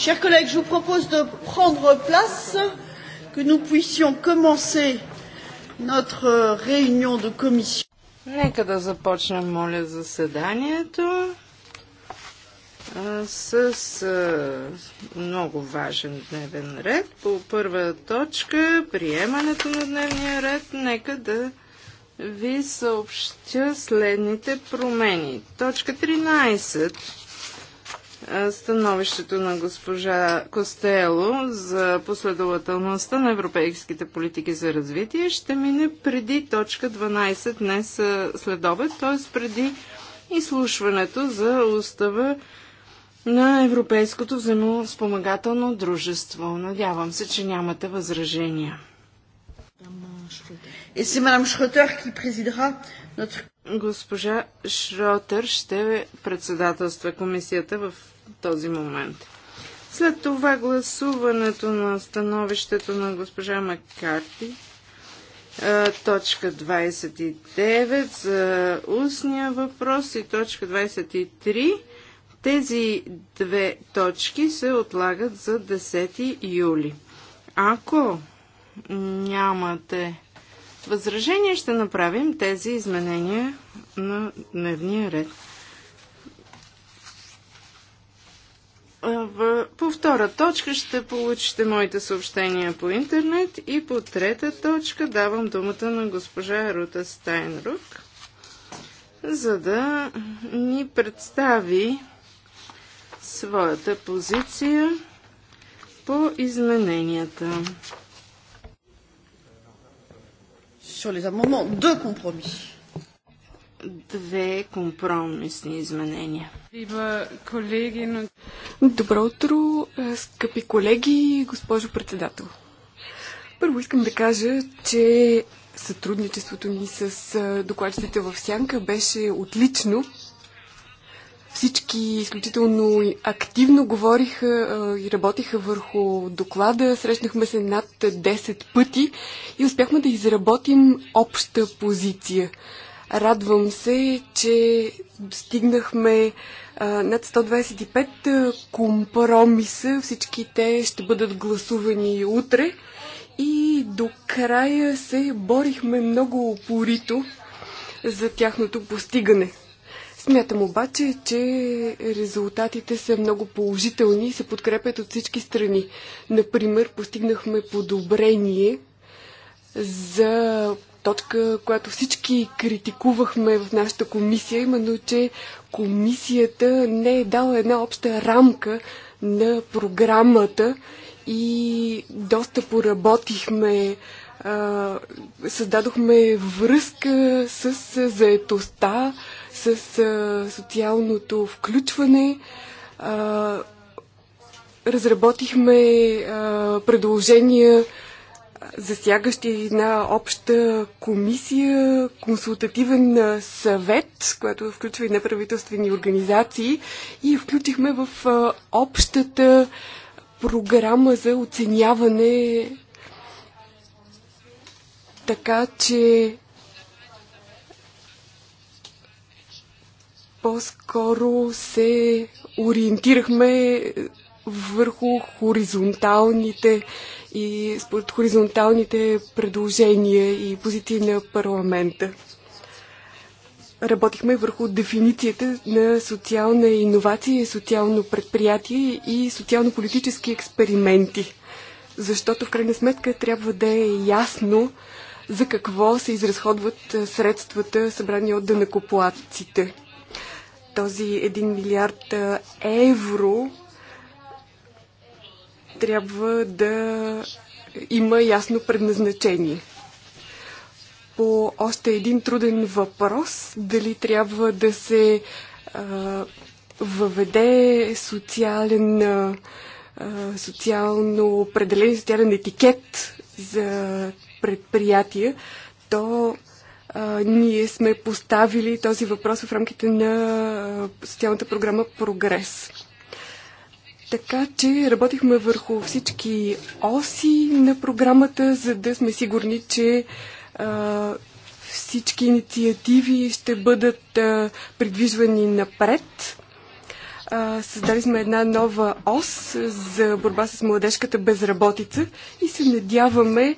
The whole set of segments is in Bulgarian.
Chers collègues, je vous propose de prendre place, que nous puissions commencer notre euh, réunion de commission. Нека да започнем, моля, заседанието с много важен дневен ред. По първа точка, приемането на дневния ред, нека да ви съобщя следните промени. Точка 13 становището на госпожа Костело за последователността на европейските политики за развитие ще мине преди точка 12 днес след обед, т.е. преди изслушването за устава на Европейското взаимоспомагателно дружество. Надявам се, че нямате възражения. И c'est Madame Schroeter qui Госпожа Шротер ще председателства комисията в този момент. След това гласуването на становището на госпожа Маккарти, точка 29 за устния въпрос и точка 23. Тези две точки се отлагат за 10 юли. Ако нямате възражение, ще направим тези изменения на дневния ред. По втора точка ще получите моите съобщения по интернет и по трета точка давам думата на госпожа Рута Стайнрук, за да ни представи своята позиция по измененията. Sur les amendements de compromis две компромисни изменения. Добро утро, е, скъпи колеги, госпожо председател. Първо искам да кажа, че сътрудничеството ни с е, докладчиците в Сянка беше отлично. Всички изключително активно говориха е, и работиха върху доклада. Срещнахме се над 10 пъти и успяхме да изработим обща позиция. Радвам се, че стигнахме над 125 компромиса. Всички те ще бъдат гласувани утре. И до края се борихме много упорито за тяхното постигане. Смятам обаче, че резултатите са много положителни и се подкрепят от всички страни. Например, постигнахме подобрение за точка, която всички критикувахме в нашата комисия, именно, че комисията не е дала една обща рамка на програмата и доста поработихме, създадохме връзка с заетостта, с социалното включване, разработихме предложения засягащи една обща комисия, консултативен съвет, което включва и неправителствени организации и включихме в общата програма за оценяване така, че по-скоро се ориентирахме върху хоризонталните и според хоризонталните предложения и позиции на парламента. Работихме върху дефиницията на социална иновация, социално предприятие и социално-политически експерименти. Защото в крайна сметка трябва да е ясно за какво се изразходват средствата, събрани от дънакоплатците. Този 1 милиард евро трябва да има ясно предназначение. По още един труден въпрос, дали трябва да се а, въведе социален, а, социално определен социален етикет за предприятия, то а, ние сме поставили този въпрос в рамките на социалната програма Прогрес. Така че работихме върху всички оси на програмата, за да сме сигурни, че а, всички инициативи ще бъдат а, придвижвани напред. А, създали сме една нова ос за борба с младежката безработица и се надяваме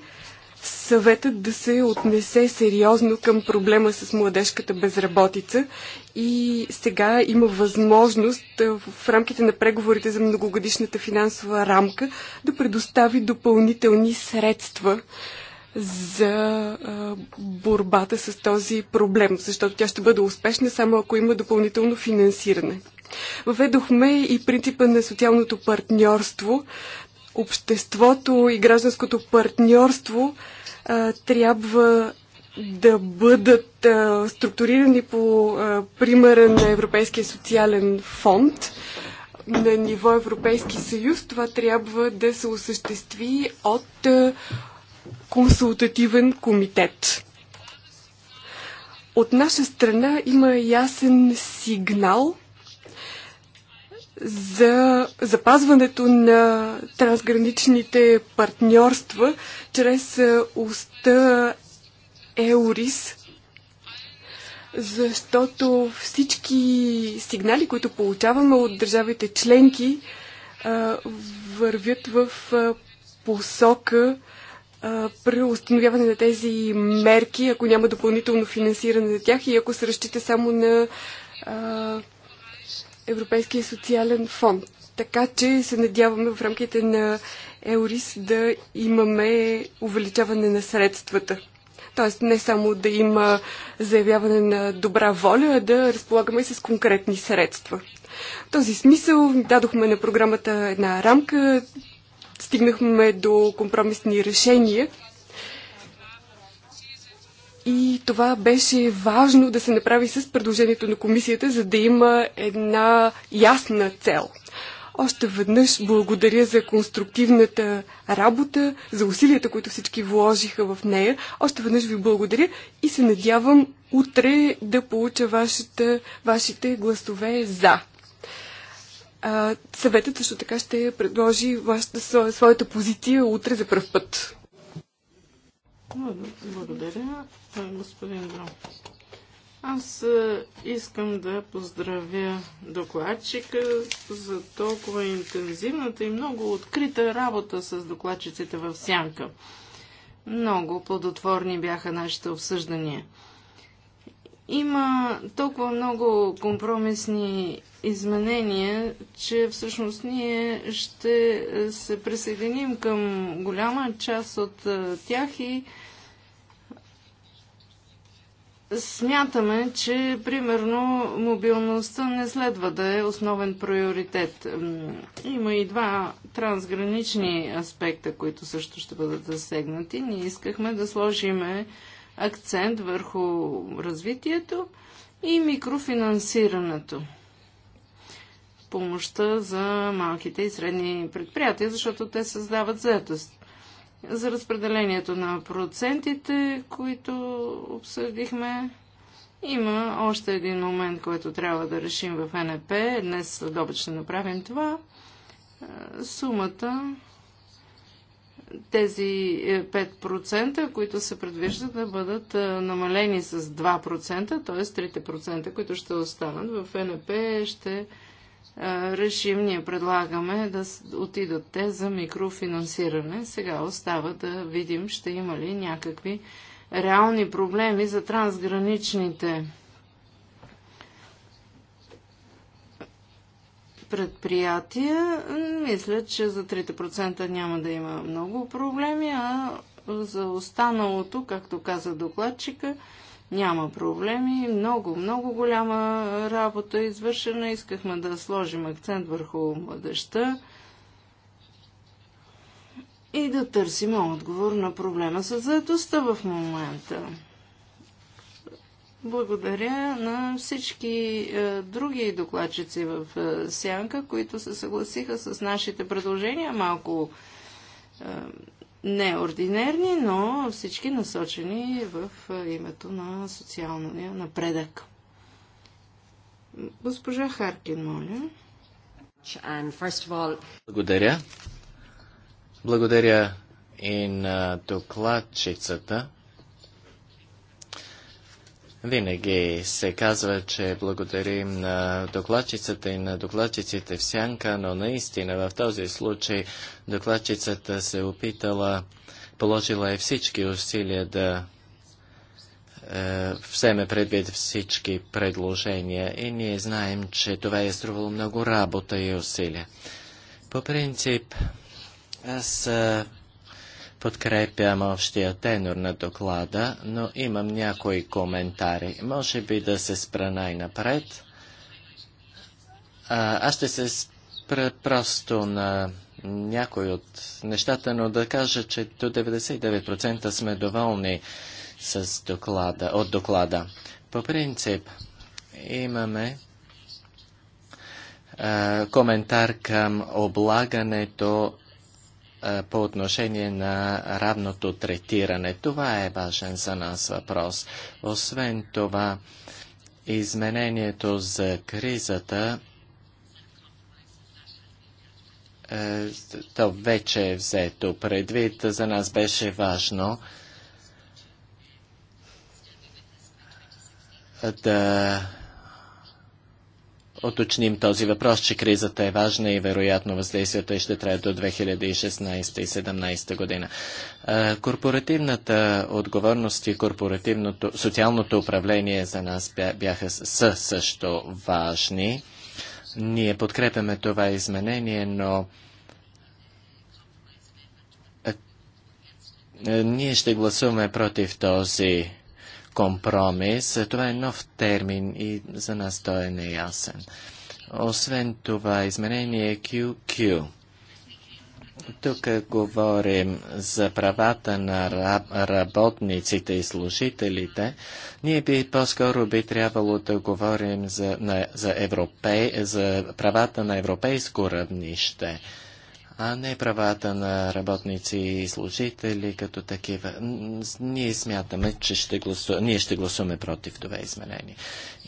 съветът да се отнесе сериозно към проблема с младежката безработица и сега има възможност в рамките на преговорите за многогодишната финансова рамка да предостави допълнителни средства за борбата с този проблем, защото тя ще бъде успешна само ако има допълнително финансиране. Въведохме и принципа на социалното партньорство, обществото и гражданското партньорство а, трябва да бъдат а, структурирани по а, примера на Европейския социален фонд на ниво Европейски съюз. Това трябва да се осъществи от а, консултативен комитет. От наша страна има ясен сигнал за запазването на трансграничните партньорства чрез е, уста ЕОРИС, защото всички сигнали, които получаваме от държавите членки, е, вървят в е, посока при установяване на тези мерки, ако няма допълнително финансиране за тях и ако се разчита само на Европейския социален фонд. Така че се надяваме в рамките на ЕОРИС да имаме увеличаване на средствата. Тоест не само да има заявяване на добра воля, а да разполагаме с конкретни средства. В този смисъл дадохме на програмата една рамка, стигнахме до компромисни решения, и това беше важно да се направи с предложението на комисията, за да има една ясна цел. Още веднъж благодаря за конструктивната работа, за усилията, които всички вложиха в нея. Още веднъж ви благодаря и се надявам утре да получа вашите, вашите гласове за. съветът също така ще предложи вашата, своята позиция утре за първ път. Благодаря, е, господин Гром. Аз е, искам да поздравя докладчика за толкова интензивната и много открита работа с докладчиците в Сянка. Много плодотворни бяха нашите обсъждания. Има толкова много компромисни изменения, че всъщност ние ще се присъединим към голяма част от е, тях и Смятаме, че примерно мобилността не следва да е основен приоритет. Има и два трансгранични аспекта, които също ще бъдат засегнати. Ние искахме да сложиме акцент върху развитието и микрофинансирането. Помощта за малките и средни предприятия, защото те създават заетост. За разпределението на процентите, които обсъдихме, има още един момент, който трябва да решим в НП. Днес след обед ще направим това. Е, сумата тези 5%, е, които се предвиждат да бъдат е, намалени с 2%, т.е. 3%, които ще останат в НП, ще решим, ние предлагаме да отидат те за микрофинансиране. Сега остава да видим, ще има ли някакви реални проблеми за трансграничните предприятия. Мисля, че за 3% няма да има много проблеми, а за останалото, както каза докладчика, няма проблеми. Много, много голяма работа е извършена. Искахме да сложим акцент върху младеща и да търсим отговор на проблема с заедостта в момента. Благодаря на всички е, други докладчици в е, Сянка, които се съгласиха с нашите предложения малко е, неординерни, но всички насочени в името на социалния напредък. Госпожа Харкин, моля. All... Благодаря. Благодаря и на докладчицата. Винаги се казва, че благодарим на докладчицата и на докладчиците в сянка, но наистина в този случай докладчицата се опитала, положила е всички усилия да е, вземе предвид всички предложения и ние знаем, че това е струвало много работа и усилия. По принцип, аз е, Подкрепям общия тенор на доклада, но имам някои коментари. Може би да се спра най-напред. Аз ще се спра просто на някои от нещата, но да кажа, че до 99% сме доволни с доклада, от доклада. По принцип, имаме а, коментар към облагането по отношение на равното третиране. Това е важен за нас въпрос. Освен това, изменението за кризата е, то вече е взето предвид. За нас беше важно да оточним този въпрос, че кризата е важна и вероятно въздействието ще трябва до 2016 и 2017 година. Корпоративната отговорност и корпоративното, социалното управление за нас бяха са също важни. Ние подкрепяме това изменение, но ние ще гласуваме против този компромис. Това е нов термин и за нас той е неясен. Освен това, изменение QQ. Тук говорим за правата на работниците и служителите. Ние би по-скоро би трябвало да говорим за, на, за, европей, за правата на европейско равнище а не правата на работници и служители като такива. Ние смятаме, че ще гласу... ние ще гласуваме против това изменение.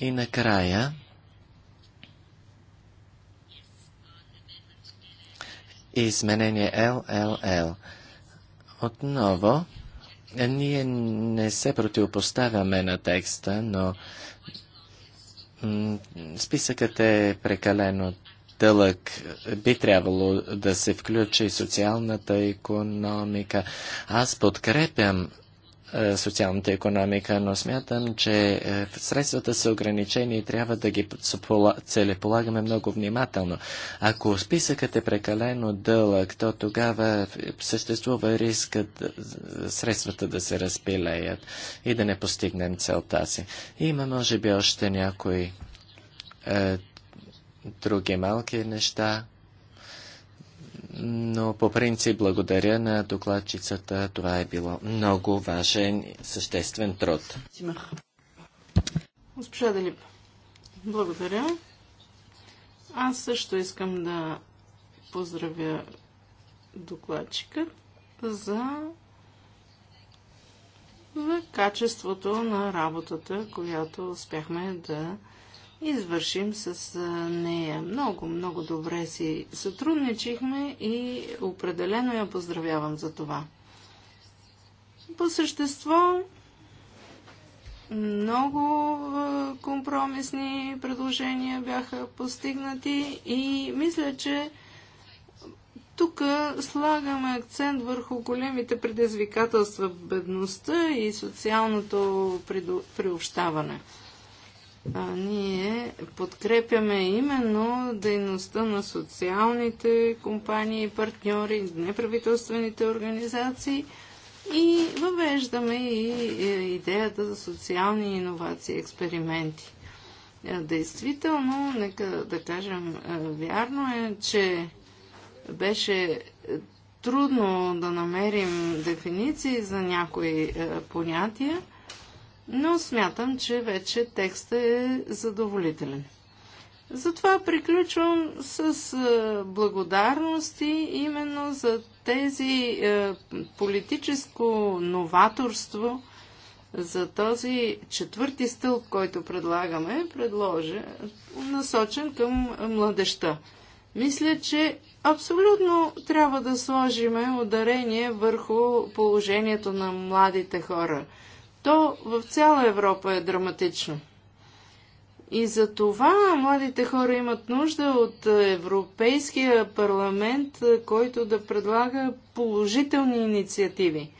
И накрая изменение ЛЛЛ. Отново, е, ние не се противопоставяме на текста, но списъкът е прекалено дълъг. Би трябвало да се включи социалната економика. Аз подкрепям е, социалната економика, но смятам, че е, средствата са ограничени и трябва да ги целеполагаме много внимателно. Ако списъкът е прекалено дълъг, то тогава съществува рискът средствата да се разпилеят и да не постигнем целта си. Има, може би, още някои е, други малки неща, но по принцип благодаря на докладчицата. Това е било много важен, съществен труд. Госпожа Далип, благодаря. Аз също искам да поздравя докладчика за, за качеството на работата, която успяхме да извършим с нея. Много, много добре си сътрудничихме и определено я поздравявам за това. По същество, много компромисни предложения бяха постигнати и мисля, че тук слагаме акцент върху големите предизвикателства в бедността и социалното приобщаване а, ние подкрепяме именно дейността на социалните компании, партньори, неправителствените организации и въвеждаме и е, идеята за социални иновации, експерименти. Е, действително, нека да кажем, е, вярно е, че беше трудно да намерим дефиниции за някои понятия, но смятам, че вече текстът е задоволителен. Затова приключвам с е, благодарности именно за тези е, политическо новаторство, за този четвърти стълб, който предлагаме, предложа, насочен към младеща. Мисля, че абсолютно трябва да сложиме ударение върху положението на младите хора – то в цяла Европа е драматично. И за това младите хора имат нужда от Европейския парламент, който да предлага положителни инициативи.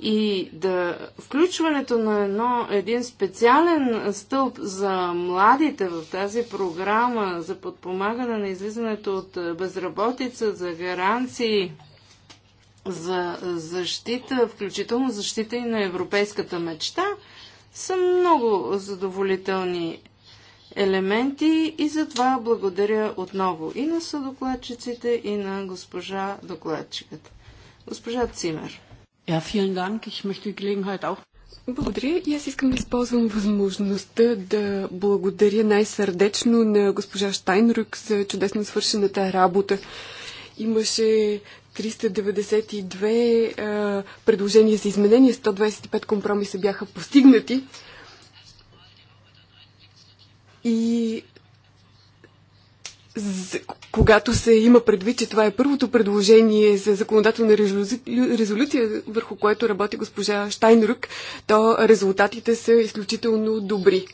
И да включването на едно, един специален стълб за младите в тази програма за подпомагане на излизането от безработица, за гаранции за защита, включително защита и на европейската мечта, са много задоволителни елементи и затова благодаря отново и на съдокладчиците, и на госпожа докладчиката. Госпожа Цимер. Ja, vielen Dank. Ich möchte die Gelegenheit auch благодаря и аз искам да използвам възможността да благодаря най-сърдечно на госпожа Штайнрук за чудесно свършената работа. Имаше 392 предложения за изменение, 125 компромиса бяха постигнати. И когато се има предвид, че това е първото предложение за законодателна резолюция, върху което работи госпожа Штайнрук, то резултатите са изключително добри.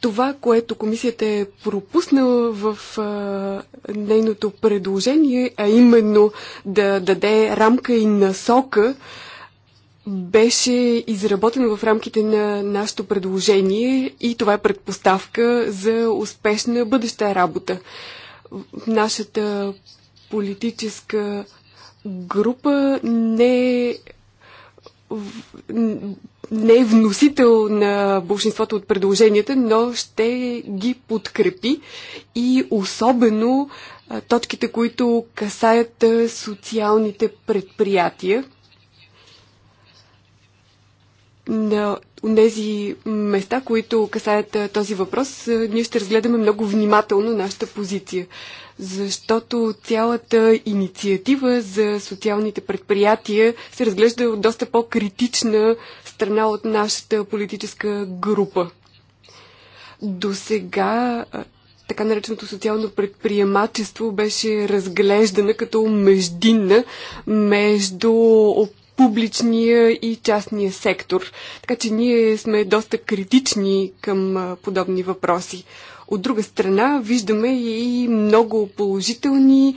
Това, което комисията е пропуснала в а, нейното предложение, а именно да даде рамка и насока, беше изработено в рамките на нашето предложение и това е предпоставка за успешна бъдеща работа. Нашата политическа група не е не е вносител на большинството от предложенията, но ще ги подкрепи и особено точките, които касаят социалните предприятия на тези места, които касаят този въпрос, ние ще разгледаме много внимателно нашата позиция защото цялата инициатива за социалните предприятия се разглежда от доста по-критична страна от нашата политическа група. До сега така нареченото социално предприемачество беше разглеждана като междинна между публичния и частния сектор. Така че ние сме доста критични към подобни въпроси. От друга страна, виждаме и много положителни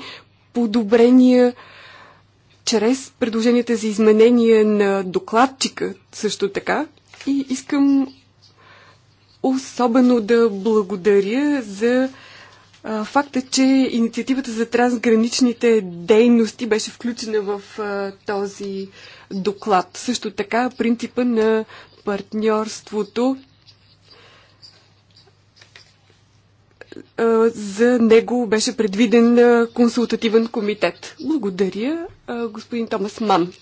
подобрения чрез предложенията за изменение на докладчика също така. И искам особено да благодаря за факта, че инициативата за трансграничните дейности беше включена в този доклад. Също така принципа на партньорството за него беше предвиден консултативен комитет. Благодаря, господин Томас Ман.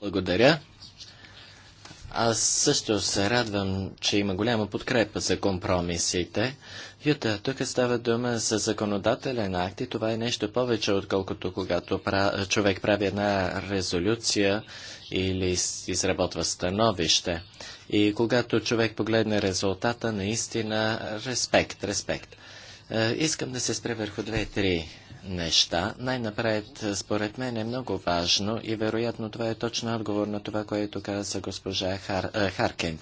Благодаря. Аз също се радвам, че има голяма подкрепа за компромисите. Юта, тук става дума за законодателен акт и това е нещо повече, отколкото когато човек прави една резолюция или изработва становище. И когато човек погледне резултата, наистина респект, респект. Е, искам да се спре върху две-три неща. Най-напред, е, според мен е много важно и вероятно това е точно отговор на това, което каза госпожа Хар, е, Харкин. Е,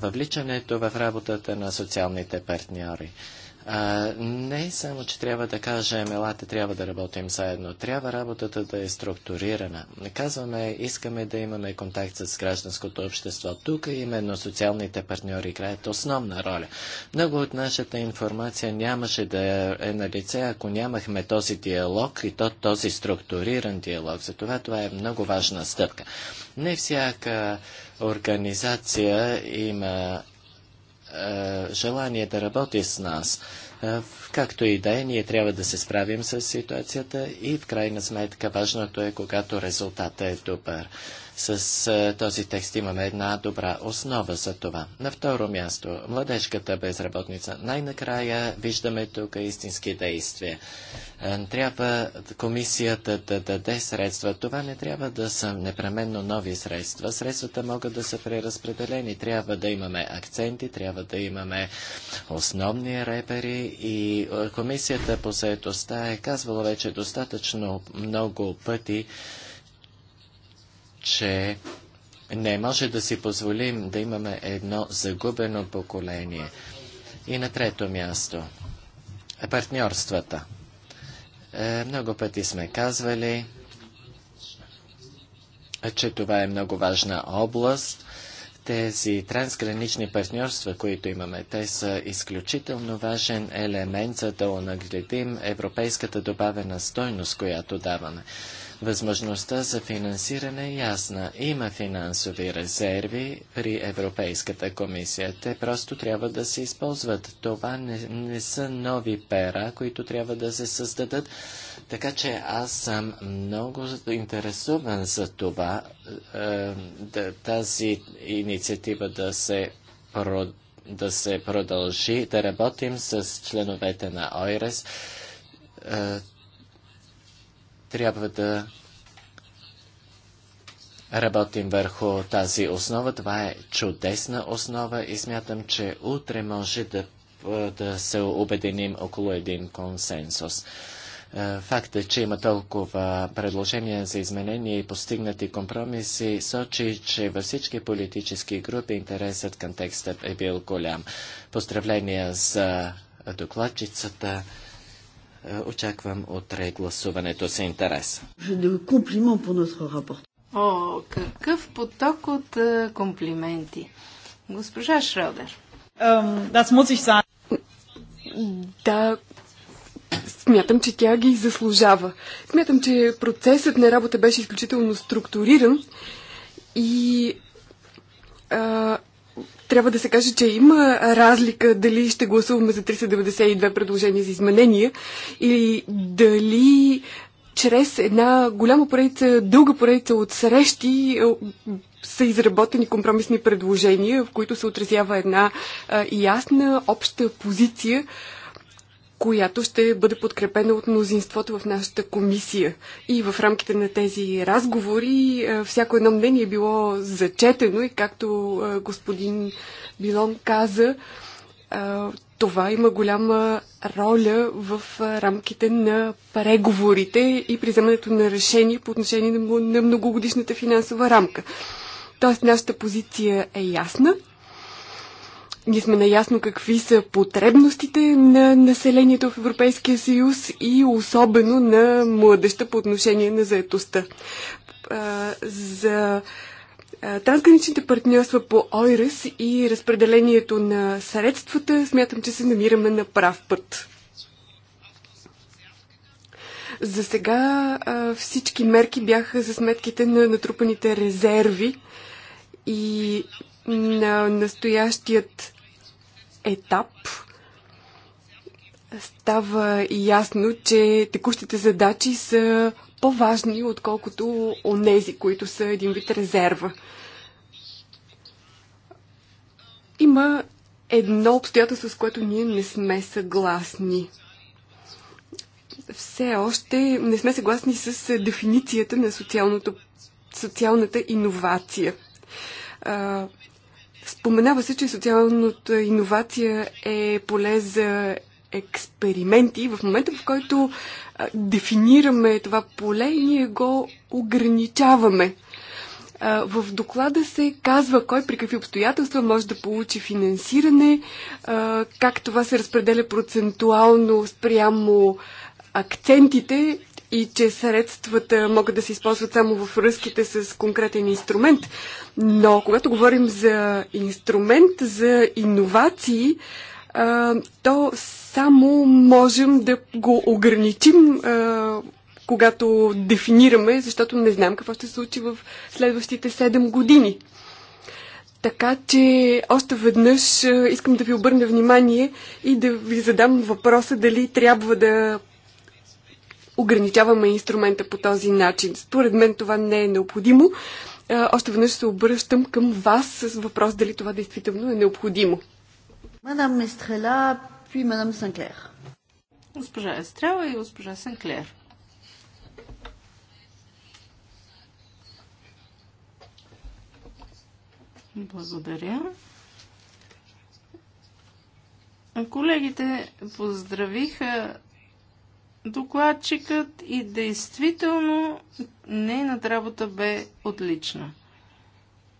въвличането в работата на социалните партньори. А, не само, че трябва да кажем, елате, трябва да работим заедно. Трябва работата да е структурирана. Казваме, искаме да имаме контакт с гражданското общество. Тук именно социалните партньори играят основна роля. Много от нашата информация нямаше да е на лице, ако нямахме този диалог и то този структуриран диалог. Затова това е много важна стъпка. Не всяка организация има е, желание да работи с нас. Е, както и да е, ние трябва да се справим с ситуацията и в крайна сметка важното е, когато резултатът е добър. С е, този текст имаме една добра основа за това. На второ място, младежката безработница. Най-накрая виждаме тук истински действия. Е, трябва комисията да даде средства. Това не трябва да са непременно нови средства. Средствата могат да са преразпределени. Трябва да имаме акценти, трябва да имаме основни репери и е, комисията по заедостта е казвала вече достатъчно много пъти, че не може да си позволим да имаме едно загубено поколение. И на трето място – партньорствата. Е, много пъти сме казвали, че това е много важна област. Тези трансгранични партньорства, които имаме, те са изключително важен елемент, за да наградим европейската добавена стойност, която даваме. Възможността за финансиране е ясна. Има финансови резерви при Европейската комисия. Те просто трябва да се използват. Това не, не са нови пера, които трябва да се създадат. Така че аз съм много интересуван за това, е, тази инициатива да се продължи да се продължи, да работим с членовете на ОИРЕС. Е, трябва да работим върху тази основа. Това е чудесна основа и смятам, че утре може да, да се обединим около един консенсус. Факта, е, че има толкова предложения за изменения и постигнати компромиси, сочи, че във всички политически групи интересът към текста е бил голям. Поздравления за докладчицата. Е, очаквам утре гласуването с интерес. О, какъв поток от е, комплименти. Госпожа Шродер. са. да, смятам, че тя ги заслужава. Смятам, че процесът на работа беше изключително структуриран и а, трябва да се каже, че има разлика дали ще гласуваме за 392 предложения за изменения или дали чрез една голяма поредица, дълга поредица от срещи е, са изработени компромисни предложения, в които се отразява една ясна обща позиция, която ще бъде подкрепена от мнозинството в нашата комисия. И в рамките на тези разговори всяко едно мнение е било зачетено и както господин Билон каза, това има голяма роля в рамките на преговорите и при вземането на решение по отношение на многогодишната финансова рамка. Тоест, нашата позиция е ясна ние сме наясно какви са потребностите на населението в Европейския съюз и особено на младеща по отношение на заетостта. За трансграничните партньорства по ОИРС и разпределението на средствата смятам, че се намираме на прав път. За сега всички мерки бяха за сметките на натрупаните резерви и на настоящият етап става ясно, че текущите задачи са по-важни, отколкото онези, които са един вид резерва. Има едно обстоятелство, с което ние не сме съгласни. Все още не сме съгласни с дефиницията на социалната иновация. Споменава се, че социалната иновация е поле за експерименти. В момента, в който дефинираме това поле, ние го ограничаваме. В доклада се казва кой при какви обстоятелства може да получи финансиране, как това се разпределя процентуално спрямо акцентите и че средствата могат да се използват само в връзките с конкретен инструмент. Но когато говорим за инструмент, за иновации, то само можем да го ограничим, когато дефинираме, защото не знам какво ще се случи в следващите 7 години. Така че още веднъж искам да ви обърна внимание и да ви задам въпроса дали трябва да ограничаваме инструмента по този начин. Според мен това не е необходимо. Още веднъж се обръщам към вас с въпрос дали това действително е необходимо. Мадам Местрела, и мадам Санклер. Госпожа Естрела и госпожа Санклер. Благодаря. Колегите поздравиха докладчикът и действително нейната работа бе отлична.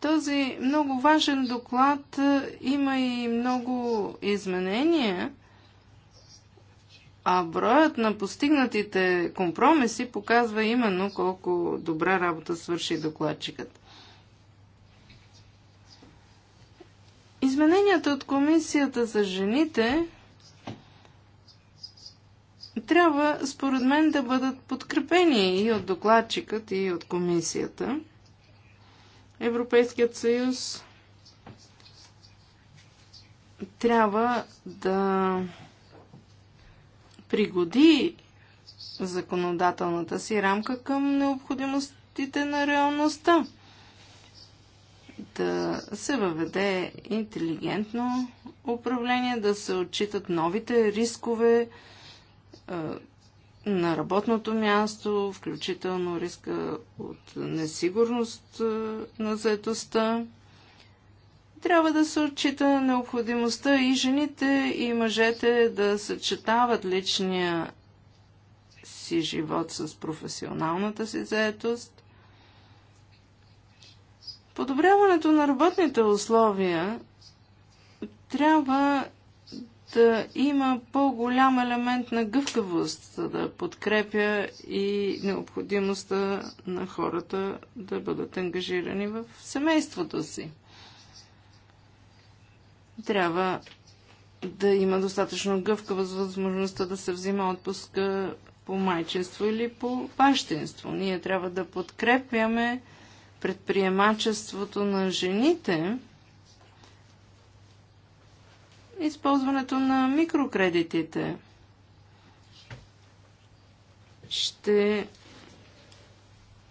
Този много важен доклад е, има и много изменения, а броят на постигнатите компромиси показва именно колко добра работа свърши докладчикът. Измененията от комисията за жените трябва, според мен, да бъдат подкрепени и от докладчикът, и от комисията. Европейският съюз трябва да пригоди законодателната си рамка към необходимостите на реалността. Да се въведе интелигентно управление, да се отчитат новите рискове, на работното място, включително риска от несигурност на заедостта. Трябва да се отчита необходимостта и жените, и мъжете да съчетават личния си живот с професионалната си заедост. Подобряването на работните условия трябва да е, има по-голям елемент на гъвкавост, за да подкрепя и необходимостта на хората да бъдат ангажирани в семейството си. Трябва да има достатъчно гъвкавост възможността да се взима отпуска по майчинство или по бащинство. Ние трябва да подкрепяме предприемачеството на жените, използването на микрокредитите. Ще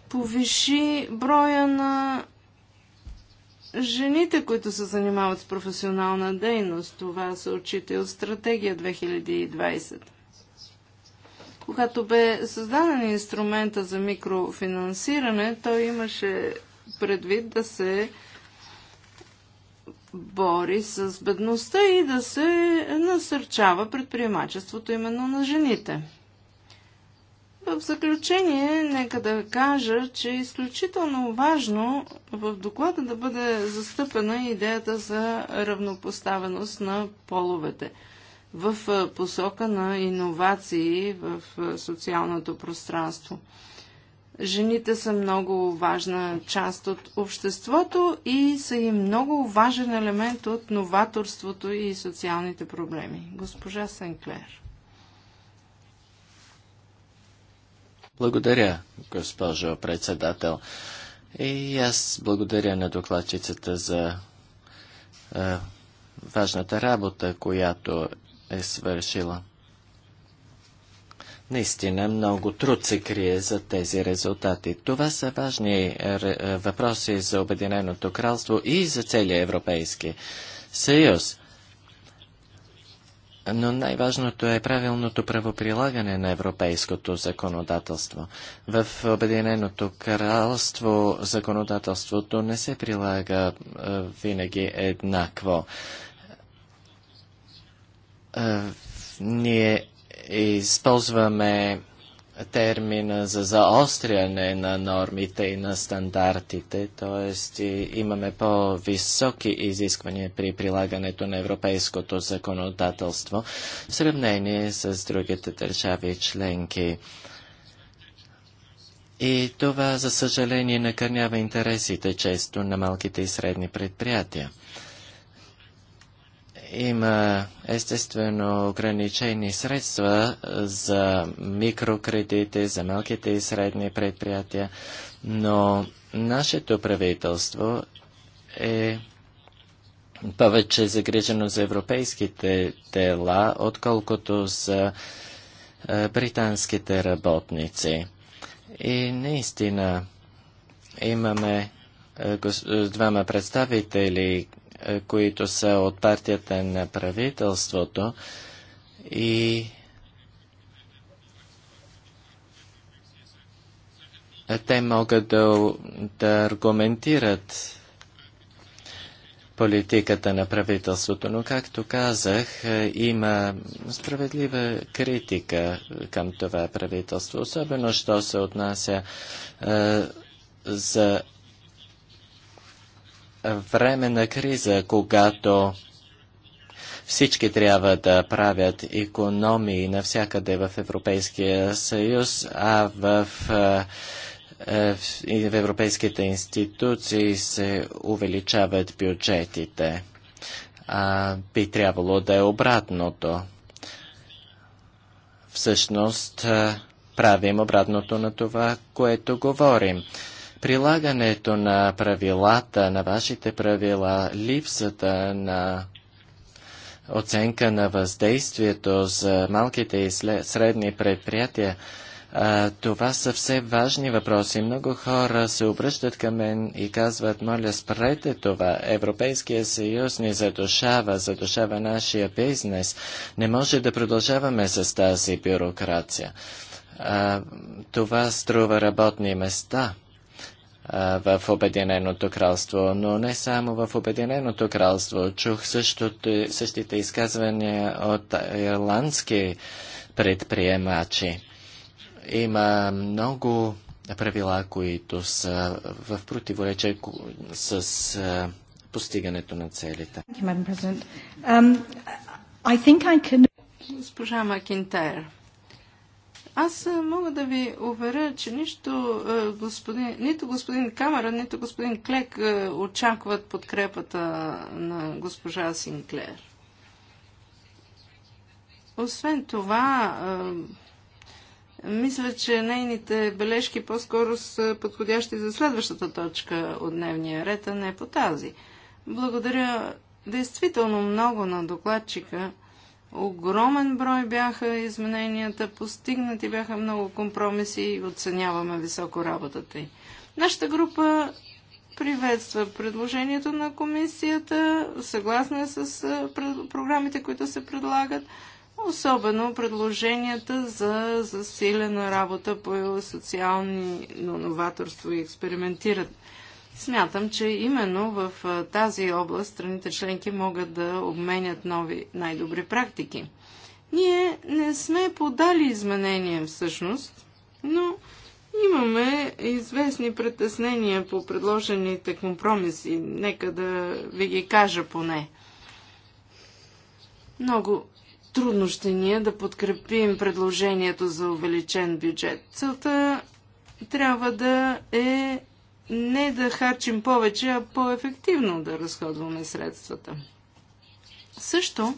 повиши броя на жените, които се занимават с професионална дейност. Това се отчита от стратегия 2020. Когато бе създаден инструмента за микрофинансиране, той имаше предвид да се бори с бедността и да се насърчава предприемачеството именно на жените. В заключение, нека да кажа, че е изключително важно в доклада да бъде застъпена идеята за равнопоставеност на половете в посока на иновации в социалното пространство. Жените са много важна част от обществото и са и много важен елемент от новаторството и социалните проблеми. Госпожа Сенклер. Благодаря, госпожо председател. И аз благодаря на докладчицата за е, важната работа, която е свършила. Наистина много труд се крие за тези резултати. Това са важни е, е, въпроси за Обединеното кралство и за целия Европейски съюз. Но най-важното е правилното правоприлагане на европейското законодателство. В Обединеното кралство законодателството не се прилага е, винаги еднакво. ние използваме термина за заостряне на нормите и на стандартите, т.е. имаме по-високи изисквания при прилагането на европейското законодателство в сравнение с другите държави членки. И това, за съжаление, накърнява интересите често на малките и средни предприятия. Има естествено ограничени средства за микрокредити, за малките и средни предприятия, но нашето правителство е повече загрижено за европейските дела, отколкото за е, британските работници. И наистина имаме е, е, двама представители е, които са от партията на правителството и те могат да, да аргументират политиката на правителството, но както казах, е, има справедлива критика към това правителство, особено що се отнася е, за време на криза, когато всички трябва да правят економии навсякъде в Европейския съюз, а в, в, в европейските институции се увеличават бюджетите. А, би трябвало да е обратното. Всъщност, правим обратното на това, което говорим прилагането на правилата, на вашите правила, липсата на оценка на въздействието за малките и средни предприятия, това са все важни въпроси. Много хора се обръщат към мен и казват, моля, спрете това. Европейския съюз ни задушава, задушава нашия бизнес. Не може да продължаваме с тази бюрокрация. това струва работни места в Обединеното кралство, но не само в Обединеното кралство. Чух същото, същите изказвания от ирландски предприемачи. Има много правила, които са в противоречие с постигането на целите. Um, Госпожа Макинтайр, аз мога да ви уверя, че нищо, господин, нито господин Камера, нито господин Клек очакват подкрепата на госпожа Синклер. Освен това, мисля, че нейните бележки по-скоро са подходящи за следващата точка от дневния ред, а не по тази. Благодаря действително много на докладчика. Огромен брой бяха измененията, постигнати бяха много компромиси и оценяваме високо работата й. Нашата група приветства предложението на комисията, съгласна е с програмите, които се предлагат, особено предложенията за засилена работа по социални новаторство и експериментират. Смятам, че именно в тази област страните членки могат да обменят нови най-добри практики. Ние не сме подали изменения всъщност, но имаме известни притеснения по предложените компромиси. Нека да ви ги кажа поне. Много трудно ще ни е да подкрепим предложението за увеличен бюджет. Целта трябва да е не да харчим повече, а по-ефективно да разходваме средствата. Също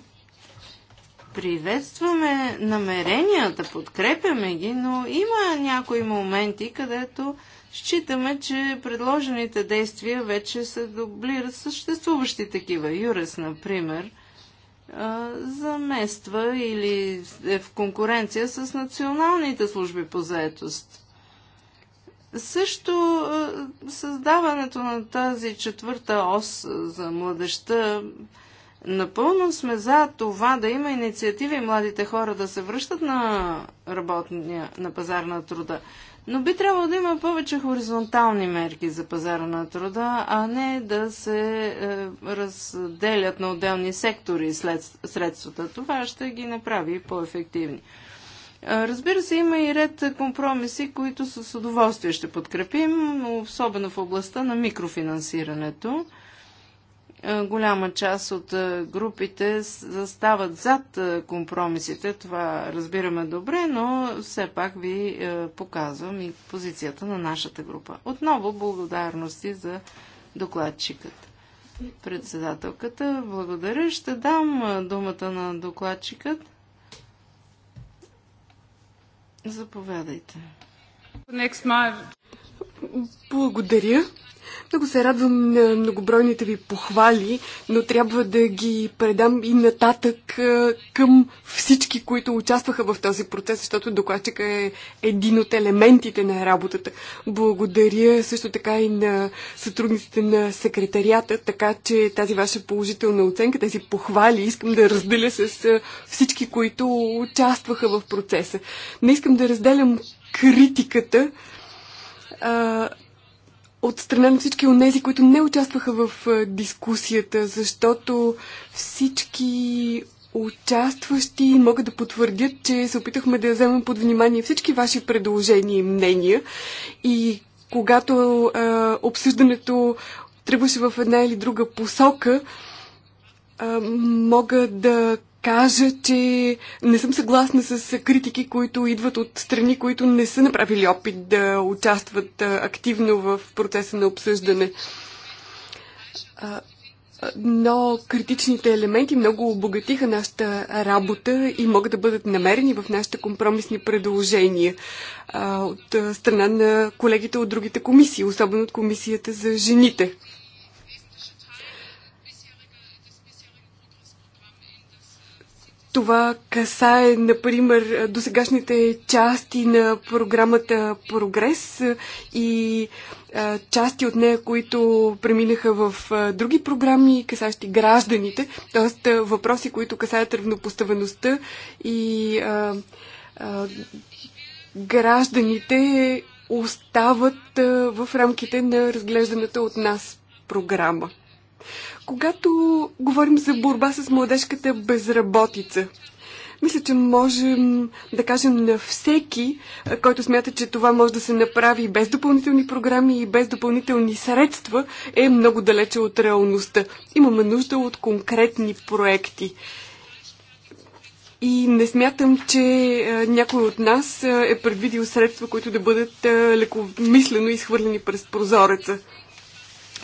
приветстваме намеренията, подкрепяме ги, но има някои моменти, където считаме, че предложените действия вече се дублират съществуващи такива. Юрес, например, замества или е в конкуренция с националните служби по заетост. Също създаването на тази четвърта ос за младеща Напълно сме за това да има инициативи и младите хора да се връщат на работния, на пазар на труда. Но би трябвало да има повече хоризонтални мерки за пазара на труда, а не да се е, разделят на отделни сектори след, средствата. Това ще ги направи по-ефективни. Разбира се, има и ред компромиси, които с удоволствие ще подкрепим, особено в областта на микрофинансирането. Голяма част от групите застават зад компромисите, това разбираме добре, но все пак ви показвам и позицията на нашата група. Отново благодарности за докладчикът. Председателката, благодаря. Ще дам думата на докладчикът Заповядайте. Благодаря. Много се радвам на многобройните ви похвали, но трябва да ги предам и нататък към всички, които участваха в този процес, защото докладчика е един от елементите на работата. Благодаря също така и на сътрудниците на секретарията, така че тази ваша положителна оценка, тези похвали искам да разделя с всички, които участваха в процеса. Не искам да разделям критиката, от страна на всички от тези, които не участваха в дискусията, защото всички участващи могат да потвърдят, че се опитахме да вземем под внимание всички ваши предложения и мнения. И когато е, обсъждането тръгваше в една или друга посока, е, мога да кажа, че не съм съгласна с критики, които идват от страни, които не са направили опит да участват активно в процеса на обсъждане. Но критичните елементи много обогатиха нашата работа и могат да бъдат намерени в нашите компромисни предложения от страна на колегите от другите комисии, особено от комисията за жените. Това касае, например, досегашните части на програмата Прогрес и части от нея, които преминаха в други програми, касащи гражданите, т.е. въпроси, които касаят равнопоставеността и а, а, гражданите остават в рамките на разглежданата от нас програма. Когато говорим за борба с младежката безработица, мисля, че можем да кажем на всеки, който смята, че това може да се направи без допълнителни програми и без допълнителни средства, е много далече от реалността. Имаме нужда от конкретни проекти. И не смятам, че някой от нас е предвидил средства, които да бъдат лекомислено изхвърлени през прозореца.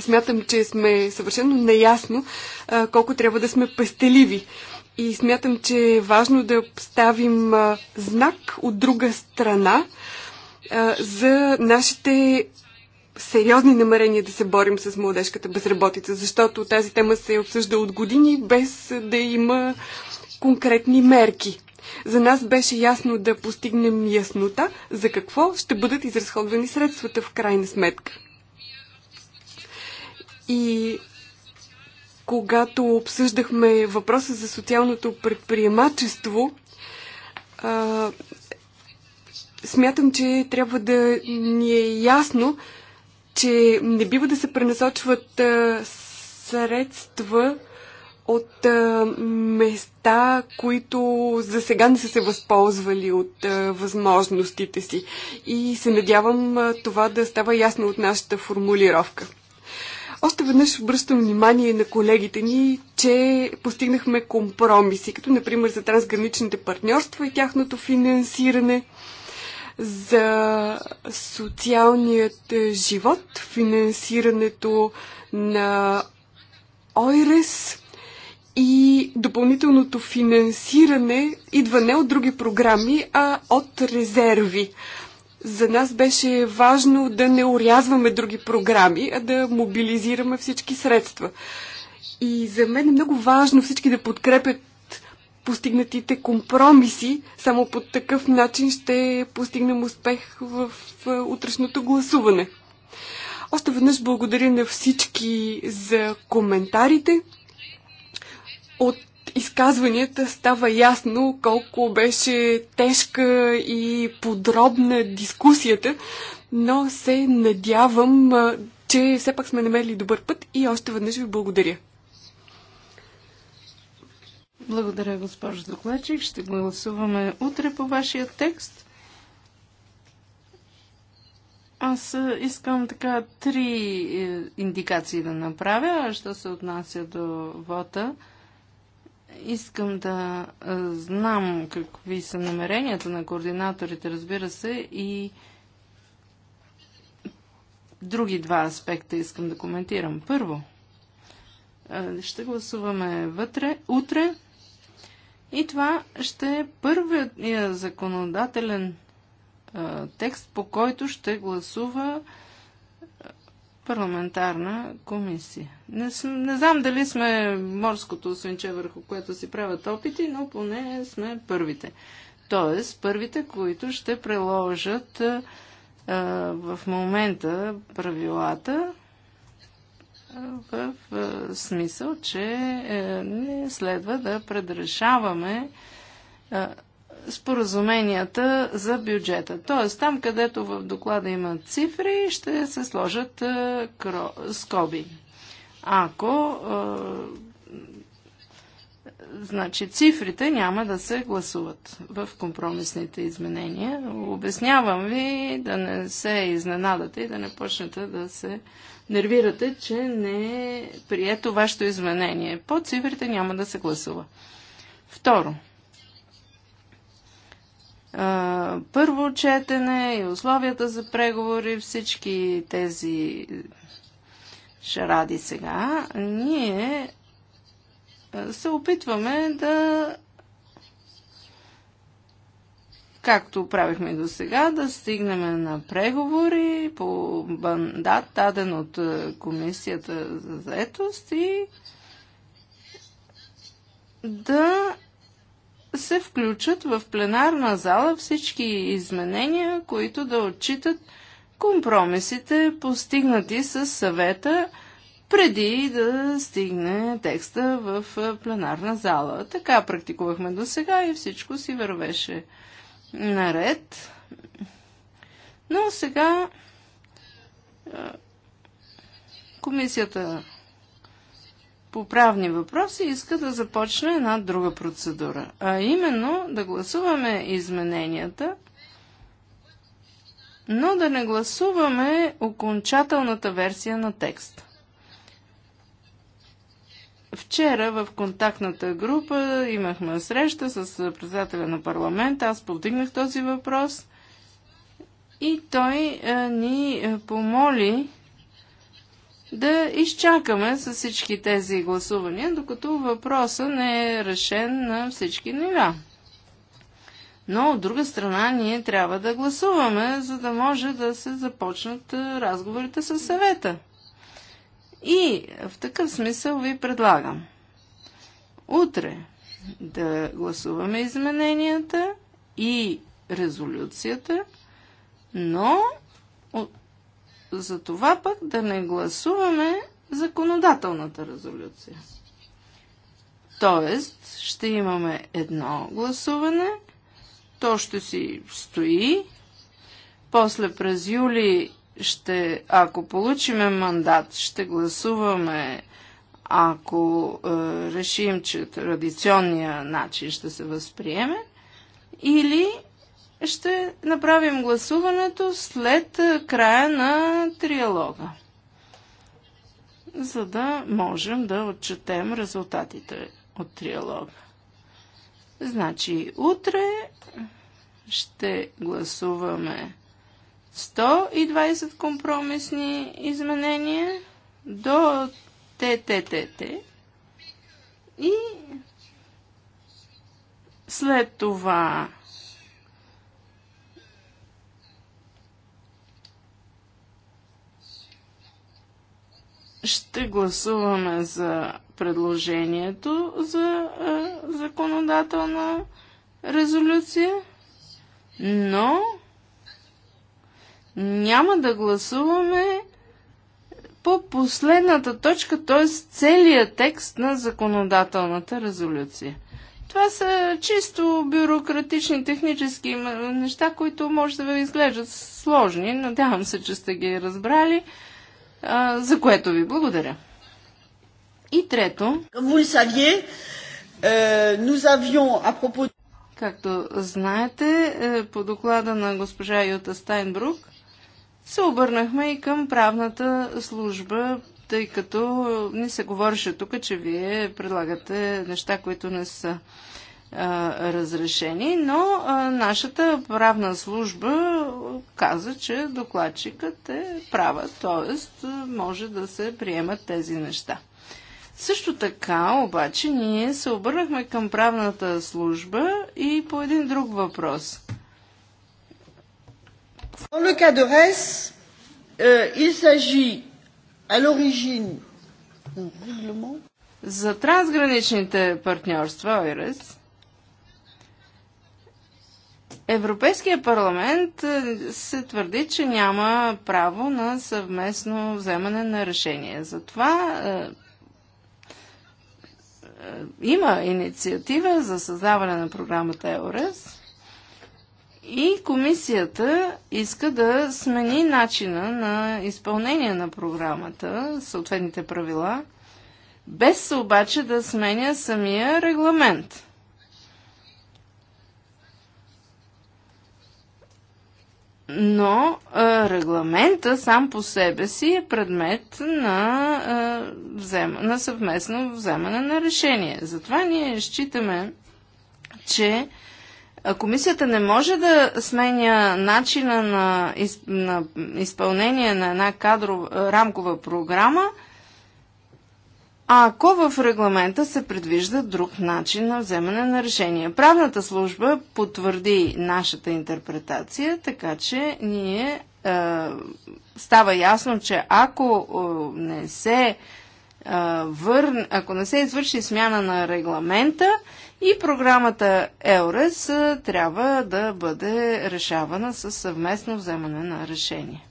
Смятам, че сме съвършено неясно а, колко трябва да сме пестеливи. И смятам, че е важно да ставим а, знак от друга страна а, за нашите сериозни намерения да се борим с младежката безработица, защото тази тема се обсъжда от години без да има конкретни мерки. За нас беше ясно да постигнем яснота за какво ще бъдат изразходвани средствата в крайна сметка. И когато обсъждахме въпроса за социалното предприемачество, а, смятам, че трябва да ни е ясно, че не бива да се пренасочват а, средства от а, места, които за сега не са се възползвали от а, възможностите си. И се надявам а, това да става ясно от нашата формулировка. Още веднъж обръщам внимание на колегите ни, че постигнахме компромиси, като например за трансграничните партньорства и тяхното финансиране, за социалният живот, финансирането на ОИРЕС и допълнителното финансиране идва не от други програми, а от резерви за нас беше важно да не урязваме други програми, а да мобилизираме всички средства. И за мен е много важно всички да подкрепят постигнатите компромиси. Само по такъв начин ще постигнем успех в утрешното гласуване. Още веднъж благодаря на всички за коментарите. От изказванията става ясно колко беше тежка и подробна дискусията, но се надявам, че все пак сме намерили добър път и още веднъж ви благодаря. Благодаря, госпожо докладчик. Ще гласуваме утре по вашия текст. Аз искам така три е, индикации да направя, що се отнася до вота. Искам да знам какви са намеренията на координаторите, разбира се, и други два аспекта искам да коментирам. Първо, ще гласуваме вътре, утре и това ще е първият законодателен текст, по който ще гласува парламентарна комисия. Не, не знам дали сме морското свинче, върху което си правят опити, но поне сме първите. Тоест, първите, които ще приложат а, в момента правилата в смисъл, че е, не следва да предрешаваме споразуменията за бюджета. Тоест, там където в доклада има цифри, ще се сложат е, кро... скоби. Ако е, значи цифрите няма да се гласуват в компромисните изменения. Обяснявам ви да не се изненадате и да не почнете да се нервирате, че не е прието вашето изменение. По цифрите няма да се гласува. Второ, първо четене и условията за преговори, всички тези шаради сега, ние се опитваме да както правихме до сега, да стигнем на преговори по бандат, даден от Комисията за заетост и да се включат в пленарна зала всички изменения, които да отчитат компромисите, постигнати с съвета, преди да стигне текста в пленарна зала. Така практикувахме до сега и всичко си вървеше наред. Но сега комисията по правни въпроси иска да започне една друга процедура, а именно да гласуваме измененията, но да не гласуваме окончателната версия на текст. Вчера в контактната група имахме среща с председателя на парламента, аз повдигнах този въпрос и той е, ни е, помоли да изчакаме с всички тези гласувания, докато въпроса не е решен на всички нива. Но от друга страна ние трябва да гласуваме, за да може да се започнат разговорите с съвета. И в такъв смисъл ви предлагам утре да гласуваме измененията и резолюцията, но за това пък да не гласуваме законодателната резолюция. Тоест, ще имаме едно гласуване, то ще си стои, после през юли ще, ако получиме мандат, ще гласуваме, ако е, решим, че традиционния начин ще се възприеме, или ще направим гласуването след края на триалога, за да можем да отчетем резултатите от триалога. Значи утре ще гласуваме 120 компромисни изменения до ТТТТ и след това ще гласуваме за предложението за е, законодателна резолюция, но няма да гласуваме по последната точка, т.е. целият текст на законодателната резолюция. Това са чисто бюрократични, технически неща, които може да ви изглеждат сложни. Надявам се, че сте ги разбрали за което ви благодаря. И трето, euh, както знаете, е, по доклада на госпожа Юта Стайнбрук, се обърнахме и към правната служба, тъй като ни се говореше тук, че вие предлагате неща, които не са разрешени, но нашата правна служба каза, че докладчикът е права, т.е. може да се приемат тези неща. Също така, обаче, ние се обърнахме към правната служба и по един друг въпрос. Dans le cas de euh, il s'agit à l'origine d'un règlement. За трансграничните партньорства, ОИРЕС, Европейския парламент е, се твърди, че няма право на съвместно вземане на решение. Затова е, е, има инициатива за създаване на програмата ЕОРЕС и комисията иска да смени начина на изпълнение на програмата, съответните правила, без обаче да сменя самия регламент – но а, регламента сам по себе си е предмет на, а, взема, на съвместно вземане на решение. Затова ние считаме, че комисията не може да сменя начина на, из, на изпълнение на една кадрова рамкова програма – а ако в регламента се предвижда друг начин на вземане на решение. Правната служба потвърди нашата интерпретация, така че ние е, става ясно, че ако е, не се е, ако не се извърши смяна на регламента и програмата ЕОРЕС е, трябва да бъде решавана със съвместно вземане на решение.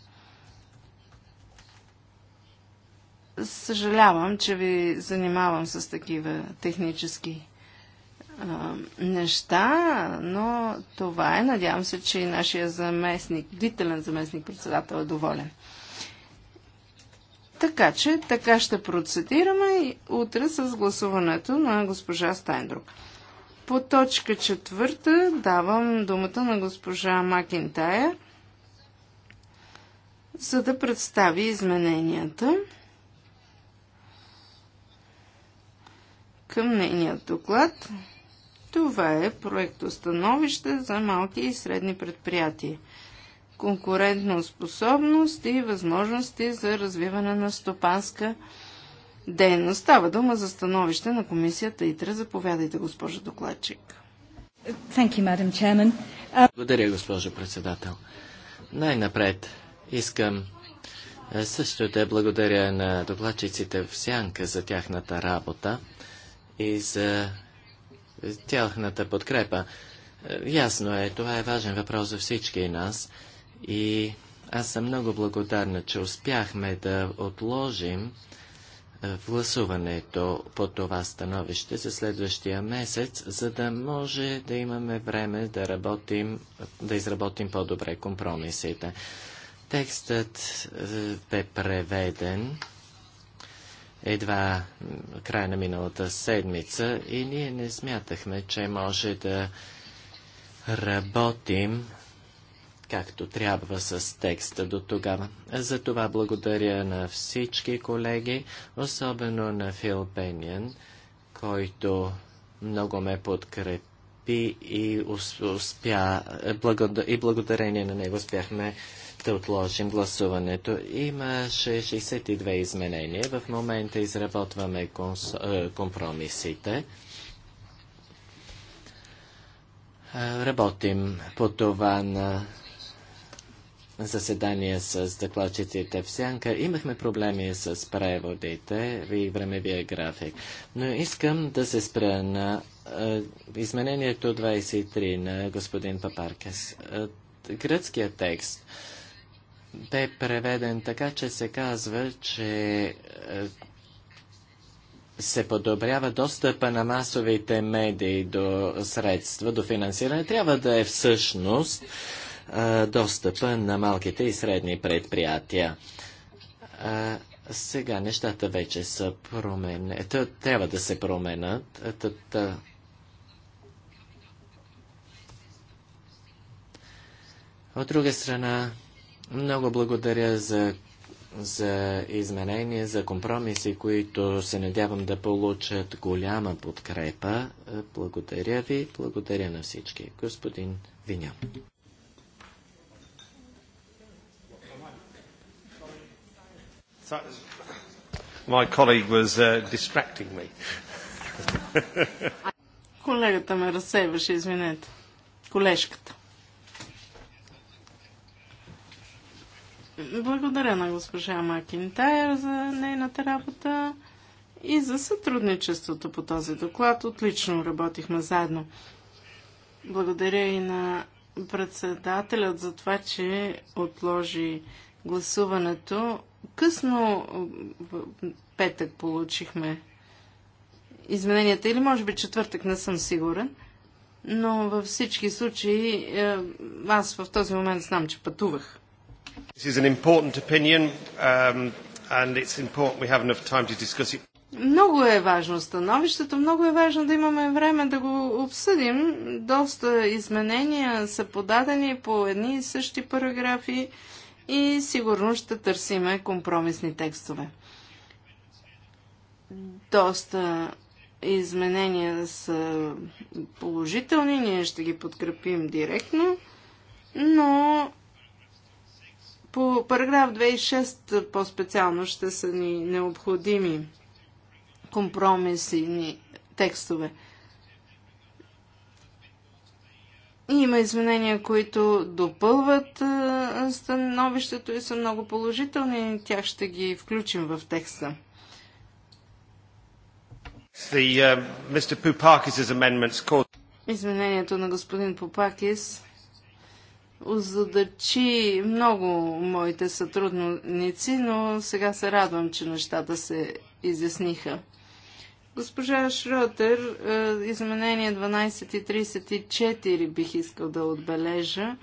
Съжалявам, че ви занимавам с такива технически а, неща, но това е. Надявам се, че и нашия заместник, дителен заместник председател е доволен. Така че, така ще процедираме и утре с гласуването на госпожа Стайндрук. По точка четвърта давам думата на госпожа Макинтайер, за да представи измененията. към нейния доклад. Това е проектостановище за малки и средни предприятия. Конкурентна способност и възможности за развиване на стопанска дейност. Става дума за становище на комисията ИТРА. Заповядайте, госпожа докладчик. You, uh, Благодаря, госпожо председател. Най-напред искам е, също да благодаря на докладчиците в Сянка за тяхната работа и за тяхната подкрепа. Ясно е, това е важен въпрос за всички нас и аз съм много благодарна, че успяхме да отложим е, гласуването по това становище за следващия месец, за да може да имаме време да работим, да изработим по-добре компромисите. Текстът е, бе преведен едва края на миналата седмица и ние не смятахме, че може да работим както трябва с текста до тогава. За това благодаря на всички колеги, особено на Фил Пенин, който много ме подкрепи и успя, и благодарение на него успяхме да отложим гласуването. Имаше 62 изменения. В момента изработваме конс... Е, компромисите. Е, работим по това на заседание с докладчиците в Сянка. Имахме проблеми с преводите и времевия график. Но искам да се спра на е, изменението 23 на господин Папаркес. гръцкият текст бе преведен така, че се казва, че е, се подобрява достъпа на масовите медии до средства, до финансиране, трябва да е всъщност е, достъпа на малките и средни предприятия. Е, сега нещата вече са променени. Трябва да се променят. От друга страна, много благодаря за, за изменения, за компромиси, които се надявам да получат голяма подкрепа. Благодаря ви, благодаря на всички. Господин Виня. My colleague was uh, distracting me. Колегата ме разсейваше, извинете. Колежката. Благодаря на госпожа Макинтайр за нейната работа и за сътрудничеството по този доклад. Отлично работихме заедно. Благодаря и на председателят за това, че отложи гласуването. Късно петък получихме измененията или може би четвъртък, не съм сигурен. Но във всички случаи е, аз в този момент знам, че пътувах. Много е важно становището, много е важно да имаме време да го обсъдим. Доста изменения са подадени по едни и същи параграфи и сигурно ще търсиме компромисни текстове. Доста изменения са положителни, ние ще ги подкрепим директно, но по параграф 26 по-специално ще са ни необходими компромисни текстове. И има изменения, които допълват становището и са много положителни. Тях ще ги включим в текста. Uh, Изменението на господин Попакис озадачи много моите сътрудници, но сега се радвам, че нещата се изясниха. Госпожа Шротер, е, изменение 12 и 34 бих искал да отбележа.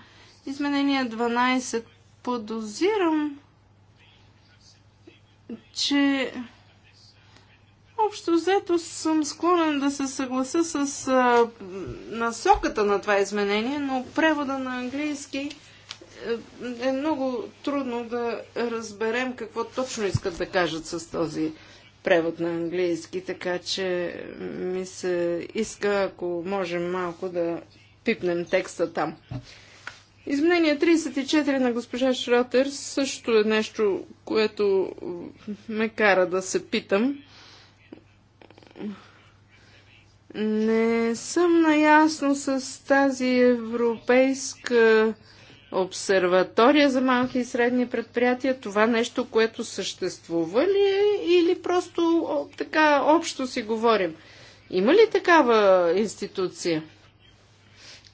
Изменение 12 подозирам, че Общо взето съм склонен да се съгласа с а, насоката на това изменение, но превода на английски е, е много трудно да разберем какво точно искат да кажат с този превод на английски, така че ми се иска, ако можем малко да пипнем текста там. Изменение 34 на госпожа Шротер също е нещо, което ме кара да се питам. Не съм наясно с тази европейска обсерватория за малки и средни предприятия. Това нещо, което съществува ли е или просто така общо си говорим? Има ли такава институция?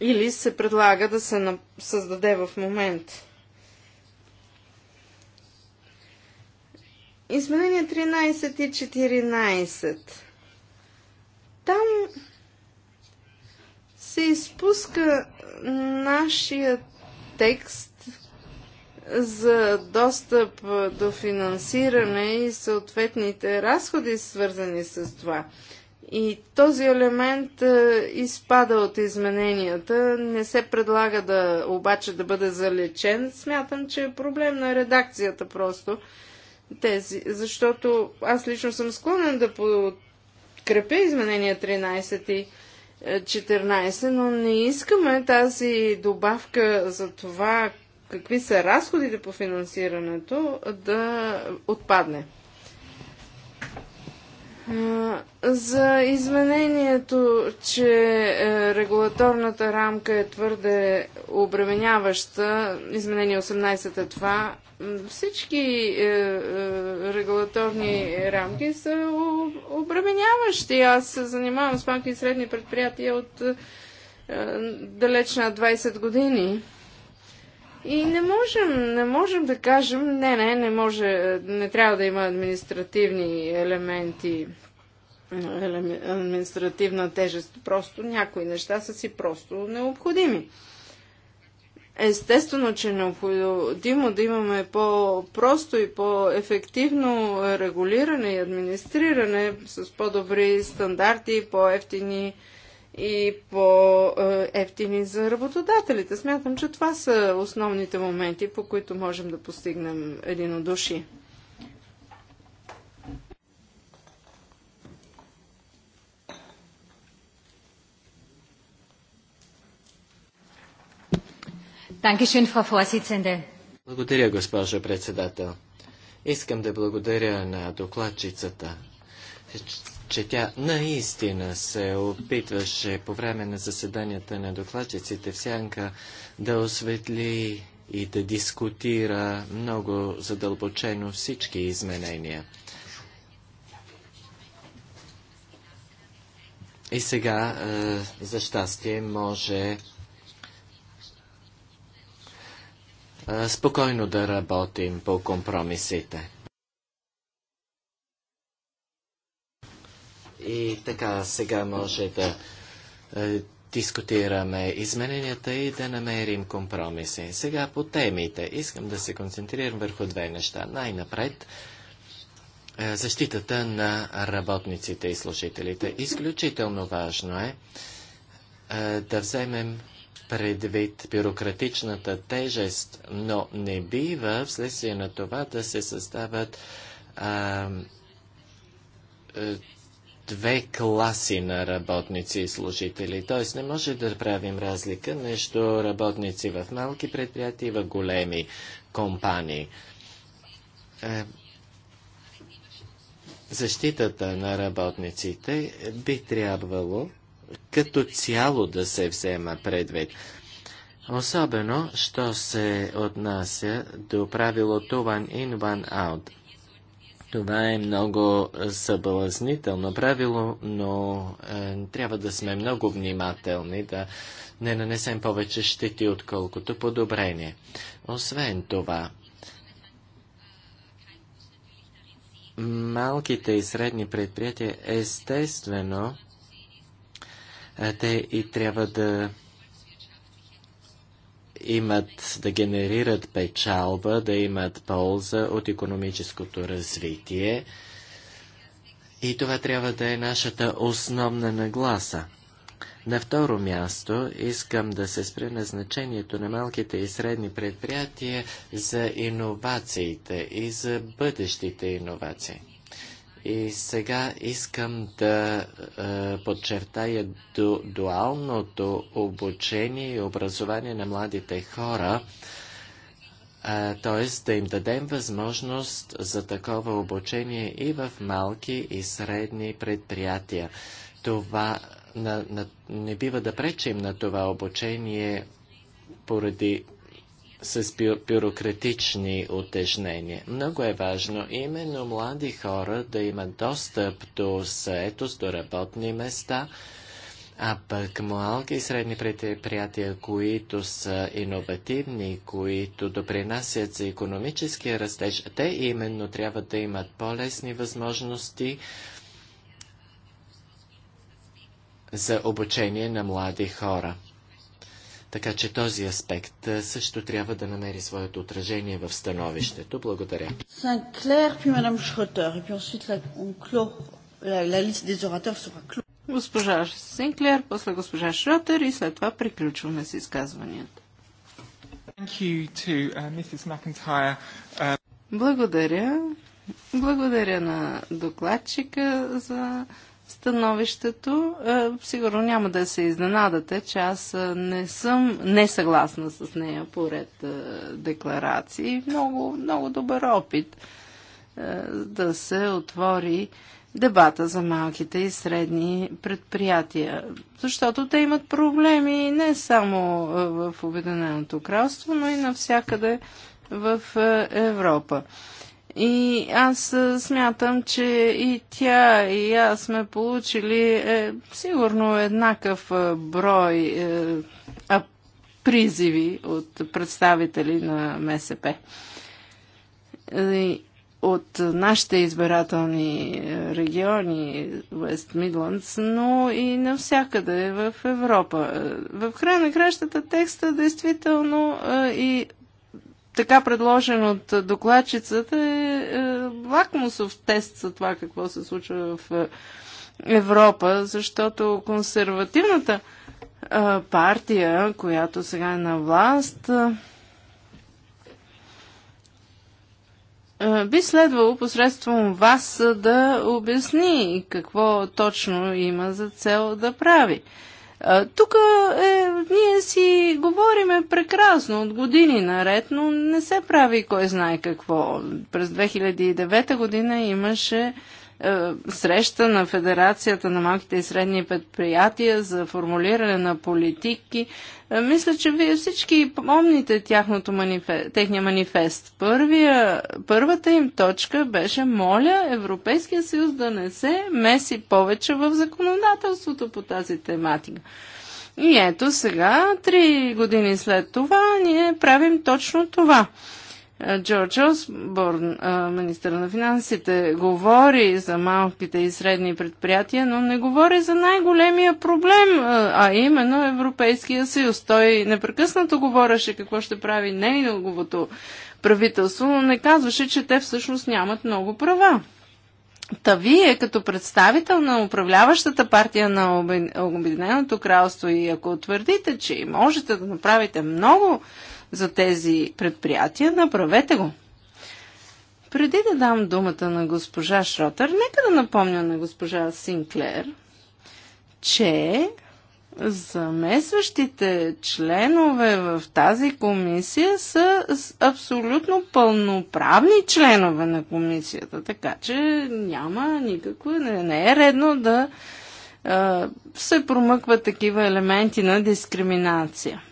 Или се предлага да се създаде в момента? Изменения 13 и 14. Там се изпуска нашия текст за достъп до финансиране и съответните разходи, свързани с това. И този елемент е, изпада от измененията. Не се предлага да обаче да бъде залечен. Смятам, че е проблем на редакцията просто. Тези, защото аз лично съм склонен да под, подкрепя изменения 13 и 14, е, но не искаме тази добавка за това какви са разходите по финансирането да отпадне. За изменението, че е, регулаторната рамка е твърде обременяваща, изменение 18 е това, всички е, е, регулаторни рамки са обременяващи. Аз се занимавам с малки и средни предприятия от далеч на 20 години. И не можем, не можем да кажем, не, не, не може, не трябва да има административни елементи, административна тежест. Просто някои неща са си просто необходими. Естествено, че е необходимо да имаме по-просто и по-ефективно регулиране и администриране с по-добри стандарти, по-ефтини и по-ефтини е, за работодателите. Смятам, че това са основните моменти, по които можем да постигнем единодушие. Благодаря, госпожо председател. Искам да благодаря на докладчицата че тя наистина се опитваше по време на заседанията на докладчиците в Сянка да осветли и да дискутира много задълбочено всички изменения. И сега, е, за щастие, може е, спокойно да работим по компромисите. И така, сега може да е, дискутираме измененията и да намерим компромиси. Сега по темите. Искам да се концентрирам върху две неща. Най-напред е, защитата на работниците и служителите. Изключително важно е, е да вземем предвид бюрократичната тежест, но не бива вследствие на това да се създават е, две класи на работници и служители. Т.е. не може да правим разлика между работници в малки предприятия и в големи компании. Е, защитата на работниците би трябвало като цяло да се взема предвид. Особено, що се отнася до правилото one in, one out. Това е много съблазнително правило, но е, трябва да сме много внимателни, да не нанесем повече щети, отколкото подобрение. Освен това, малките и средни предприятия, естествено, е, те и трябва да имат, да генерират печалба, да имат полза от економическото развитие. И това трябва да е нашата основна нагласа. На второ място искам да се спре на значението на малките и средни предприятия за иновациите и за бъдещите иновации. И сега искам да е, подчертая ду, дуалното обучение и образование на младите хора, е, т.е. да им дадем възможност за такова обучение и в малки и средни предприятия. Това на, на, не бива да пречим на това обучение поради с бюрократични отежнения. Много е важно именно млади хора да имат достъп до съетост, до работни места, а пък малки и средни предприятия, които са иновативни, които допринасят за економическия растеж, те именно трябва да имат по-лесни възможности за обучение на млади хора. Така че този аспект също трябва да намери своето отражение в становището. Благодаря. Госпожа Синклер, после госпожа Шротер и след това приключваме с изказванията. Uh, uh, Благодаря. Благодаря на докладчика за становището. Е, сигурно няма да се изненадате, че аз е, не съм несъгласна с нея поред е, декларации. Много, много добър опит да се отвори дебата за малките и средни предприятия. Защото те имат проблеми не само в Обединеното кралство, но и навсякъде в Европа. И аз смятам, че и тя, и аз сме получили е, сигурно еднакъв брой е, а, призиви от представители на МСП. Е, от нашите избирателни е, региони, Вест Мидландс, но и навсякъде в Европа. Е, в края на кращата текста действително и така предложен от докладчицата е, е лакмусов тест за това какво се случва в е, Европа, защото консервативната е, партия, която сега е на власт, би следвало посредством вас да обясни какво точно има за цел да прави. Тук е, ние си говориме прекрасно от години наред, но не се прави кой знае какво. През 2009 година имаше е, среща на Федерацията на малките и средни предприятия за формулиране на политики. Е, мисля, че вие всички помните тяхното манифест, техния манифест. Първия, първата им точка беше моля Европейския съюз да не се меси повече в законодателството по тази тематика. И ето сега, три години след това, ние правим точно това. Джордж Осборн, министър на финансите, говори за малките и средни предприятия, но не говори за най-големия проблем, а именно Европейския съюз. Той непрекъснато говореше какво ще прави неговото правителство, но не казваше, че те всъщност нямат много права. Та вие, като представител на управляващата партия на Обединеното кралство и ако твърдите, че можете да направите много за тези предприятия, направете го. Преди да дам думата на госпожа Шротър, нека да напомня на госпожа Синклер, че замесващите членове в тази комисия са абсолютно пълноправни членове на комисията, така че няма никакво, не, не е редно да се промъкват такива елементи на дискриминация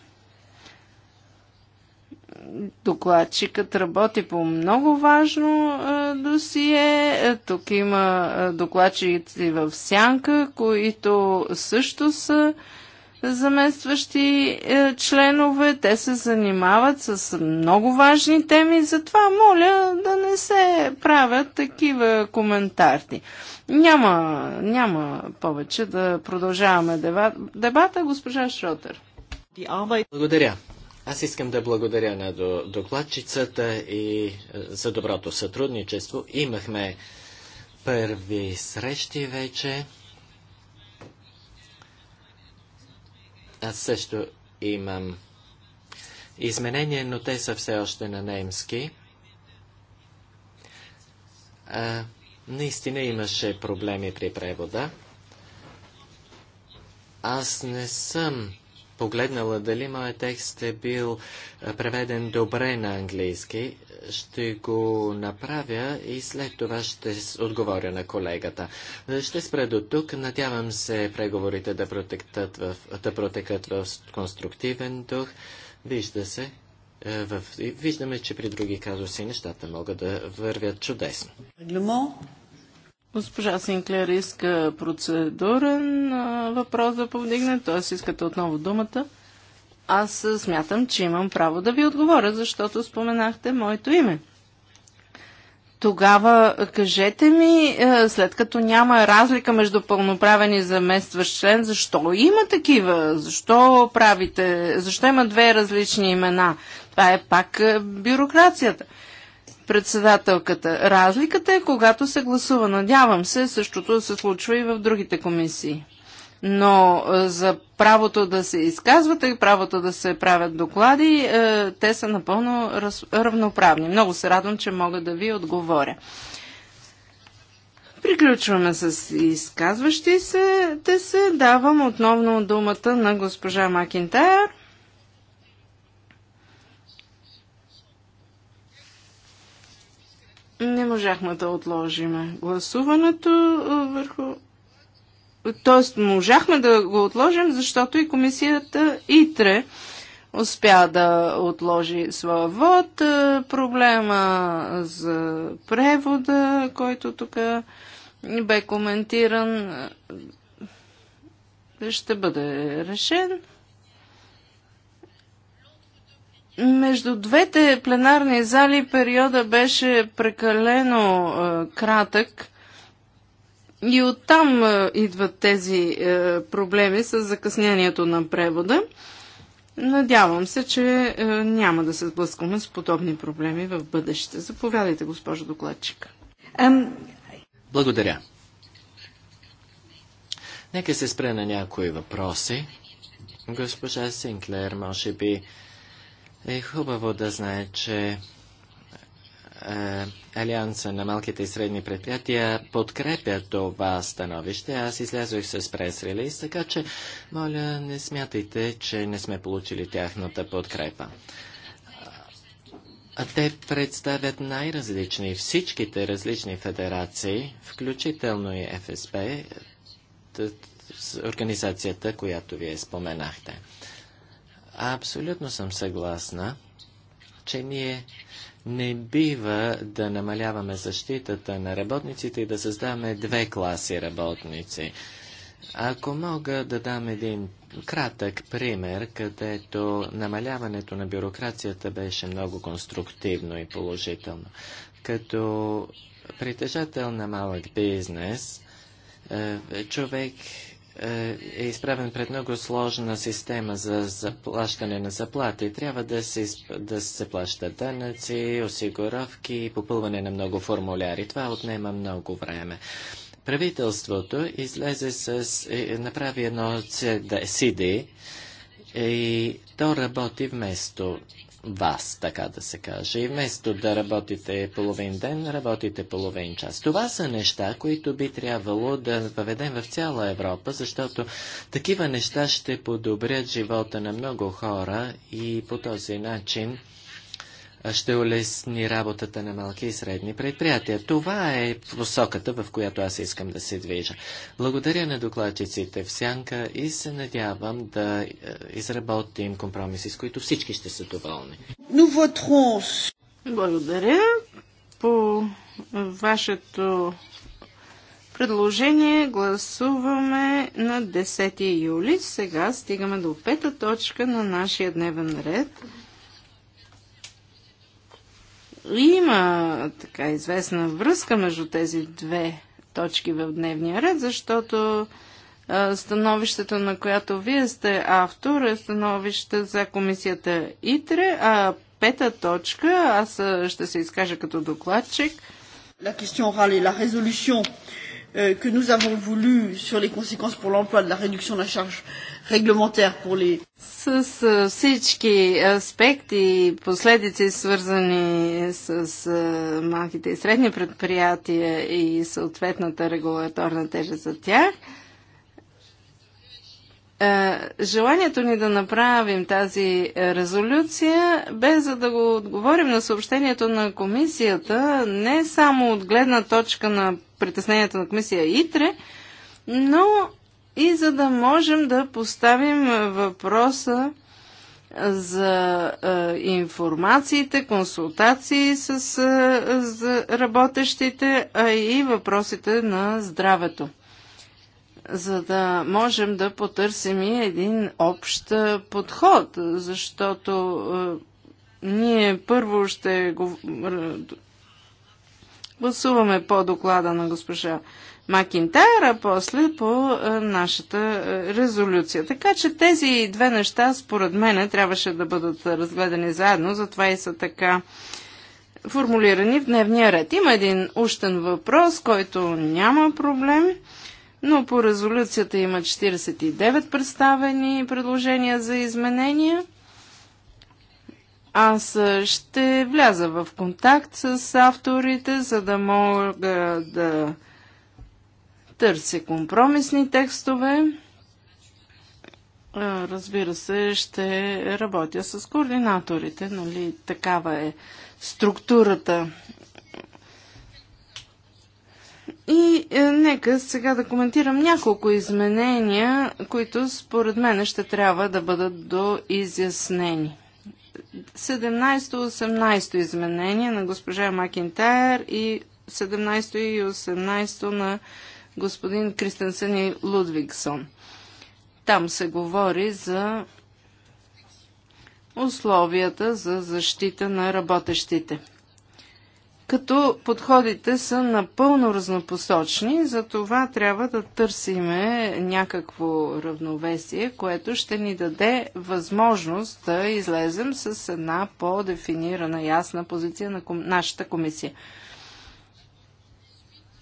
докладчикът работи по много важно досие. Е, тук има докладчици в сянка, които също са заместващи е, членове. Те се занимават с много важни теми, затова моля да не се правят такива коментарти. Няма, няма повече да продължаваме дебата. Госпожа Шротер. Благодаря. Аз искам да благодаря на докладчицата и е, за доброто сътрудничество. Имахме първи срещи вече. Аз също имам изменения, но те са все още на немски. А, наистина имаше проблеми при превода. Аз не съм погледнала дали моят текст е бил е, преведен добре на английски. Ще го направя и след това ще отговоря на колегата. Е, ще спра до тук. Надявам се преговорите да, протекат в, да протекат в конструктивен дух. Вижда се. Е, в... Виждаме, че при други казуси нещата могат да вървят чудесно. Госпожа Синклер иска процедурен въпрос да повдигне, т.е. искате отново думата. Аз смятам, че имам право да ви отговоря, защото споменахте моето име. Тогава кажете ми, след като няма разлика между пълноправен и заместващ член, защо има такива? Защо правите? Защо има две различни имена? Това е пак бюрокрацията председателката. Разликата е когато се гласува. Надявам се същото да се случва и в другите комисии. Но е, за правото да се изказвате и правото да се правят доклади, е, те са напълно равноправни. Много се радвам, че мога да ви отговоря. Приключваме с изказващи се. Те се давам отново думата на госпожа Макинтайр. Не можахме да отложим гласуването върху... Тоест, можахме да го отложим, защото и комисията ИТРЕ успя да отложи своя вод. Проблема за превода, който тук бе коментиран, ще бъде решен. Между двете пленарни зали периода беше прекалено е, кратък и оттам е, идват тези е, проблеми с закъснението на превода. Надявам се, че е, няма да се сблъскваме с подобни проблеми в бъдеще. Заповядайте, госпожо докладчик. Ам... Благодаря. Нека се спре на някои въпроси. Госпожа Синклер, може би, е хубаво да знае, че е, Алианса на малките и средни предприятия подкрепя това становище. Аз излязох с прес-релиз, така че, моля, не смятайте, че не сме получили тяхната подкрепа. А те представят най-различни, всичките различни федерации, включително и ФСБ, организацията, която вие споменахте. Абсолютно съм съгласна, че ние не бива да намаляваме защитата на работниците и да създаваме две класи работници. Ако мога да дам един кратък пример, където намаляването на бюрокрацията беше много конструктивно и положително. Като притежател на малък бизнес, е, човек е, е изправен пред много сложна система за заплащане на заплати. Трябва да се, да се плащат данъци, осигуровки и попълване на много формуляри. Това отнема много време. Правителството излезе с... Е, направи едно CD е, и то работи вместо вас, така да се каже. И вместо да работите половин ден, работите половин час. Това са неща, които би трябвало да въведем в цяла Европа, защото такива неща ще подобрят живота на много хора и по този начин ще улесни работата на малки и средни предприятия. Това е посоката, в която аз искам да се движа. Благодаря на докладчиците в Сянка и се надявам да е, изработим компромиси, с които всички ще са доволни. Благодаря. По вашето предложение гласуваме на 10 юли. Сега стигаме до пета точка на нашия дневен ред – има така известна връзка между тези две точки в дневния ред, защото становището, на която вие сте автор, е становище за комисията ИТРЕ, а пета точка, аз ще се изкажа като докладчик. La question orale et la résolution euh, Euh, que nous avons voulu sur les conséquences pour l'emploi de la réduction de la charge réglementaire pour les с всички аспекти, последици свързани с, с малките и средни предприятия и съответната регулаторна тежест за тях – е, желанието ни да направим тази резолюция бе за да го отговорим на съобщението на комисията, не само от гледна точка на притесненията на комисия ИТРЕ, но и за да можем да поставим въпроса за е, информациите, консултации с е, работещите, а и въпросите на здравето за да можем да потърсим и един общ подход, защото е, ние първо ще го, гласуваме по доклада на госпожа Макинтайр, а после по е, нашата резолюция. Така че тези две неща, според мен, трябваше да бъдат разгледани заедно, затова и са така формулирани в дневния ред. Има един ущен въпрос, който няма проблем но по резолюцията има 49 представени предложения за изменения. Аз ще вляза в контакт с авторите, за да мога да търся компромисни текстове. Разбира се, ще работя с координаторите, нали такава е структурата и е, нека сега да коментирам няколко изменения, които според мен ще трябва да бъдат доизяснени. 17-18 изменение на госпожа Макинтайр и 17 и 18 на господин Кристенсен и Лудвигсон. Там се говори за условията за защита на работещите като подходите са напълно разнопосочни, за това трябва да търсиме някакво равновесие, което ще ни даде възможност да излезем с една по-дефинирана ясна позиция на ком... нашата комисия.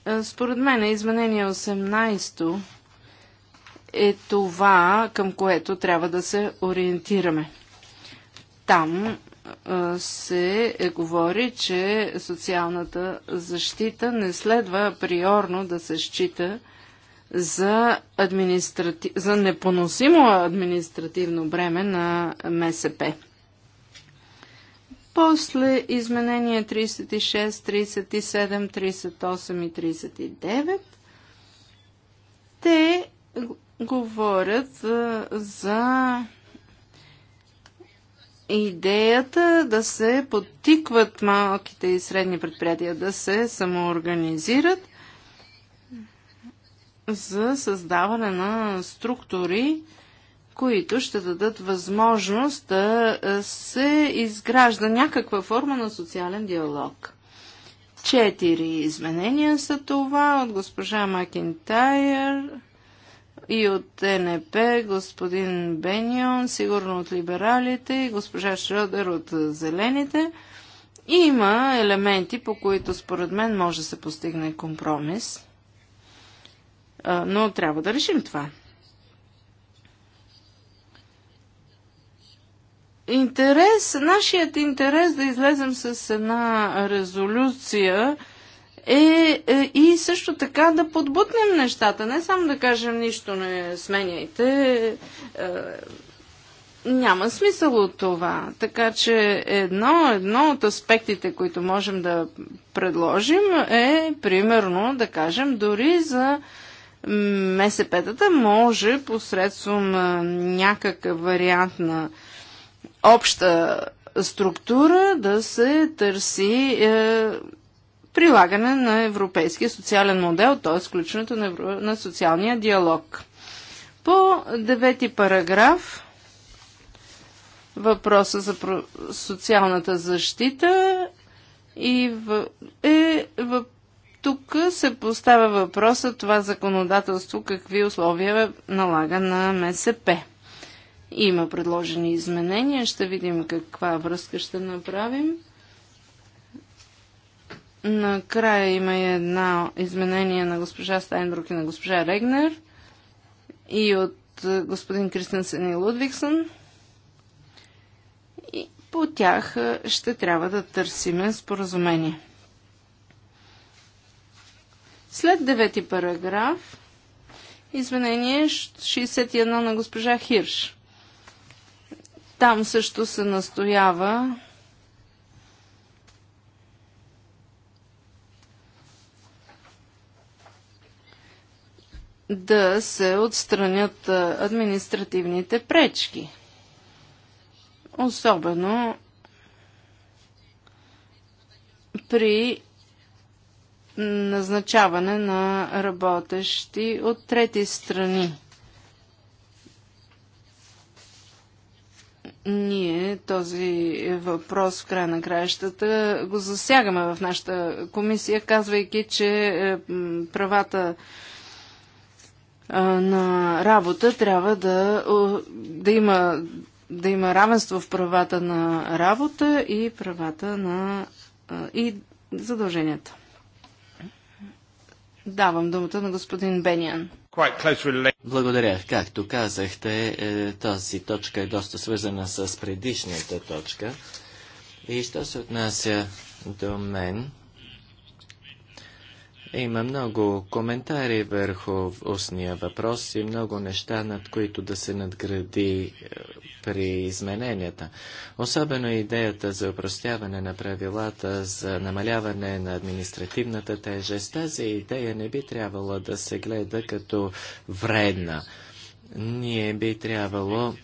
Е, според мен изменение 18 е това, към което трябва да се ориентираме. Там се е, говори, че социалната защита не следва априорно да се счита за, административ... за непоносимо административно бреме на МСП. После изменения 36, 37, 38 и 39 те говорят за идеята да се подтикват малките и средни предприятия да се самоорганизират за създаване на структури, които ще дадат възможност да е, се изгражда някаква форма на социален диалог. Четири изменения са това от госпожа Макинтайр и от НП, господин Бенион, сигурно от либералите и госпожа Шродер от зелените. И има елементи, по които според мен може да се постигне компромис. Но трябва да решим това. Интерес, нашият интерес да излезем с една резолюция, е, е и също така да подбутнем нещата, не само да кажем нищо не сменяйте. Е, е, няма смисъл от това. Така че едно, едно от аспектите, които можем да предложим е, примерно, да кажем, дори за МСП-тата може посредством е, някакъв вариант на обща структура да се търси е, прилагане на европейския социален модел, т.е. включването на, евро... на социалния диалог. По девети параграф въпроса за социалната защита и в... е в... тук се поставя въпроса това законодателство какви условия налага на МСП. Има предложени изменения, ще видим каква връзка ще направим. Накрая има и една изменение на госпожа Стайнбрук и на госпожа Регнер и от е, господин Кристенсен и Лудвиксън. И по тях е, ще трябва да търсиме споразумение. След девети параграф, изменение 61 на госпожа Хирш. Там също се настоява да се отстранят административните пречки. Особено при назначаване на работещи от трети страни. Ние този въпрос в края на краищата го засягаме в нашата комисия, казвайки, че правата на работа трябва да, да, има, да има равенство в правата на работа и правата на и задълженията. Давам думата на господин Бениан. Благодаря. Както казахте, е, тази точка е доста свързана с предишната точка. И що се отнася до мен, има много коментари върху устния въпрос и много неща, над които да се надгради е, при измененията. Особено идеята за упростяване на правилата, за намаляване на административната тежест, тази идея не би трябвало да се гледа като вредна. Ние би трябвало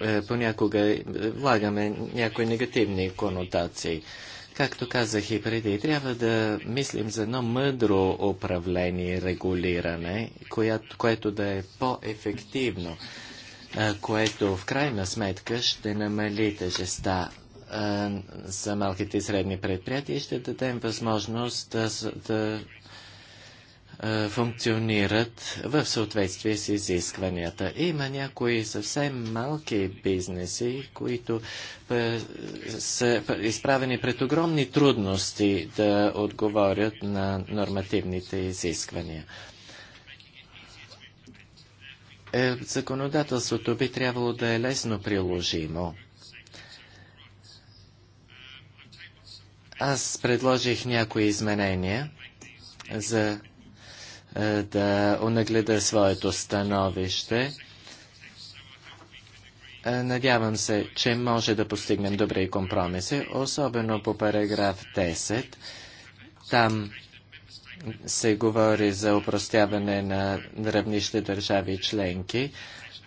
е, понякога е, влагаме някои негативни конотации. Както казах и преди, трябва да мислим за едно мъдро управление и регулиране, която, което да е по-ефективно, което в крайна сметка ще намали тежеста за малките и средни предприятия и ще дадем възможност да, да функционират в съответствие с изискванията. Има някои съвсем малки бизнеси, които са изправени пред огромни трудности да отговорят на нормативните изисквания. Е, законодателството би трябвало да е лесно приложимо. Аз предложих някои изменения за е, да онагледа своето становище. Е, надявам се, че може да постигнем добри компромиси, особено по параграф 10. Там се говори за упростяване на равнище държави и членки.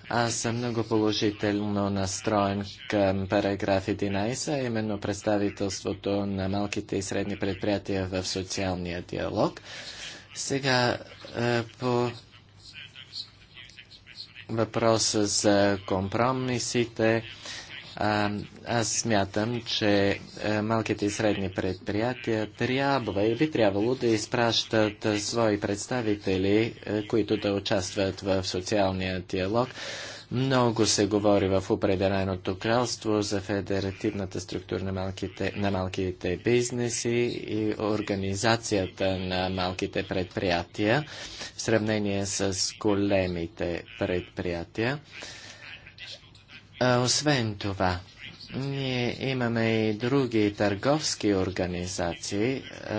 Аз съм много положително настроен към параграф 11, а именно представителството на малките и средни предприятия в социалния диалог. Сега е, по въпроса за компромисите. Е, аз смятам, че е, малките и средни предприятия трябва и би трябвало да изпращат свои представители, които да участват в социалния диалог. Много се говори в определеното кралство за федеративната структура на малките, на малките бизнеси и организацията на малките предприятия в сравнение с големите предприятия. А, освен това, ние имаме и други търговски организации, е,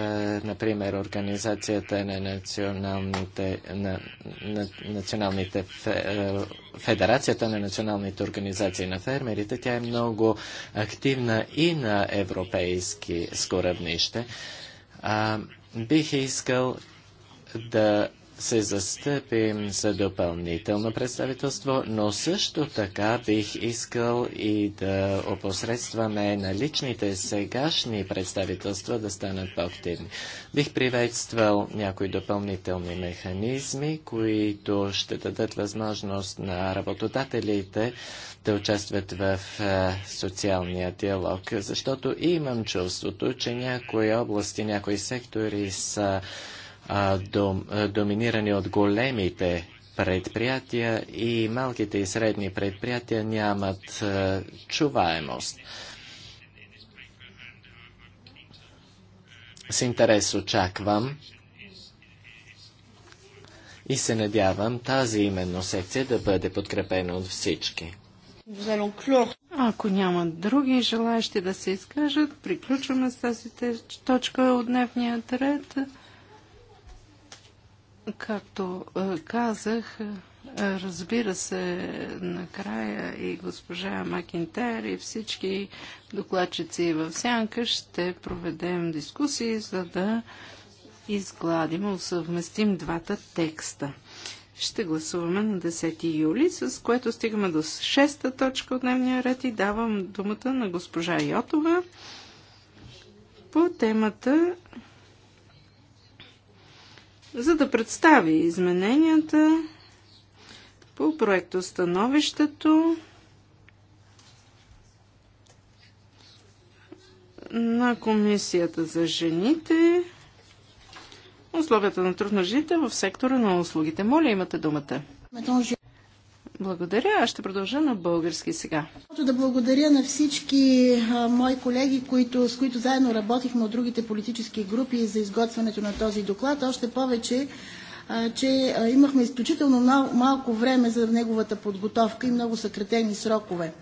например Организацията на националните, на, на, националните е, Федерацията на националните организации на фермерите. Тя е много активна и на европейски скоравнище. бих искал да се застъпим за допълнително представителство, но също така бих искал и да опосредстваме наличните сегашни представителства да станат по-активни. Бих приветствал някои допълнителни механизми, които ще дадат възможност на работодателите да участват в социалния диалог, защото имам чувството, че някои области, някои сектори са дом, доминирани от големите предприятия и малките и средни предприятия нямат чуваемост. С интерес очаквам и се надявам тази именно секция да бъде подкрепена от всички. Ако няма други желаящи да се изкажат, приключваме с тази точка от дневния ред. Както е, казах, е, разбира се, накрая и госпожа Макинтер и всички докладчици в Сянка ще проведем дискусии, за да изгладим, усъвместим двата текста. Ще гласуваме на 10 юли, с което стигаме до 6-та точка от дневния ред и давам думата на госпожа Йотова по темата за да представи измененията по проекта становището на Комисията за жените условията на труд на жените в сектора на услугите. Моля, имате думата. Благодаря. Аз ще продължа на български сега. Да благодаря на всички мои колеги, които, с които заедно работихме от другите политически групи за изготвянето на този доклад. Още повече, че имахме изключително малко време за неговата подготовка и много съкратени срокове.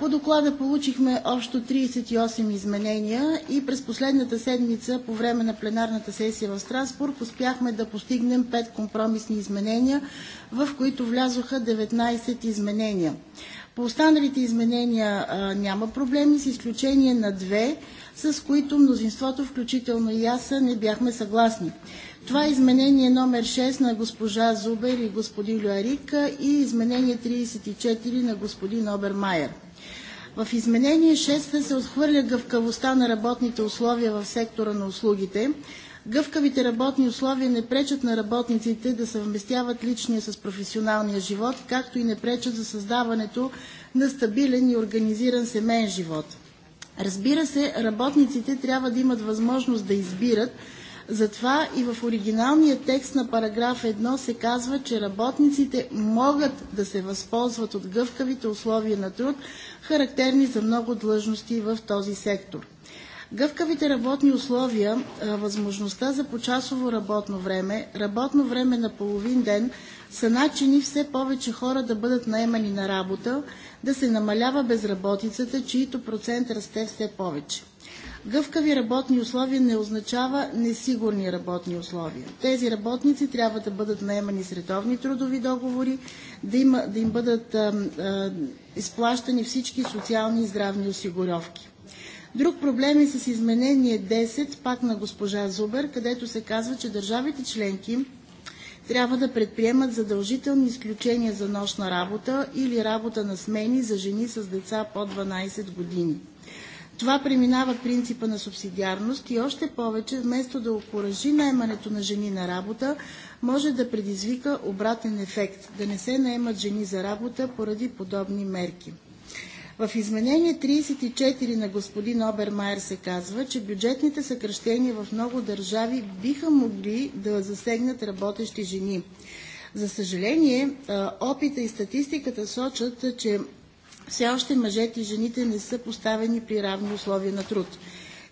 По доклада получихме общо 38 изменения и през последната седмица по време на пленарната сесия в Страсбург успяхме да постигнем 5 компромисни изменения, в които влязоха 19 изменения. По останалите изменения а, няма проблеми, с изключение на две, с които мнозинството, включително и аз, не бяхме съгласни. Това е изменение номер 6 на госпожа Зубер и господин Люарик и изменение 34 на господин Обермайер. В изменение 6 се отхвърля гъвкавостта на работните условия в сектора на услугите. Гъвкавите работни условия не пречат на работниците да съвместяват личния с професионалния живот, както и не пречат за създаването на стабилен и организиран семейен живот. Разбира се, работниците трябва да имат възможност да избират затова и в оригиналния текст на параграф 1 се казва, че работниците могат да се възползват от гъвкавите условия на труд, характерни за много длъжности в този сектор. Гъвкавите работни условия, възможността за почасово работно време, работно време на половин ден са начини все повече хора да бъдат наемани на работа, да се намалява безработицата, чието процент расте все повече. Гъвкави работни условия не означава несигурни работни условия. Тези работници трябва да бъдат наемани с редовни трудови договори, да, има, да им бъдат а, а, изплащани всички социални и здравни осигуровки. Друг проблем е с изменение 10, пак на госпожа Зубер, където се казва, че държавите членки трябва да предприемат задължителни изключения за нощна работа или работа на смени за жени с деца по 12 години. Това преминава принципа на субсидиарност и още повече, вместо да окоръжи наемането на жени на работа, може да предизвика обратен ефект – да не се наемат жени за работа поради подобни мерки. В изменение 34 на господин Обермайер се казва, че бюджетните съкръщения в много държави биха могли да засегнат работещи жени. За съжаление, опита и статистиката сочат, че все още мъжете и жените не са поставени при равни условия на труд.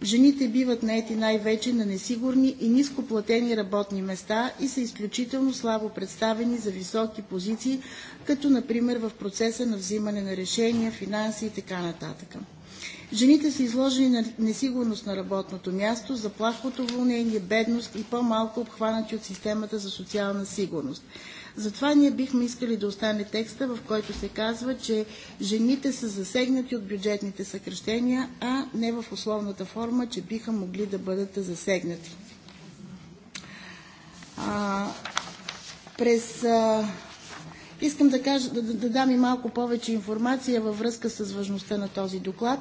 Жените биват наети най-вече на несигурни и нископлатени работни места и са изключително слабо представени за високи позиции, като например в процеса на взимане на решения, финанси и така нататък. Жените са изложени на несигурност на работното място, заплах от уволнение, бедност и по-малко обхванати от системата за социална сигурност. Затова ние бихме искали да остане текста, в който се казва, че жените са засегнати от бюджетните съкрещения, а не в условната форма, че биха могли да бъдат засегнати. А, през а, Искам да, кажа, да, да дам и малко повече информация във връзка с важността на този доклад.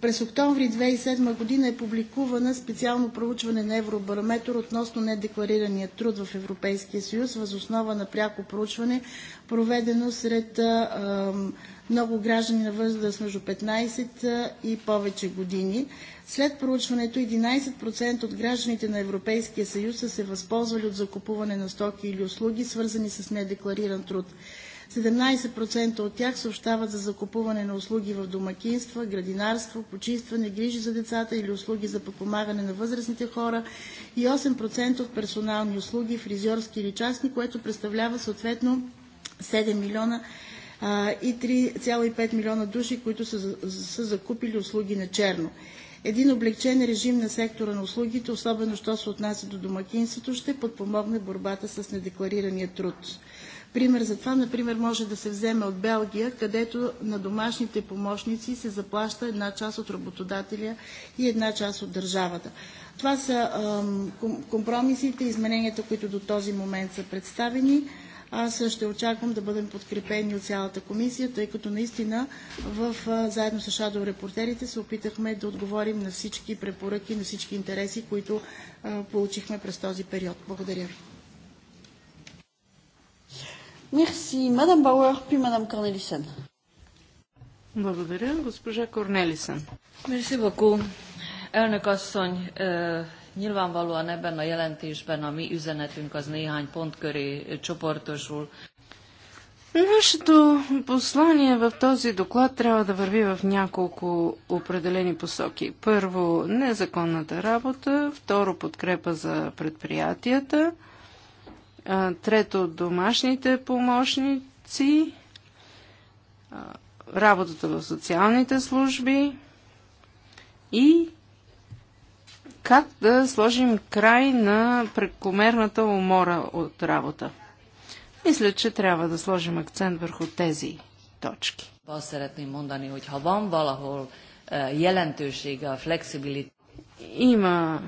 През октомври 2007 година е публикувана специално проучване на Евробарометр относно недекларирания труд в Европейския съюз, възоснова на пряко проучване, проведено сред а, много граждани на възраст между 15 и повече години. След проучването 11% от гражданите на Европейския съюз са се възползвали от закупуване на стоки или услуги, свързани с недеклариран труд. 17% от тях съобщават за закупуване на услуги в домакинства, градинарство, почистване, грижи за децата или услуги за подпомагане на възрастните хора и 8% от персонални услуги, фризьорски или частни, което представлява съответно 7 милиона и 3,5 милиона души, които са, са закупили услуги на черно. Един облегчен режим на сектора на услугите, особено що се отнася до домакинството, ще подпомогне борбата с недекларирания труд. Пример за това, например, може да се вземе от Белгия, където на домашните помощници се заплаща една част от работодателя и една част от държавата. Това са компромисите, измененията, които до този момент са представени. Аз ще очаквам да бъдем подкрепени от цялата комисия, тъй като наистина в, заедно с Шадо репортерите се опитахме да отговорим на всички препоръки, на всички интереси, които получихме през този период. Благодаря ви. Мерси, мадам Бауер, пи мадам Корнелисен. Благодаря, госпожа Корнелисен. Мерси баку. Elnök asszony, nyilvánvalóan ebben a jelentésben a mi üzenetünk az néhány pont köré csoportosul. Нашето послание в този доклад трябва да върви в няколко определени посоки. Първо, незаконната работа. Второ, подкрепа за предприятията. Трето, домашните помощници, работата в социалните служби и как да сложим край на прекомерната умора от работа. Мисля, че трябва да сложим акцент върху тези точки. Е, Има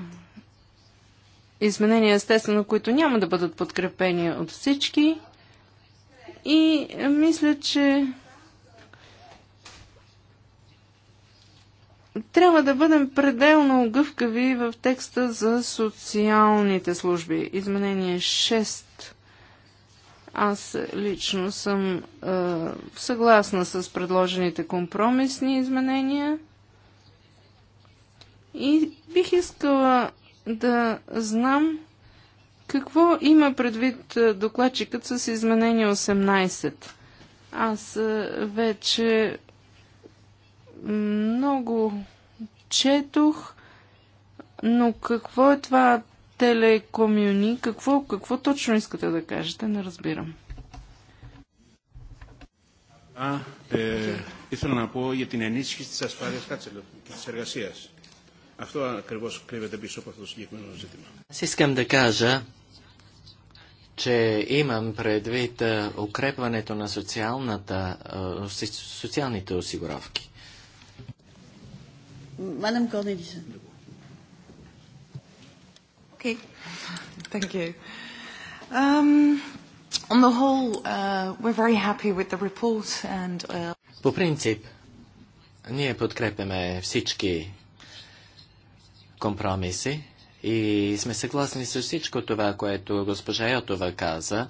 изменения, естествено, които няма да бъдат подкрепени от всички. И мисля, че трябва да бъдем пределно гъвкави в текста за социалните служби. Изменение 6. Аз лично съм е, съгласна с предложените компромисни изменения и бих искала да знам какво има предвид е, докладчикът с изменение 18. Аз е, вече много четох, но какво е това телекомюни? Какво, какво точно искате да кажете? Не разбирам. А, е, ήθελα να πω για την ενίσχυση της ασφάλειας της εργασίας. Αυτό ακριβώς κρύβεται πίσω από αυτό το συγκεκριμένο ζήτημα. Аз искам да кажа, че имам предвид е, укрепването на социалната, е, социалните осигуровки. Мадам Корнелисън. Okay. Thank you. Um, on the whole, uh, we're very happy with the report and... Uh... По принцип, ние подкрепяме всички компромиси и сме съгласни с всичко това, което госпожа Йотова каза.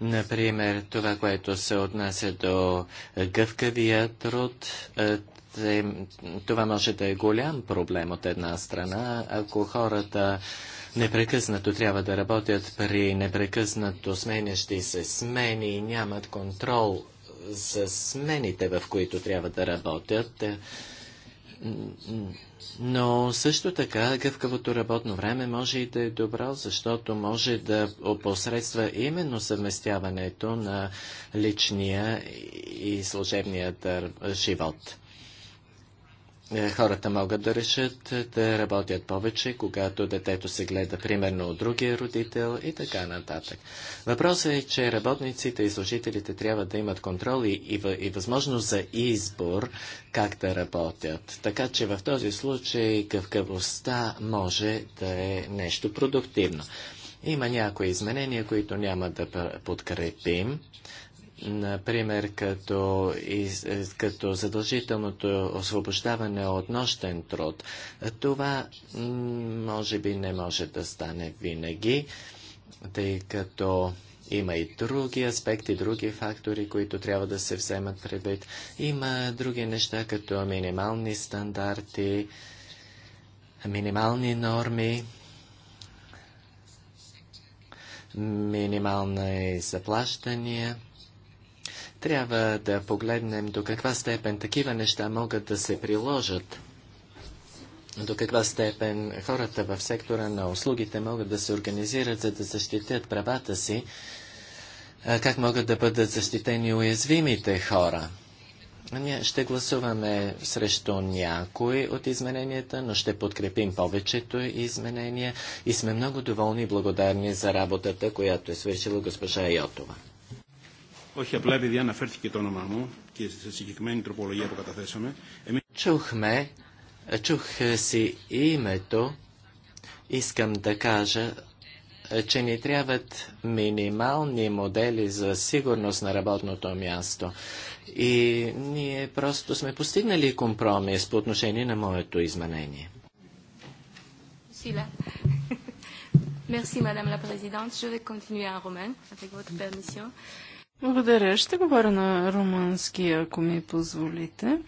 Например, това, което се отнася до гъвкавия труд, е, е, това може да е голям проблем от една страна, ако хората непрекъснато трябва да работят при непрекъснато сменящи се смени и нямат контрол за смените, в които трябва да работят. Е, но също така гъвкавото работно време може и да е добро, защото може да опосредства именно съвместяването на личния и служебния живот. Е, хората могат да решат е, да работят повече, когато детето се гледа примерно от другия родител и така нататък. Въпросът е, че работниците и служителите трябва да имат контрол и, и, и възможност за избор как да работят. Така че в този случай гъвкавостта може да е нещо продуктивно. Има някои изменения, които няма да подкрепим. Например, като, из, е, като задължителното освобождаване от нощен труд. Това може би не може да стане винаги, тъй като има и други аспекти, други фактори, които трябва да се вземат предвид. Има други неща, като минимални стандарти, минимални норми, минимални заплащания – трябва да погледнем до каква степен такива неща могат да се приложат, до каква степен хората в сектора на услугите могат да се организират, за да защитят правата си, как могат да бъдат защитени уязвимите хора. Ние ще гласуваме срещу някои от измененията, но ще подкрепим повечето изменения и сме много доволни и благодарни за работата, която е свършила госпожа Йотова όχι απλά επειδή αναφέρθηκε το όνομά μου και σε συγκεκριμένη τροπολογία που καταθέσαμε. Εμείς... Чухме, чух си името, искам да кажа, че ни трябват минимални модели за сигурност на работното място. И ние просто сме постигнали компромис по отношение на моето изменение. Merci, Madame la Présidente. Je vais continuer en romain, avec votre permission. Euh, благодаря. Ще говоря на румънски, ако ми позволите.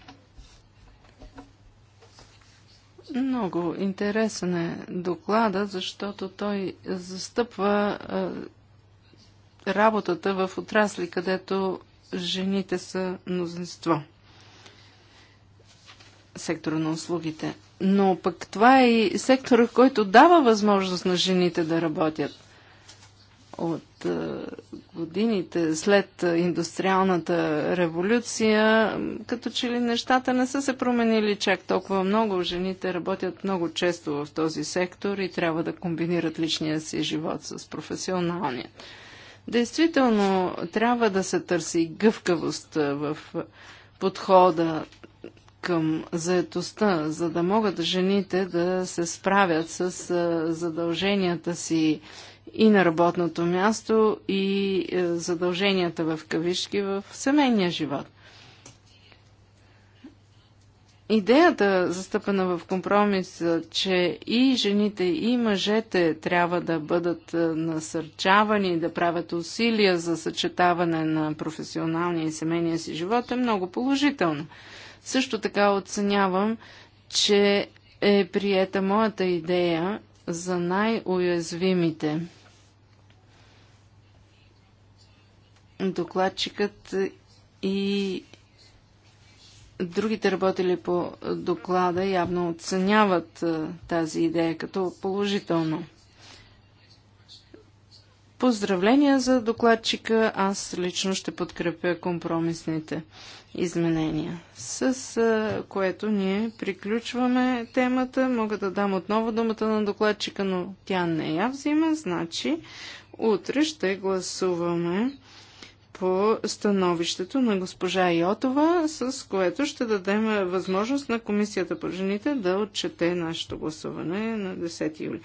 Много интересен е доклада, защото той застъпва работата в отрасли, където жените са мнозинство. Сектора на услугите. Но пък това е и сектора, който дава възможност на жените да работят от е, годините след индустриалната революция, като че ли нещата не са се променили чак толкова много. Жените работят много често в този сектор и трябва да комбинират личния си живот с професионалния. Действително, трябва да се търси гъвкавост е, в подхода към заетостта, за да могат жените да се справят с е, задълженията си и на работното място, и е, задълженията в кавишки в семейния живот. Идеята, застъпена в компромиса, че и жените, и мъжете трябва да бъдат е, насърчавани, да правят усилия за съчетаване на професионалния и семейния си живот, е много положителна. Също така оценявам, че е приета моята идея за най-уязвимите – докладчикът и другите работили по доклада явно оценяват тази идея като положително. Поздравления за докладчика. Аз лично ще подкрепя компромисните изменения, с което ние приключваме темата. Мога да дам отново думата на докладчика, но тя не я взима, значи утре ще гласуваме по становището на госпожа Йотова, с което ще дадем възможност на Комисията по жените да отчете нашето гласуване на 10 юли.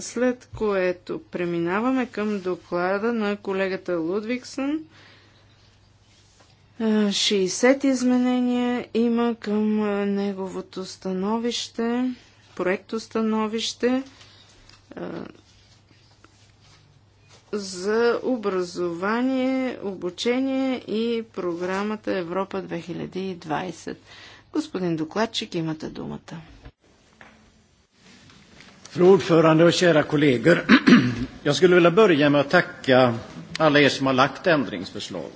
След което преминаваме към доклада на колегата Лудвиксън. 60 изменения има към неговото становище, проекто становище за образование, обучение и програмата Европа 2020. Господин докладчик, имате думата. Fru ordförande och kära kollegor, jag skulle vilja börja med att tacka alla er som har lagt ändringsförslag.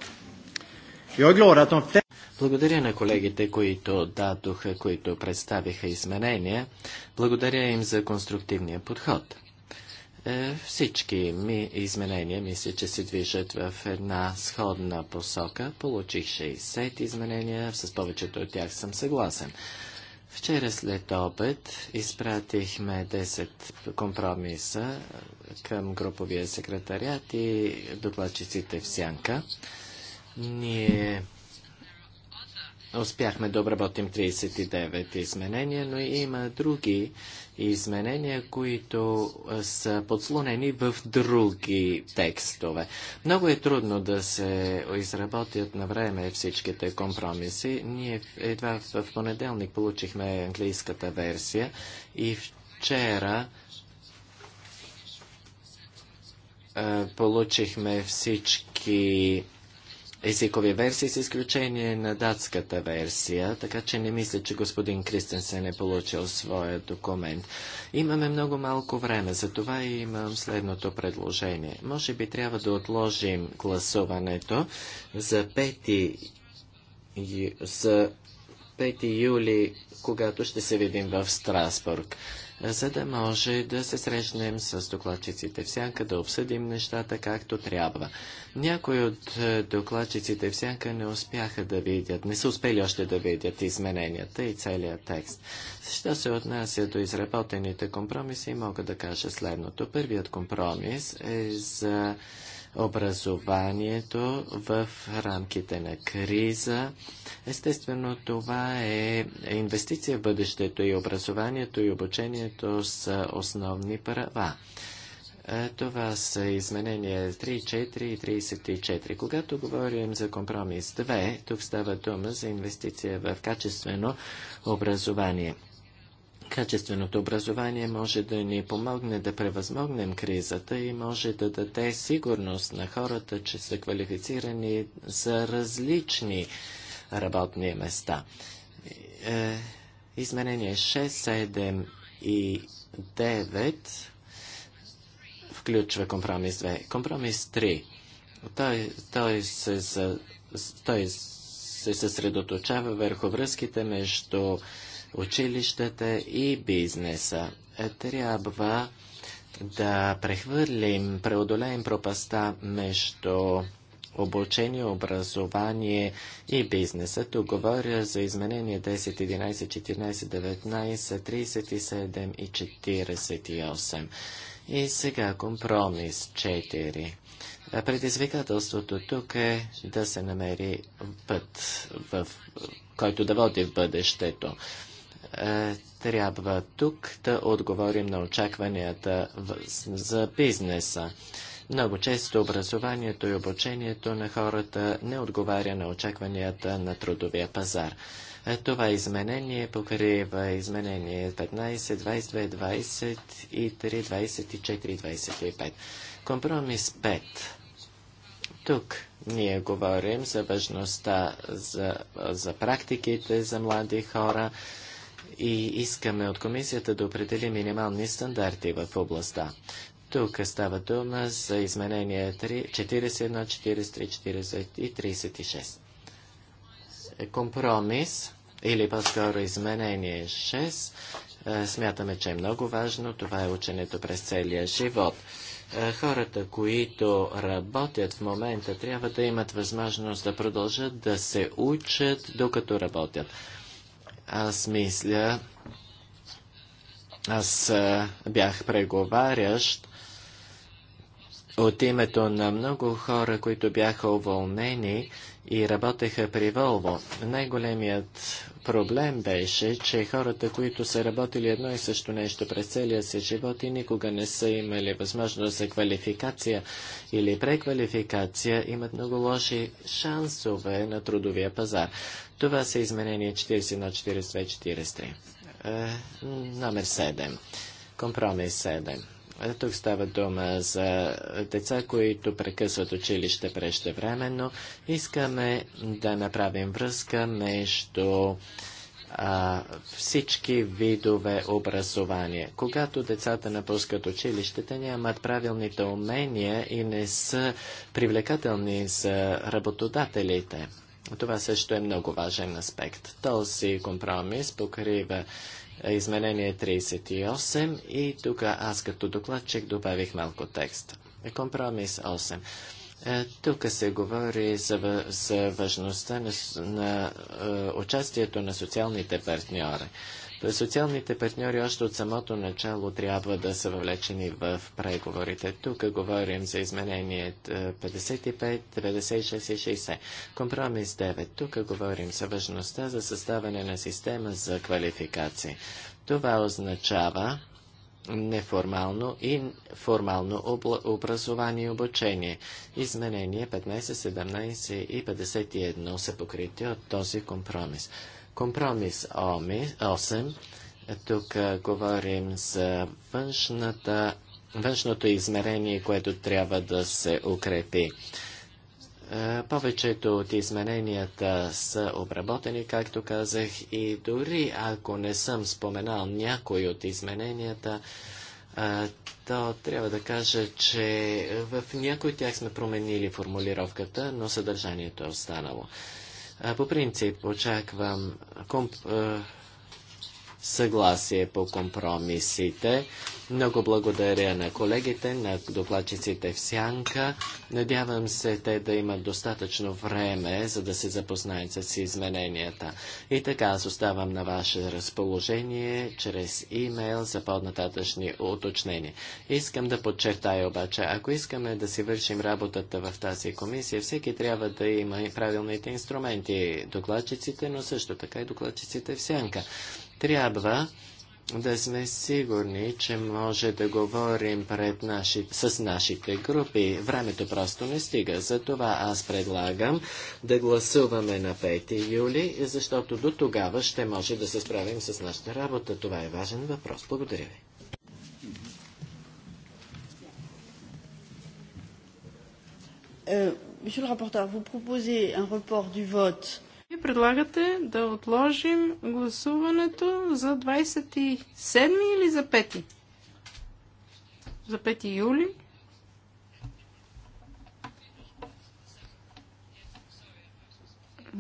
Jag är glad att de flesta... Благодаря на колегите, които дадоха, които представиха изменения. Благодаря им за конструктивния подход. Е, всички ми изменения мисля, че се движат в една сходна посока. Получих 60 изменения, с повечето от тях съм съгласен. Вчера след обед изпратихме 10 компромиса към груповия секретарят и докладчиците в Сянка. Ние успяхме да обработим 39 изменения, но има други изменения, които са подслонени в други текстове. Много е трудно да се изработят на време всичките компромиси. Ние едва в понеделник получихме английската версия и вчера получихме всички езикови версии, с изключение на датската версия, така че не мисля, че господин Кристенсен е получил своя документ. Имаме много малко време, затова имам следното предложение. Може би трябва да отложим гласуването за 5, за 5 юли, когато ще се видим в Страсбург за да може да се срещнем с докладчиците всяка, да обсъдим нещата както трябва. Някои от е, докладчиците всяка не успяха да видят, не са успели още да видят измененията и целият текст. Що се отнася до изработените компромиси, мога да кажа следното. Първият компромис е за образованието в рамките на криза. Естествено, това е инвестиция в бъдещето и образованието и обучението са основни права. Е, това са изменения 34 и 34. Когато говорим за компромис 2, тук става дума за инвестиция в качествено образование. Качественото образование може да ни помогне да превъзмогнем кризата и може да даде сигурност на хората, че са квалифицирани за различни работни места. Е, изменение 6, 7 и 9 включва компромис 2. Компромис 3. Той, той, се, той се съсредоточава върху връзките между училищата и бизнеса. Трябва да прехвърлим, преодолеем пропаста между обучение, образование и бизнеса. Тук говоря за изменение 10, 11, 14, 19, 37 и 48. И сега компромис 4. Предизвикателството тук е да се намери път, в който да води в бъдещето. Е, трябва тук да отговорим на очакванията в, за бизнеса. Много често образованието и обучението на хората не отговаря на очакванията на трудовия пазар. Е, това изменение покрива изменение 15, 22, 23, 24, 25. Компромис 5. Тук ние говорим за важността за, за практиките за млади хора, и искаме от комисията да определи минимални стандарти в областта. Тук става дума за изменения 3, 41, 43, 40 и 36. Компромис или по-скоро изменение 6 е, смятаме, че е много важно. Това е ученето през целия живот. Е, хората, които работят в момента, трябва да имат възможност да продължат да се учат, докато работят. Аз мисля, аз бях преговарящ от името на много хора, които бяха уволнени и работеха при Волво. Най-големият проблем беше, че хората, които са работили едно и също нещо през целия си живот и никога не са имали възможност за квалификация или преквалификация, имат много лоши шансове на трудовия пазар. Това са изменения на 42, 43. Е, номер 7. Компромис 7. Тук става дума за деца, които прекъсват училище прещевременно, Искаме да направим връзка между а, всички видове образование. Когато децата напускат училище, те нямат правилните умения и не са привлекателни за работодателите. Това също е много важен аспект. Този компромис покрива изменение 38 и тук аз като докладчик добавих малко текст. Компромис 8. Е, тук се говори за, за важността на, на е, участието на социалните партньори. Социалните партньори още от самото начало трябва да са въвлечени в преговорите. Тук говорим за изменение 55, е, 96 и 60. Компромис 9. Тук говорим за важността за съставане на система за квалификации. Това означава неформално и формално образование и обучение. Изменения 15, 17 и 51 са покрити от този компромис. Компромис 8. Тук говорим за външната, външното измерение, което трябва да се укрепи. Повечето от измененията са обработени, както казах, и дори ако не съм споменал някой от измененията, то трябва да кажа, че в някои тях сме променили формулировката, но съдържанието е останало. По принцип очаквам комп, съгласие по компромисите. Много благодаря на колегите, на докладчиците в Сянка. Надявам се те да имат достатъчно време, за да се запознаят с измененията. И така, аз оставам на ваше разположение чрез имейл за по-нататъчни уточнения. Искам да подчертая обаче, ако искаме да си вършим работата в тази комисия, всеки трябва да има и правилните инструменти. Докладчиците, но също така и докладчиците в Сянка. Трябва да сме сигурни, че може да говорим пред наши, с нашите групи. Времето просто не стига. Затова аз предлагам да гласуваме на 5 юли, защото до тогава ще може да се справим с нашата работа. Това е важен въпрос. Благодаря ви. Euh, monsieur le rapporteur, vous proposez un report du vote вие предлагате да отложим гласуването за 27 или за 5? За 5 юли?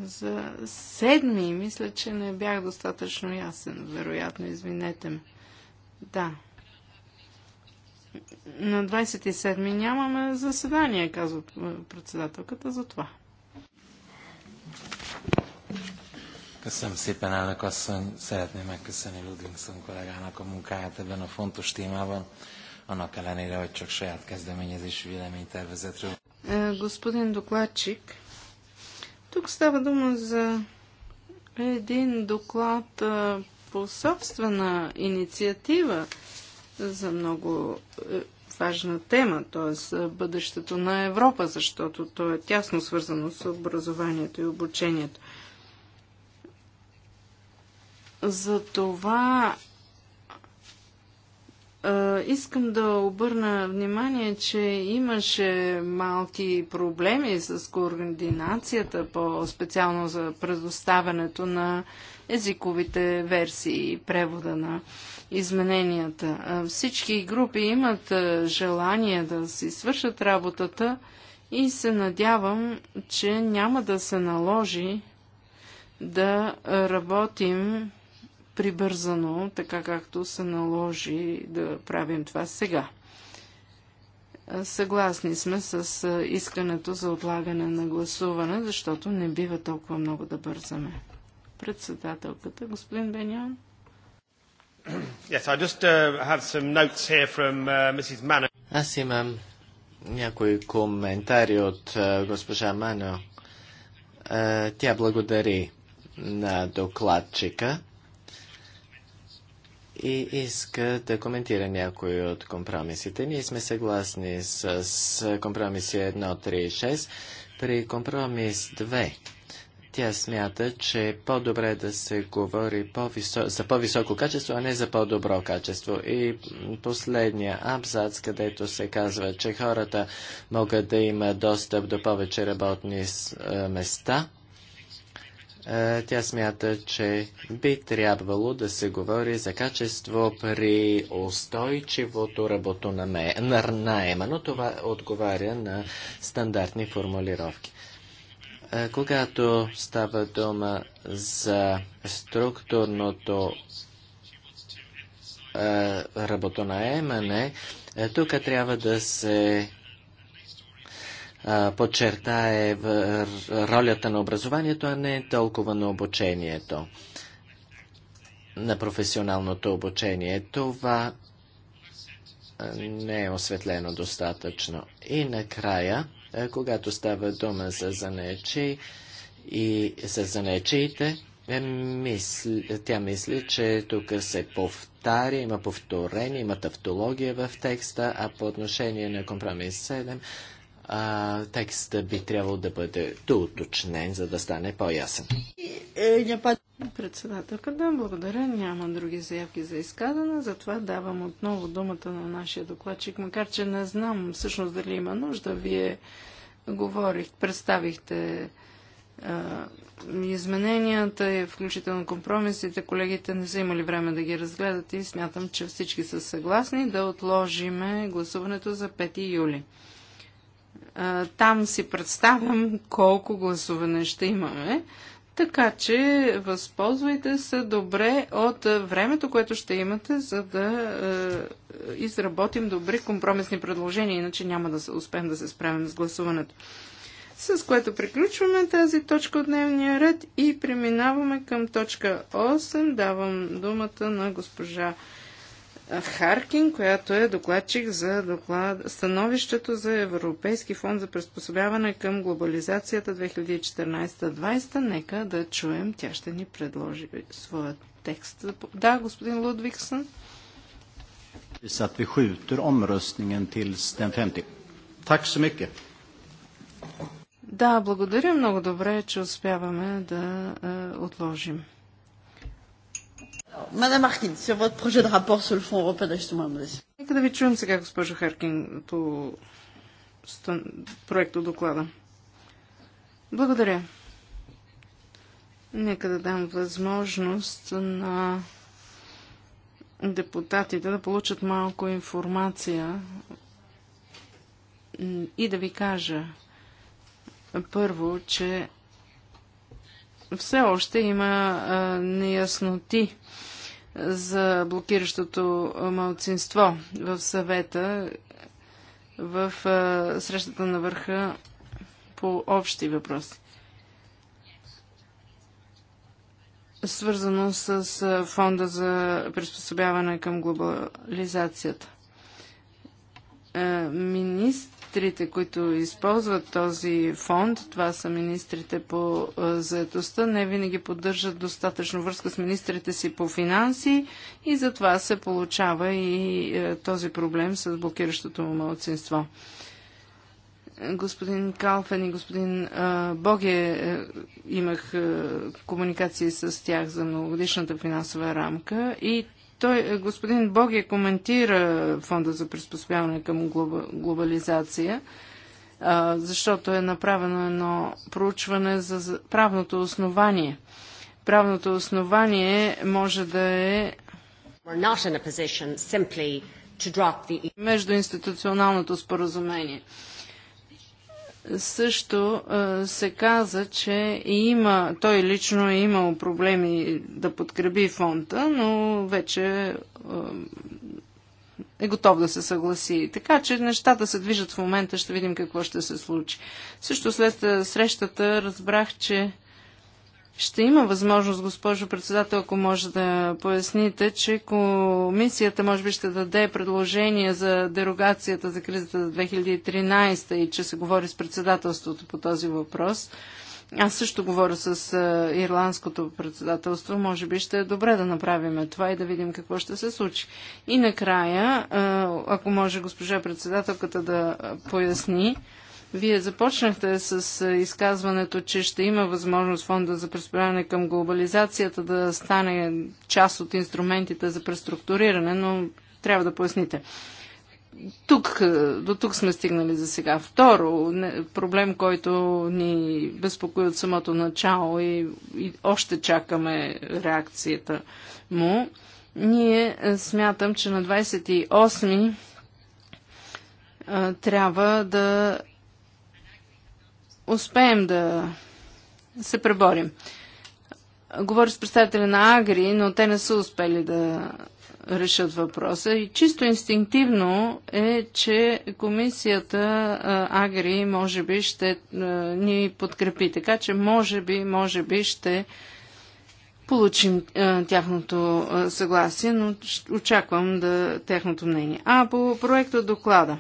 За 7 мисля, че не бях достатъчно ясен. Вероятно, извинете ме. Да. На 27 нямаме заседание, казва председателката, за това. Köszönöm szépen, elnök asszony. Szeretném megköszönni Ludvigson kollégának a munkáját ebben a fontos témában, annak ellenére, hogy csak saját kezdeményezésű véleménytervezetről. Господин докладчик, тук става дума за един доклад по собствена инициатива за много важна тема, т.е. бъдещето на Европа, защото то е тясно свързано с образованието и обучението. За това искам да обърна внимание, че имаше малки проблеми с координацията, по-специално за предоставянето на езиковите версии и превода на измененията. Всички групи имат желание да си свършат работата и се надявам, че няма да се наложи да работим прибързано, така както се наложи да правим това сега. Съгласни сме с искането за отлагане на гласуване, защото не бива толкова много да бързаме. Председателката, господин Бенян. Yes, I just uh, have some notes here from uh, Mrs. Mano. Аз имам някои коментари от uh, госпожа Мано. Uh, тя благодари на докладчика и иска да коментира някои от компромисите. Ние сме съгласни с, компромиси 1, 3 и 6. При компромис 2 тя смята, че е по-добре да се говори по за по-високо качество, а не за по-добро качество. И последния абзац, където се казва, че хората могат да имат достъп до повече работни е, места – е, тя смята, че би трябвало да се говори за качество при устойчивото работо на, ме, на но това отговаря на стандартни формулировки. Е, когато става дума за структурното е, работонаемане, тук трябва да се подчертае ролята на образованието, а не толкова на обучението, на професионалното обучение. Това не е осветлено достатъчно. И накрая, когато става дума за занечи и за занечиите, е, тя мисли, че тук се повтаря, има повторение, има тавтология в текста, а по отношение на компромис 7 а, текстът би трябвало да бъде доуточнен, за да стане по-ясен. Председателка, да, благодаря. Няма други заявки за изказване, затова давам отново думата на нашия докладчик, макар че не знам всъщност дали има нужда. Вие говорих, представихте а, измененията, включително компромисите. Колегите не са имали време да ги разгледат и смятам, че всички са съгласни да отложиме гласуването за 5 юли. Там си представям колко гласуване ще имаме. Така че възползвайте се добре от времето, което ще имате, за да е, изработим добри компромисни предложения, иначе няма да успеем да се справим с гласуването. С което приключваме тази точка от дневния ред и преминаваме към точка 8. Давам думата на госпожа Харкин, която е докладчик за доклад... становището за Европейски фонд за приспособяване към глобализацията 2014-2020. Нека да чуем, тя ще ни предложи своят текст. Да, господин Лудвиксън. den 50. Да, благодаря много добре, че успяваме да е, отложим. Мадам Аркин, sur votre projet de rapport sur le Fonds européen d'ajustement à Нека да ви чуем сега, госпожо Харкин, по стън... проекто доклада. Благодаря. Нека да дам възможност на депутатите да получат малко информация и да ви кажа първо, че все още има а, неясноти за блокиращото малцинство в съвета в а, срещата на върха по общи въпроси. Свързано с а, фонда за приспособяване към глобализацията. Министр министрите, които използват този фонд, това са министрите по заедостта, не винаги поддържат достатъчно връзка с министрите си по финанси и затова се получава и този проблем с блокиращото му младсинство. Господин Калфен и господин Боге е, имах комуникации с тях за многогодишната финансова рамка и той, господин Боги коментира фонда за приспособяване към глобализация, защото е направено едно проучване за правното основание. Правното основание може да е междуинституционалното споразумение също се каза, че има, той лично е имал проблеми да подкрепи фонда, но вече е готов да се съгласи. Така че нещата се движат в момента, ще видим какво ще се случи. Също след срещата разбрах, че ще има възможност, госпожо председател, ако може да поясните, че комисията може би ще даде предложение за дерогацията за кризата за 2013 и че се говори с председателството по този въпрос. Аз също говоря с ирландското председателство. Може би ще е добре да направим това и да видим какво ще се случи. И накрая, ако може госпожа председателката да поясни, вие започнахте с е, изказването, че ще има възможност фонда за преструктуриране към глобализацията да стане част от инструментите за преструктуриране, но трябва да поясните. Тук, е, до тук сме стигнали за сега. Второ, проблем, който ни безпокои от самото начало и, и още чакаме реакцията му. Ние е, смятам, че на 28 трябва да успеем да се преборим. Говоря с представителя на Агри, но те не са успели да решат въпроса. И чисто инстинктивно е, че комисията Агри може би ще ни подкрепи. Така че може би, може би ще получим тяхното съгласие, но очаквам да, тяхното мнение. А по проекта доклада.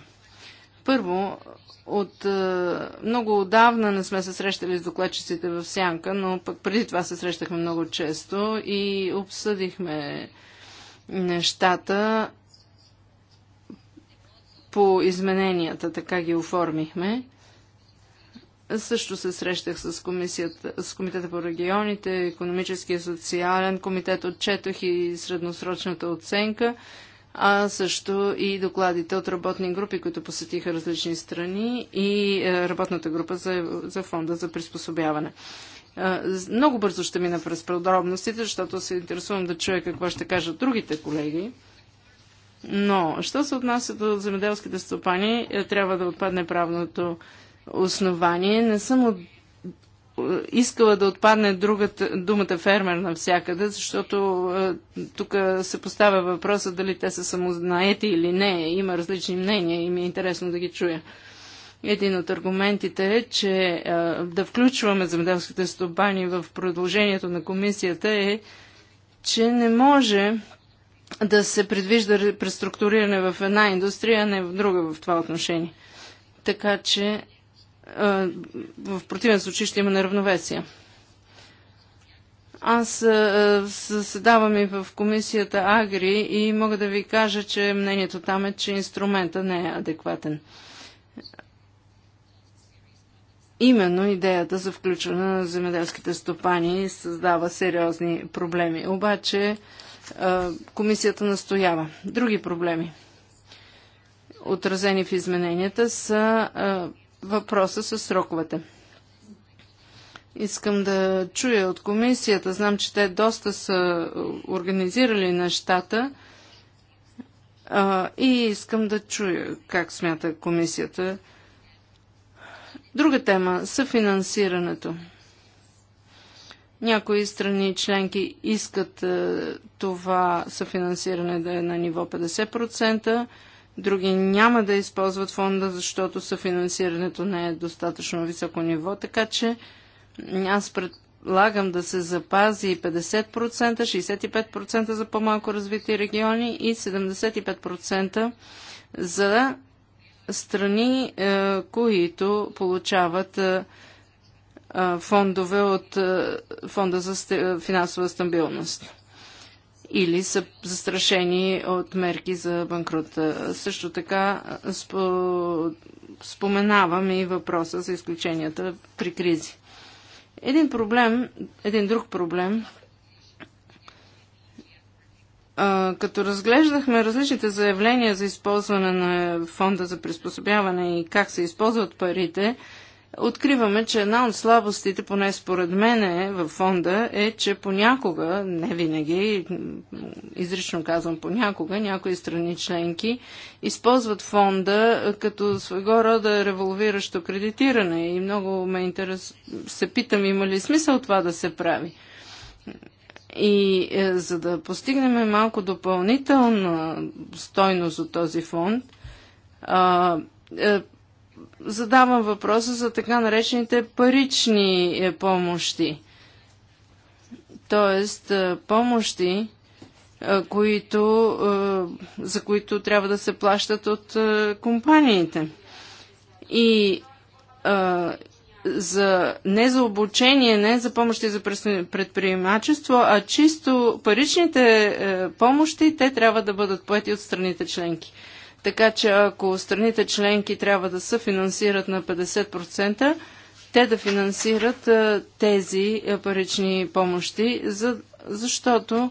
Първо, от е, много отдавна не сме се срещали с докладчиците в Сянка, но пък преди това се срещахме много често и обсъдихме нещата по измененията, така ги оформихме. Също се срещах с, комисията, с Комитета по регионите, Економически и социален комитет, отчетох и средносрочната оценка а също и докладите от работни групи, които посетиха различни страни и е, работната група за, за фонда за приспособяване. Е, много бързо ще мина през подробностите, защото се интересувам да чуя какво ще кажат другите колеги. Но, що се отнася до земеделските стопани, е, трябва да отпадне правното основание. Не съм от искала да отпадне другата, думата фермер навсякъде, защото е, тук се поставя въпроса дали те са самознаети или не. Има различни мнения и ми е интересно да ги чуя. Един от аргументите е, че е, да включваме земеделските стопани в продължението на комисията е, че не може да се предвижда преструктуриране в една индустрия, а не в друга в това отношение. Така че в противен случай ще има неравновесие. Аз съседавам и в комисията Агри и мога да ви кажа, че мнението там е, че инструмента не е адекватен. Именно идеята за включване на земеделските стопани създава сериозни проблеми. Обаче комисията настоява. Други проблеми, отразени в измененията, са въпроса с сроковете. Искам да чуя от комисията. Знам, че те доста са организирали нещата. А, и искам да чуя как смята комисията. Друга тема съфинансирането. Някои страни членки искат това съфинансиране да е на ниво 50%, други няма да използват фонда, защото съфинансирането не е достатъчно високо ниво, така че аз предлагам да се запази 50%, 65% за по-малко развити региони и 75% за страни, е, които получават е, е, фондове от Фонда за финансова стабилност или са застрашени от мерки за банкрут. Също така спо... споменавам и въпроса за изключенията при кризи. Един проблем, един друг проблем, а, като разглеждахме различните заявления за използване на фонда за приспособяване и как се използват парите, откриваме, че една от слабостите, поне според мен в фонда, е, че понякога, не винаги, изрично казвам понякога, някои страни членки използват фонда като своего рода револвиращо кредитиране и много ме интерес... се питам има ли смисъл това да се прави. И е, за да постигнем малко допълнителна стойност от този фонд, а, е, задавам въпроса за така наречените парични е, помощи. Тоест е, помощи, е, които, за които трябва да се плащат от компаниите. И за, не за обучение, не за помощи за предприемачество, а чисто паричните помощи, те трябва да бъдат поети от страните членки. Така че ако страните членки трябва да се финансират на 50%, те да финансират тези парични помощи, защото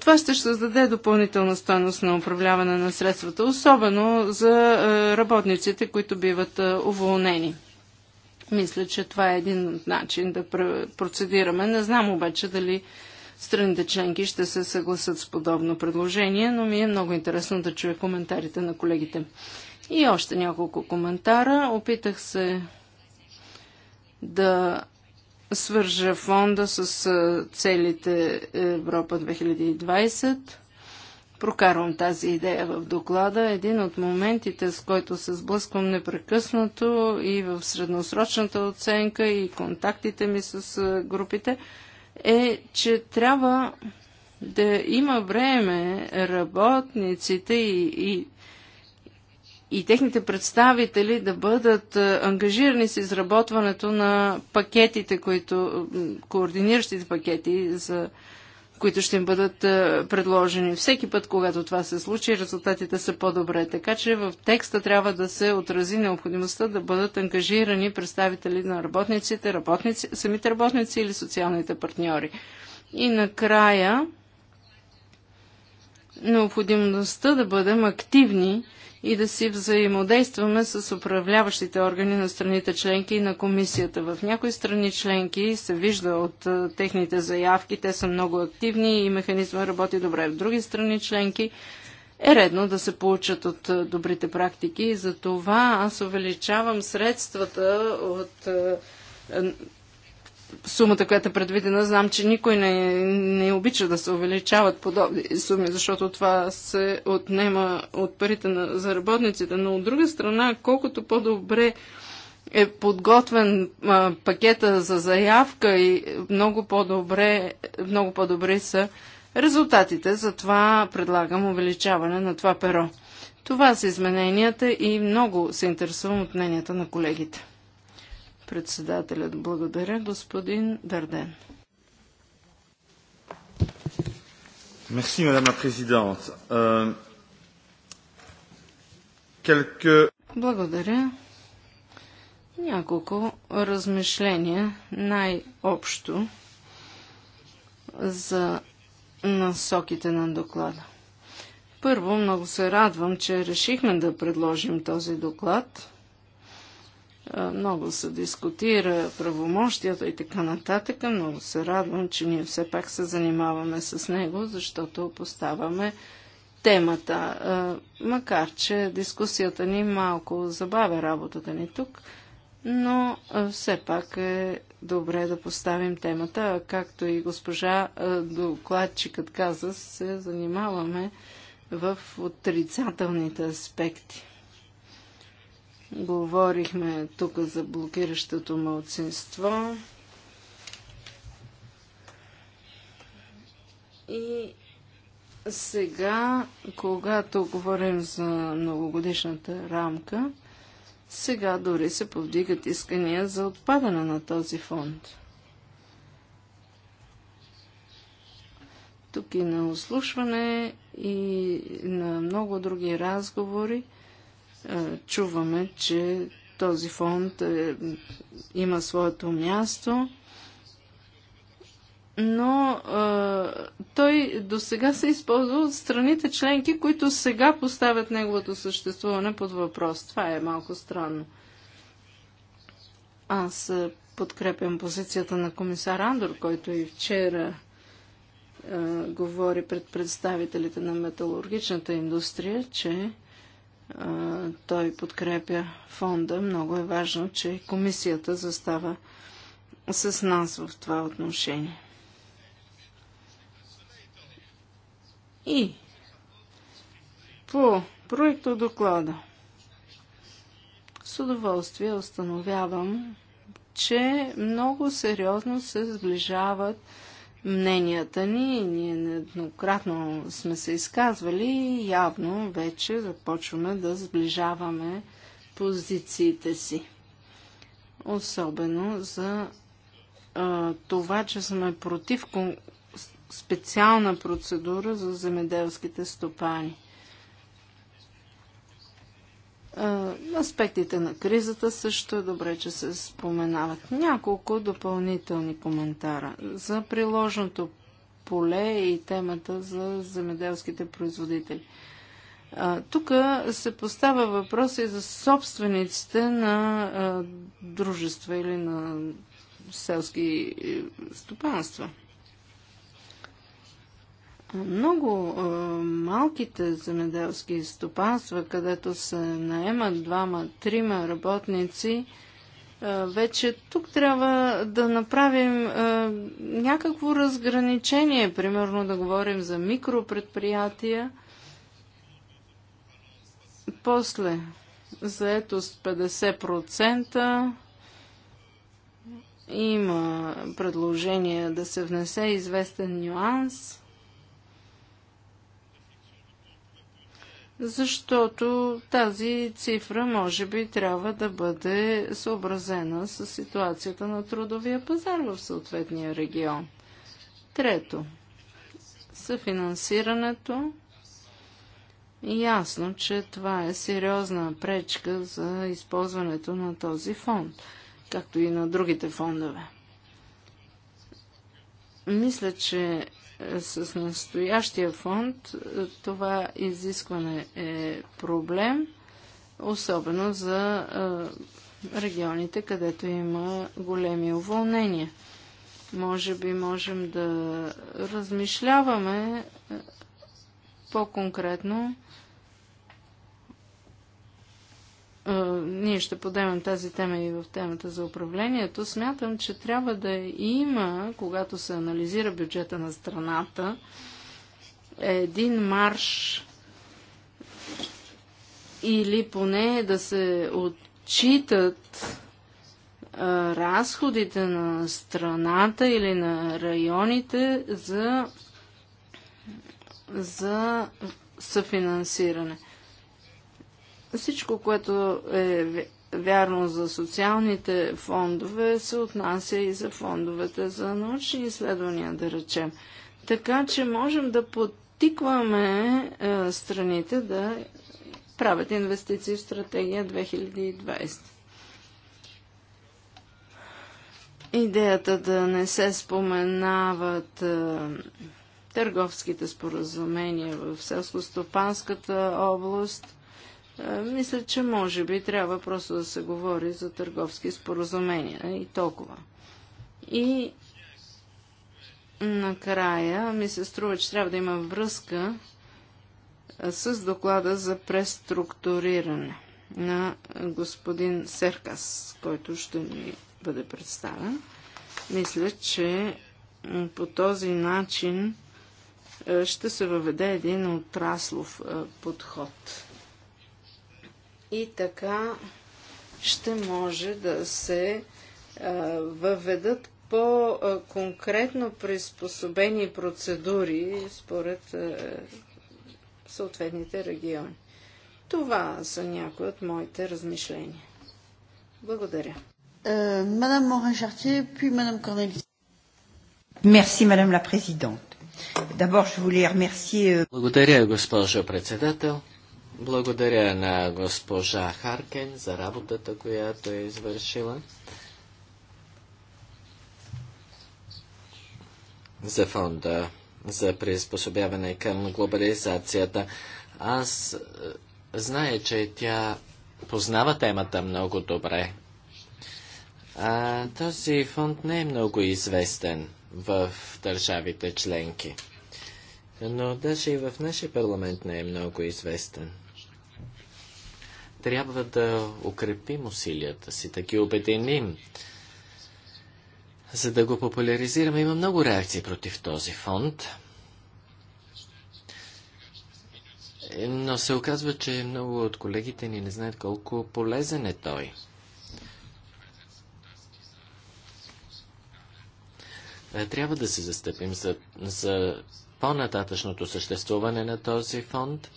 това ще създаде допълнителна стойност на управляване на средствата, особено за работниците, които биват уволнени. Мисля, че това е един начин да процедираме. Не знам обаче дали страните членки ще се съгласат с подобно предложение, но ми е много интересно да чуя коментарите на колегите. И още няколко коментара. Опитах се да свържа фонда с целите Европа 2020. Прокарвам тази идея в доклада. Един от моментите, с който се сблъсквам непрекъснато и в средносрочната оценка и контактите ми с групите – е, че трябва да има време работниците и, и, и техните представители да бъдат е, ангажирани с изработването на пакетите, които, координиращите пакети за които ще им бъдат е, предложени. Всеки път, когато това се случи, резултатите са по-добре. Така че в текста трябва да се отрази необходимостта да бъдат ангажирани представители на работниците, работници, самите работници или социалните партньори. И накрая необходимостта да бъдем активни и да си взаимодействаме с управляващите органи на страните членки и на комисията. В някои страни членки се вижда от техните заявки, те са много активни и механизма работи добре. В други страни членки е редно да се получат от добрите практики и за това аз увеличавам средствата от сумата, която е предвидена. Знам, че никой не, не обича да се увеличават подобни суми, защото това се отнема от парите на, заработниците. Но от друга страна, колкото по-добре е подготвен а, пакета за заявка и много по-добре, много по-добре са резултатите. Затова предлагам увеличаване на това перо. Това са измененията и много се интересувам от мненията на колегите. Председателят благодаря, господин Дарден. Мерси, madame президент. présidente. Euh, благодаря. Няколко размишления най-общо за насоките на доклада. Първо, много се радвам, че решихме да предложим този доклад. Много се дискутира правомощията и така нататък. Много се радвам, че ние все пак се занимаваме с него, защото поставяме темата. Макар, че дискусията ни малко забавя работата ни тук, но все пак е добре да поставим темата. Както и госпожа докладчикът каза, се занимаваме в отрицателните аспекти. Говорихме тук за блокиращото мълцинство. И сега, когато говорим за многогодишната рамка, сега дори се повдигат искания за отпадане на този фонд. Тук и на ослушване, и на много други разговори е, чуваме, че този фонд е, има своето място, но е, той до сега се използва от страните членки, които сега поставят неговото съществуване под въпрос. Това е малко странно. Аз е, подкрепям позицията на комисар Андор, който и вчера е, говори пред представителите на металургичната индустрия, че той подкрепя фонда. Много е важно, че комисията застава с нас в това отношение. И по проекто доклада с удоволствие установявам, че много сериозно се сближават мненията ни. Ние нееднократно сме се изказвали и явно вече започваме да сближаваме позициите си. Особено за а, това, че сме против специална процедура за земеделските стопани. Аспектите на кризата също е добре, че се споменават. Няколко допълнителни коментара за приложното поле и темата за земеделските производители. Тук се поставя въпрос и за собствениците на дружества или на селски стопанства. Много е, малките земеделски стопанства, където се наемат двама, трима работници, е, вече тук трябва да направим е, някакво разграничение, примерно да говорим за микропредприятия. После заетост 50%. Има предложение да се внесе известен нюанс – защото тази цифра може би трябва да бъде съобразена с ситуацията на трудовия пазар в съответния регион. Трето, съфинансирането. Ясно, че това е сериозна пречка за използването на този фонд, както и на другите фондове. Мисля, че с настоящия фонд това изискване е проблем, особено за регионите, където има големи уволнения. Може би можем да размишляваме по-конкретно е, ние ще подемем тази тема и в темата за управлението, смятам, че трябва да има, когато се анализира бюджета на страната, един марш или поне да се отчитат е, разходите на страната или на районите за, за съфинансиране. Всичко, което е вярно за социалните фондове, се отнася и за фондовете за научни изследвания, да речем. Така че можем да подтикваме е, страните да правят инвестиции в стратегия 2020. Идеята да не се споменават е, търговските споразумения в селско-стопанската област мисля, че може би трябва просто да се говори за търговски споразумения и толкова. И накрая ми се струва, че трябва да има връзка с доклада за преструктуриране на господин Серкас, който ще ни бъде представен. Мисля, че по този начин ще се въведе един отраслов подход и така ще може да се а, въведат по-конкретно приспособени процедури според а, съответните региони. Това са някои от моите размишления. Благодаря. Е, мадам Морен Шартие, пи Мадам Корнелис. Мерси, Мадам ла Президент. Благодаря, госпожо председател. Благодаря на госпожа Харкен за работата, която е извършила. За фонда за приспособяване към глобализацията. Аз е, знае, че тя познава темата много добре. А, този фонд не е много известен в държавите членки. Но даже и в нашия парламент не е много известен трябва да укрепим усилията си, да ги обединим, за да го популяризираме. Има много реакции против този фонд. Но се оказва, че много от колегите ни не знаят колко полезен е той. Е, трябва да се застъпим за, за по-нататъчното съществуване на този фонд.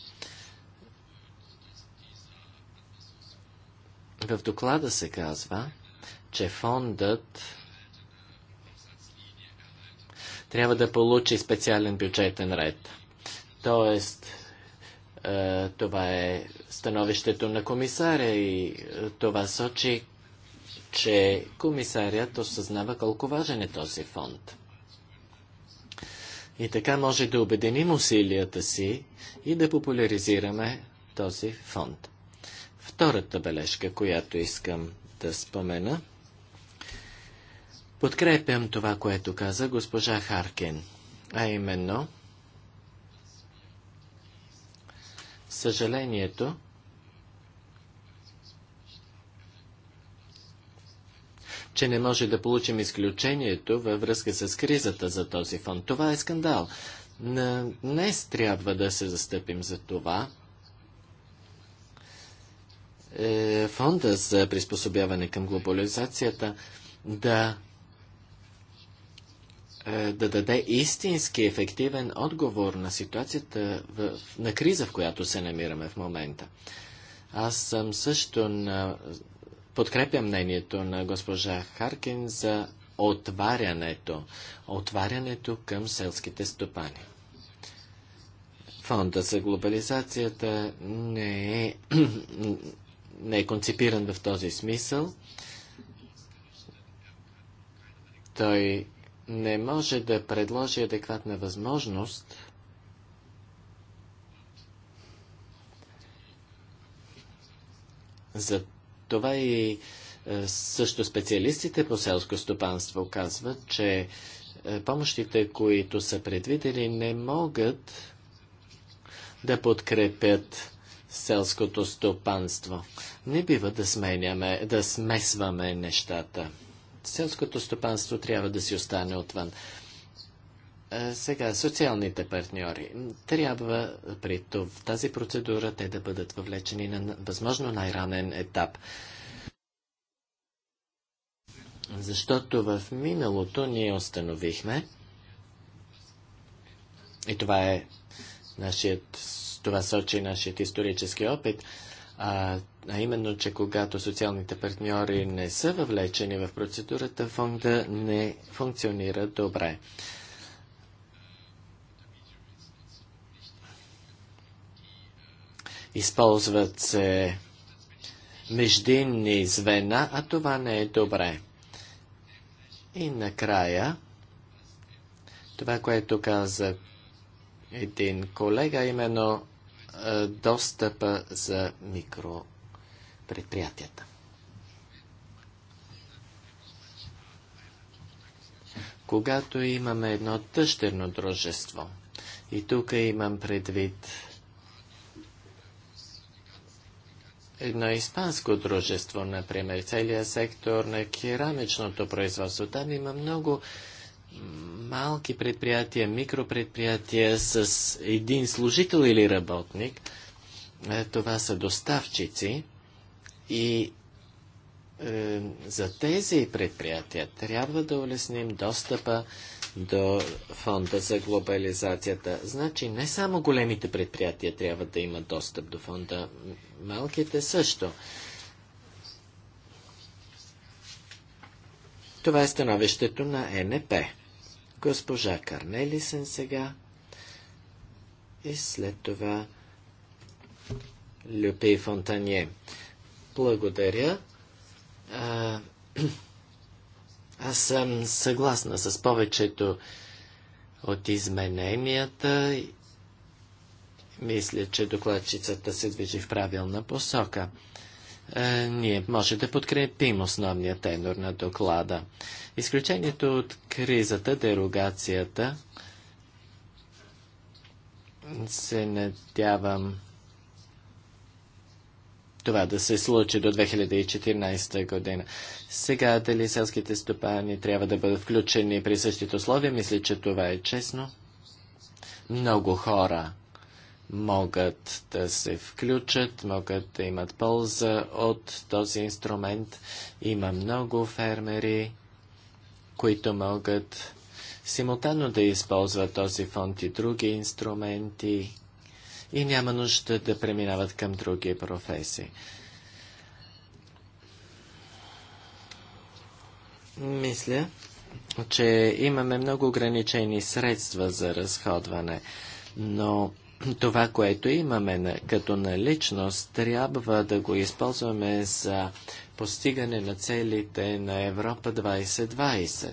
В доклада се казва, че фондът трябва да получи специален бюджетен ред. Тоест, е, това е становището на комисаря и е, това сочи, че комисарят осъзнава колко важен е този фонд. И така може да обединим усилията си и да популяризираме този фонд. Втората бележка, която искам да спомена, подкрепям това, което каза госпожа Харкен, а именно съжалението, че не може да получим изключението във връзка с кризата за този фонд. Това е скандал. Днес трябва да се застъпим за това, е, фонда за приспособяване към глобализацията да, е, да даде истински ефективен отговор на ситуацията, в, на криза, в която се намираме в момента. Аз съм също на, подкрепя мнението на госпожа Харкин за отварянето, отварянето към селските стопани. Фонда за глобализацията не е не е концепиран в този смисъл. Той не може да предложи адекватна възможност за това и е, също специалистите по селско стопанство казват, че е, помощите, които са предвидели, не могат да подкрепят селското стопанство. Не бива да, сменяме, да смесваме нещата. Селското стопанство трябва да си остане отвън. Сега, социалните партньори. Трябва при това, тази процедура те да бъдат въвлечени на възможно най-ранен етап. Защото в миналото ние установихме, и това е нашият това сочи нашият исторически опит, а, а именно, че когато социалните партньори не са въвлечени в процедурата, фонда не функционира добре. Използват се междинни звена, а това не е добре. И накрая, това, което каза един колега, именно е, достъпа за микропредприятията. Когато имаме едно тъщерно дружество, и тук имам предвид едно испанско дружество, например, целият сектор на керамичното производство. Там има много малки предприятия, микропредприятия с един служител или работник. Е, това са доставчици. И е, за тези предприятия трябва да улесним достъпа до фонда за глобализацията. Значи не само големите предприятия трябва да имат достъп до фонда, малките също. Това е становището на НП. Госпожа Карнелисен сега и след това Люпи Фонтанье. Благодаря. А, аз съм съгласна с повечето от измененията. Мисля, че докладчицата се движи в правилна посока. Е, ние може да подкрепим основния тенор на доклада. Изключението от кризата, дерогацията, се надявам това да се случи до 2014 година. Сега дали селските стопани трябва да бъдат включени при същите условия, мисля, че това е честно. Много хора могат да се включат, могат да имат полза от този инструмент. Има много фермери, които могат симултанно да използват този фонд и други инструменти и няма нужда да преминават към други професии. Мисля, че имаме много ограничени средства за разходване, но това, което имаме като наличност, трябва да го използваме за постигане на целите на Европа 2020.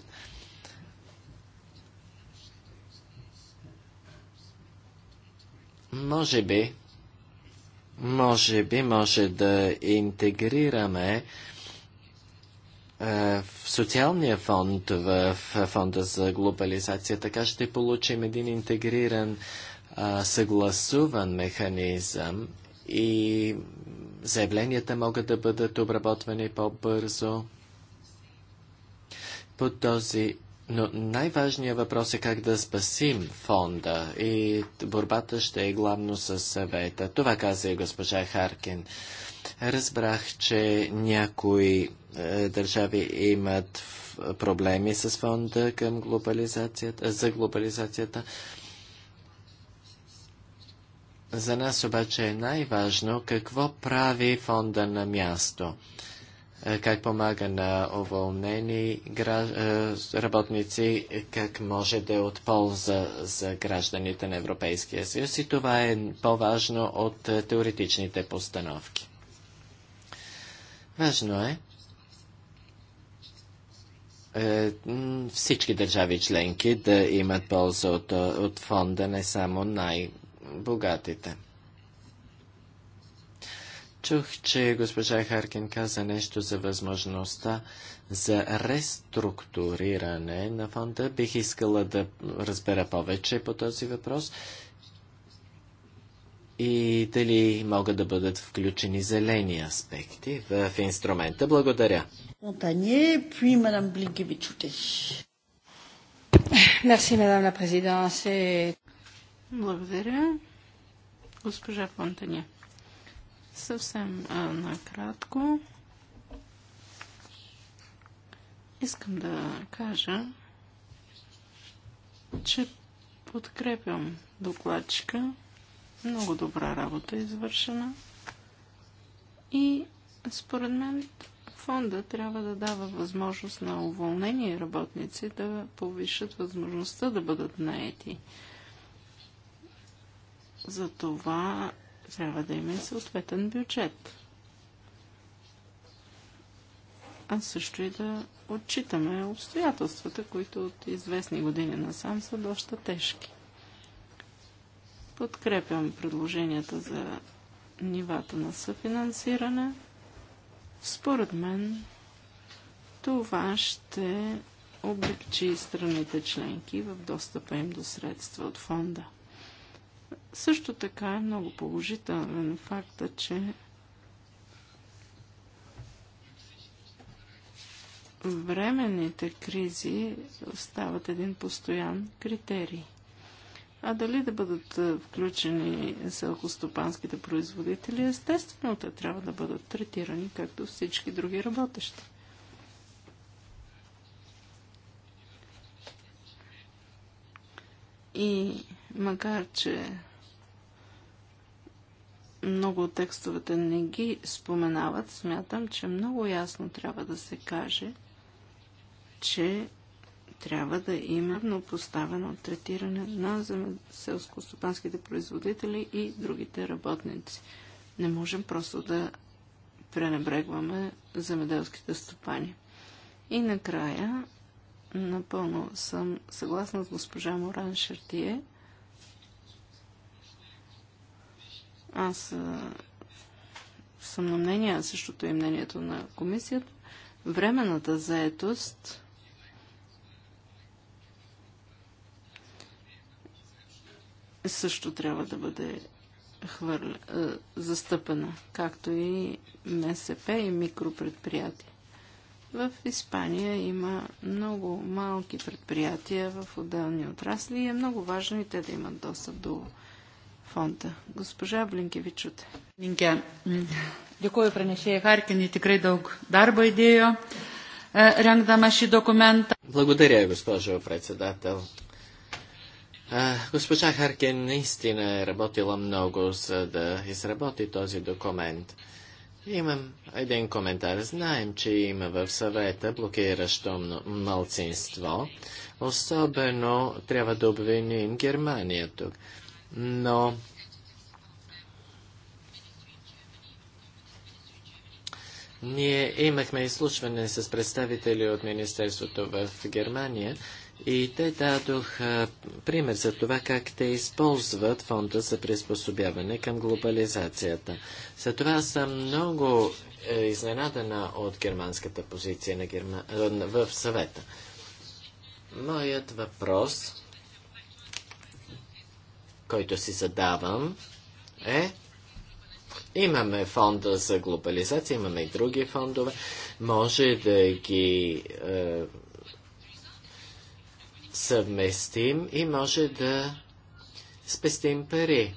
Може би, може би може да интегрираме в социалния фонд в фонда за глобализация. Така ще получим един интегриран а, съгласуван механизъм и заявленията могат да бъдат обработвани по-бързо. По този но най-важният въпрос е как да спасим фонда и борбата ще е главно с съвета. Това каза и госпожа Харкин. Разбрах, че някои е, държави имат проблеми с фонда към глобализацията, за глобализацията. За нас обаче е най-важно какво прави фонда на място. Е, как помага на уволнени е, работници, е, как може да е от полза за гражданите на Европейския съюз и това е по-важно от теоретичните постановки. Важно е всички държави членки да имат полза от, от фонда, не само най- богатите. Чух, че госпожа Харкин каза нещо за възможността за реструктуриране на фонда. Бих искала да разбера повече по този въпрос и дали могат да бъдат включени зелени аспекти в инструмента. Благодаря. Монтанье, puis мадам Блинкевичуте. Мерси, мадам la présidente. Благодаря. Госпожа Фонтания. Съвсем а, накратко. Искам да кажа, че подкрепям докладчика. Много добра работа е извършена. И според мен фонда трябва да дава възможност на уволнени работници да повишат възможността да бъдат наети. За това трябва да има и съответен бюджет. А също и да отчитаме обстоятелствата, които от известни години насам са доста тежки. Подкрепям предложенията за нивата на съфинансиране. Според мен това ще облегчи страните членки в достъпа им до средства от фонда. Също така е много положителен факта, че временните кризи стават един постоян критерий. А дали да бъдат е, включени селхостопанските производители, естествено те трябва да бъдат третирани, както всички други работещи. И макар че много от текстовете не ги споменават, смятам, че много ясно трябва да се каже, че трябва да има поставено третиране на селско-стопанските производители и другите работници. Не можем просто да пренебрегваме земеделските стопани. И накрая, напълно съм съгласна с госпожа Моран Шартие, Аз съм на мнение, същото е мнението на комисията. Временната заетост също трябва да бъде хвърля, э, застъпена, както и МСП и микропредприятия. В Испания има много малки предприятия в отделни отрасли и е много важно и те да имат достъп до фонда. Госпожа Блинкевичуте. Dėkuoju pranešėjai Харкинį, tikrai daug darbo įdėjo rengdama šį dokumentą. Благодаря, госпожо председател. Е, госпожа Харкин наистина е работила много, за да изработи този документ. Имам един коментар. Знаем, че има в съвета блокиращо мълцинство. Особено трябва да обвиним Германия тук но ние имахме изслушване с представители от Министерството в Германия и те дадоха пример за това как те използват фонда за приспособяване към глобализацията. За това съм много е, изненадана от германската позиция на Герма... в съвета. Моят въпрос който си задавам е Имаме фонда за глобализация, имаме и други фондове. Може да ги е, съвместим и може да спестим пари.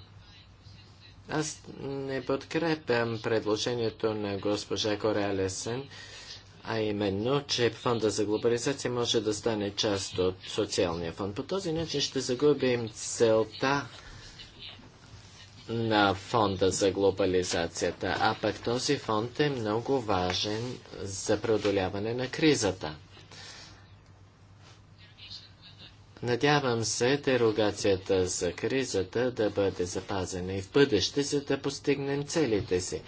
Аз не подкрепям предложението на госпожа Корелесен. Е, а именно, че фонда за глобализация може да стане част от социалния фонд. По този начин ще загубим целта на фонда за глобализацията, а пък този фонд е много важен за преодоляване на кризата. Надявам се дерогацията за кризата да бъде запазена и в бъдеще, за да постигнем целите си.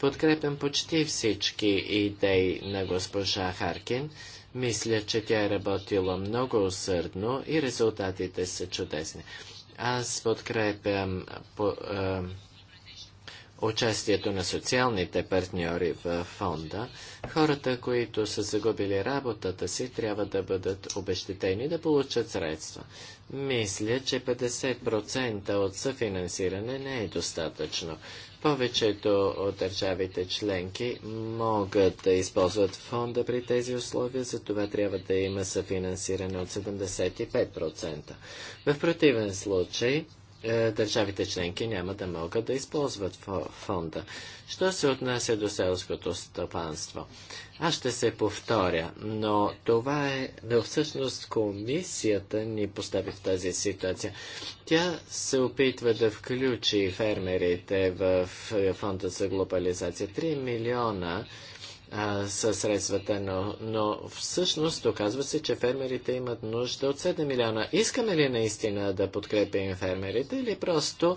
Подкрепям почти всички идеи на госпожа Харкин. Мисля, че тя е работила много усърдно и резултатите са чудесни. Аз подкрепям по, е, участието на социалните партньори в фонда. Хората, които са загубили работата си, трябва да бъдат обещетени да получат средства. Мисля, че 50% от съфинансиране не е достатъчно. Повечето от държавите членки могат да използват фонда при тези условия, за това трябва да има съфинансиране от 75%. В противен случай е, държавите членки няма да могат да използват фонда. Що се отнася до селското стопанство? Аз ще се повторя, но това е, но всъщност комисията ни постави в тази ситуация. Тя се опитва да включи фермерите в е, фонда за глобализация. 3 милиона със средствата, но, но всъщност оказва се, че фермерите имат нужда от 7 милиона. Искаме ли наистина да подкрепим фермерите или просто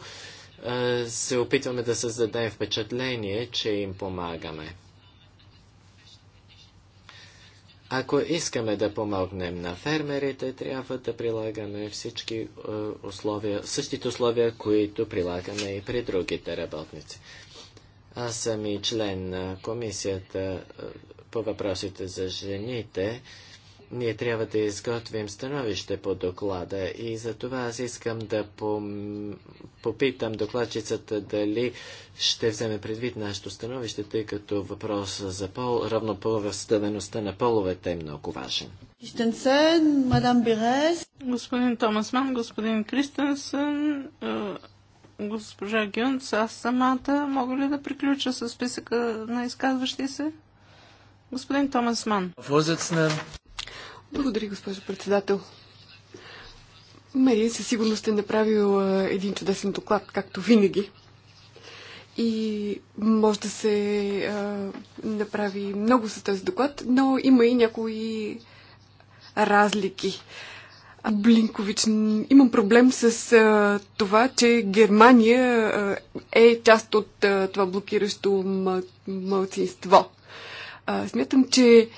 а, се опитваме да създадем впечатление, че им помагаме? Ако искаме да помогнем на фермерите, трябва да прилагаме всички условия, същите условия, които прилагаме и при другите работници. Аз съм и член на комисията е, по въпросите за жените. Ние трябва да изготвим становище по доклада и за това аз искам да попитам докладчицата дали ще вземе предвид нашето становище, тъй като въпрос за пол, равноправоставеността на половете е много важен. Господин Томас Ман, господин Кристенсен, е, госпожа Гюнц, аз самата мога ли да приключа с списъка на изказващи се? Господин Томас Ман. Благодаря, госпожо председател. Мария със сигурност е направил един чудесен доклад, както винаги. И може да се а, направи много с този доклад, но има и някои разлики. А, Блинкович, имам проблем с а, това, че Германия а, е част от а, това блокиращо мъл, мълцинство. А, смятам, че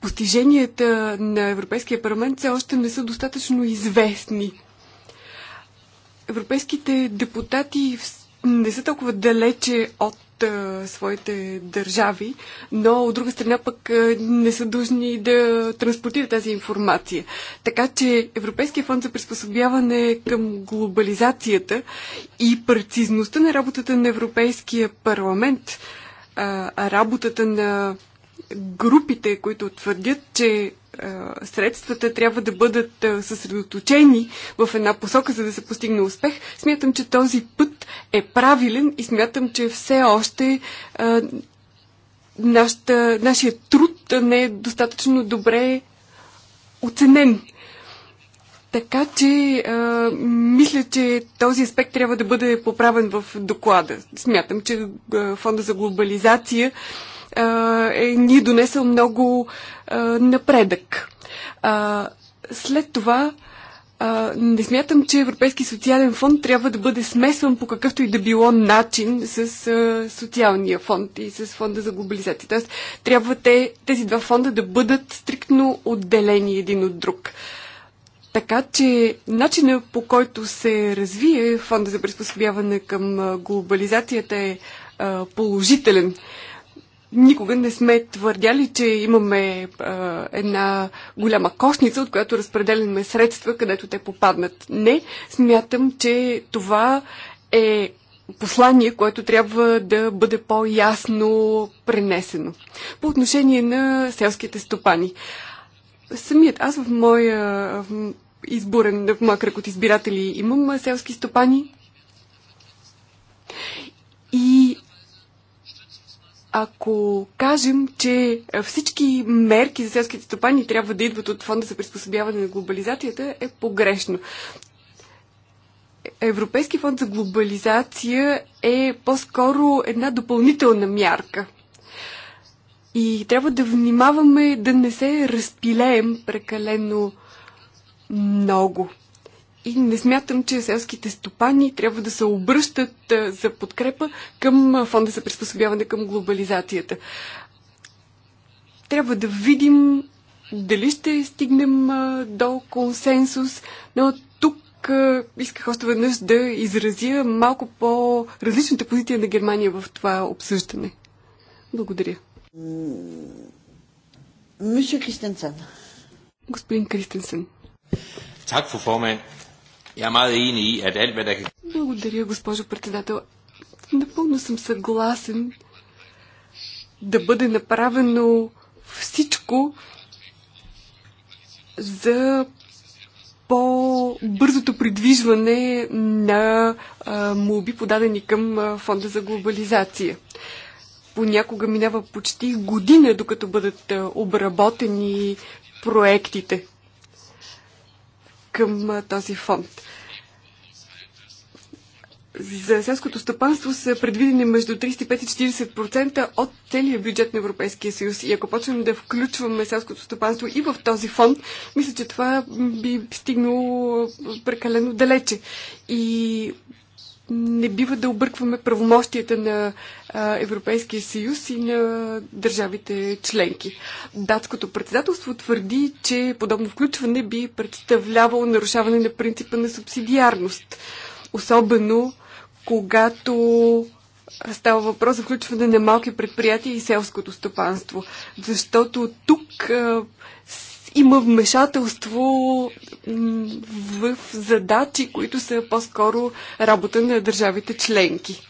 постиженията на Европейския парламент все още не са достатъчно известни. Европейските депутати не са толкова далече от а, своите държави, но от друга страна пък а, не са дължни да транспортират тази информация. Така че Европейския фонд за приспособяване към глобализацията и прецизността на работата на Европейския парламент, а, работата на групите, които твърдят, че средствата трябва да бъдат съсредоточени в една посока, за да се постигне успех. Смятам, че този път е правилен и смятам, че все още нашата, нашия труд не е достатъчно добре оценен. Така че а, мисля, че този аспект трябва да бъде поправен в доклада. Смятам, че а, Фонда за глобализация а, е ни донесъл много а, напредък. А, след това а, не смятам, че Европейски социален фонд трябва да бъде смесван по какъвто и да било начин с а, социалния фонд и с фонда за глобализация. Тоест, трябва те, тези два фонда да бъдат стриктно отделени един от друг. Така че начина по който се развие фонда за приспособяване към глобализацията е а, положителен никога не сме твърдяли, че имаме а, една голяма кошница, от която разпределяме средства, където те попаднат. Не, смятам, че това е послание, което трябва да бъде по-ясно пренесено. По отношение на селските стопани. Самият аз в моя изборен, в моя кръг от избиратели имам селски стопани. И ако кажем, че всички мерки за селските стопани трябва да идват от фонда за приспособяване на глобализацията, е погрешно. Европейски фонд за глобализация е по-скоро една допълнителна мярка. И трябва да внимаваме да не се разпилеем прекалено много и не смятам, че селските стопани трябва да се обръщат за подкрепа към фонда за приспособяване към глобализацията. Трябва да видим дали ще стигнем до консенсус, но тук исках още веднъж да изразя малко по-различната позиция на Германия в това обсъждане. Благодаря. Мисля Кристенсен. Господин Кристенсен. Tak, fru formand. Благодаря, госпожо председател. Напълно съм съгласен да бъде направено всичко за по-бързото придвижване на молби, подадени към Фонда за глобализация. Понякога минава почти година, докато бъдат обработени проектите към този фонд. За селското стопанство са предвидени между 35 и 40% от целия бюджет на Европейския съюз. И ако почнем да включваме селското стопанство и в този фонд, мисля, че това би стигнало прекалено далече. И не бива да объркваме правомощията на Европейския съюз и на държавите членки. Датското председателство твърди, че подобно включване би представлявало нарушаване на принципа на субсидиарност. Особено когато става въпрос за включване на малки предприятия и селското стопанство. Защото тук има вмешателство в задачи, които са по-скоро работа на държавите членки.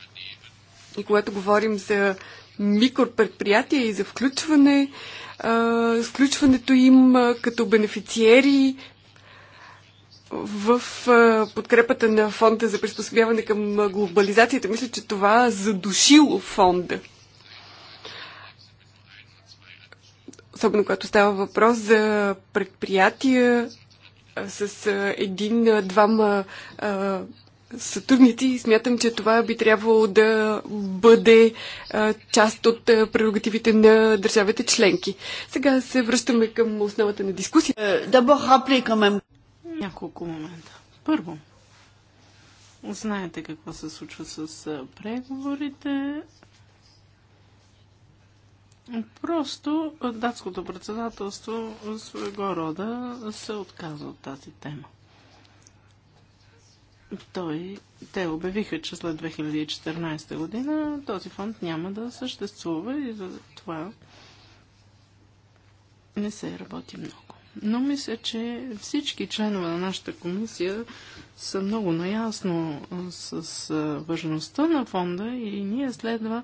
И когато говорим за микропредприятия и за включване, включването им като бенефициери в подкрепата на фонда за приспособяване към глобализацията. Мисля, че това задушило фонда. особено когато става въпрос за предприятия с един-двама сътрудници. Смятам, че това би трябвало да бъде част от прерогативите на държавите членки. Сега се връщаме към основата на дискусия. Е, да хапли към няколко момента. Първо, знаете какво се случва с преговорите. Просто датското председателство своего рода се отказва от тази тема. Той, те обявиха, че след 2014 година този фонд няма да съществува и за това не се работи много. Но мисля, че всички членове на нашата комисия са много наясно с важността на фонда и ние следва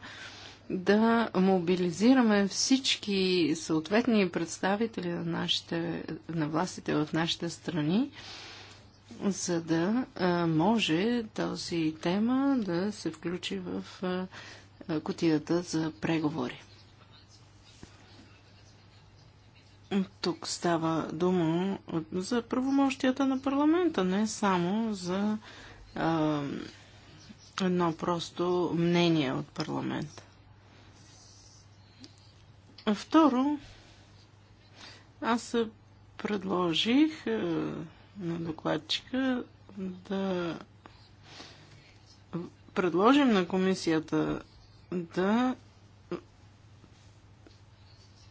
да мобилизираме всички съответни представители на, нашите, на властите в нашите страни, за да може тази тема да се включи в кутията за преговори. Тук става дума за правомощията на парламента, не само за а, едно просто мнение от парламента. Второ, аз предложих е, на докладчика да предложим на комисията да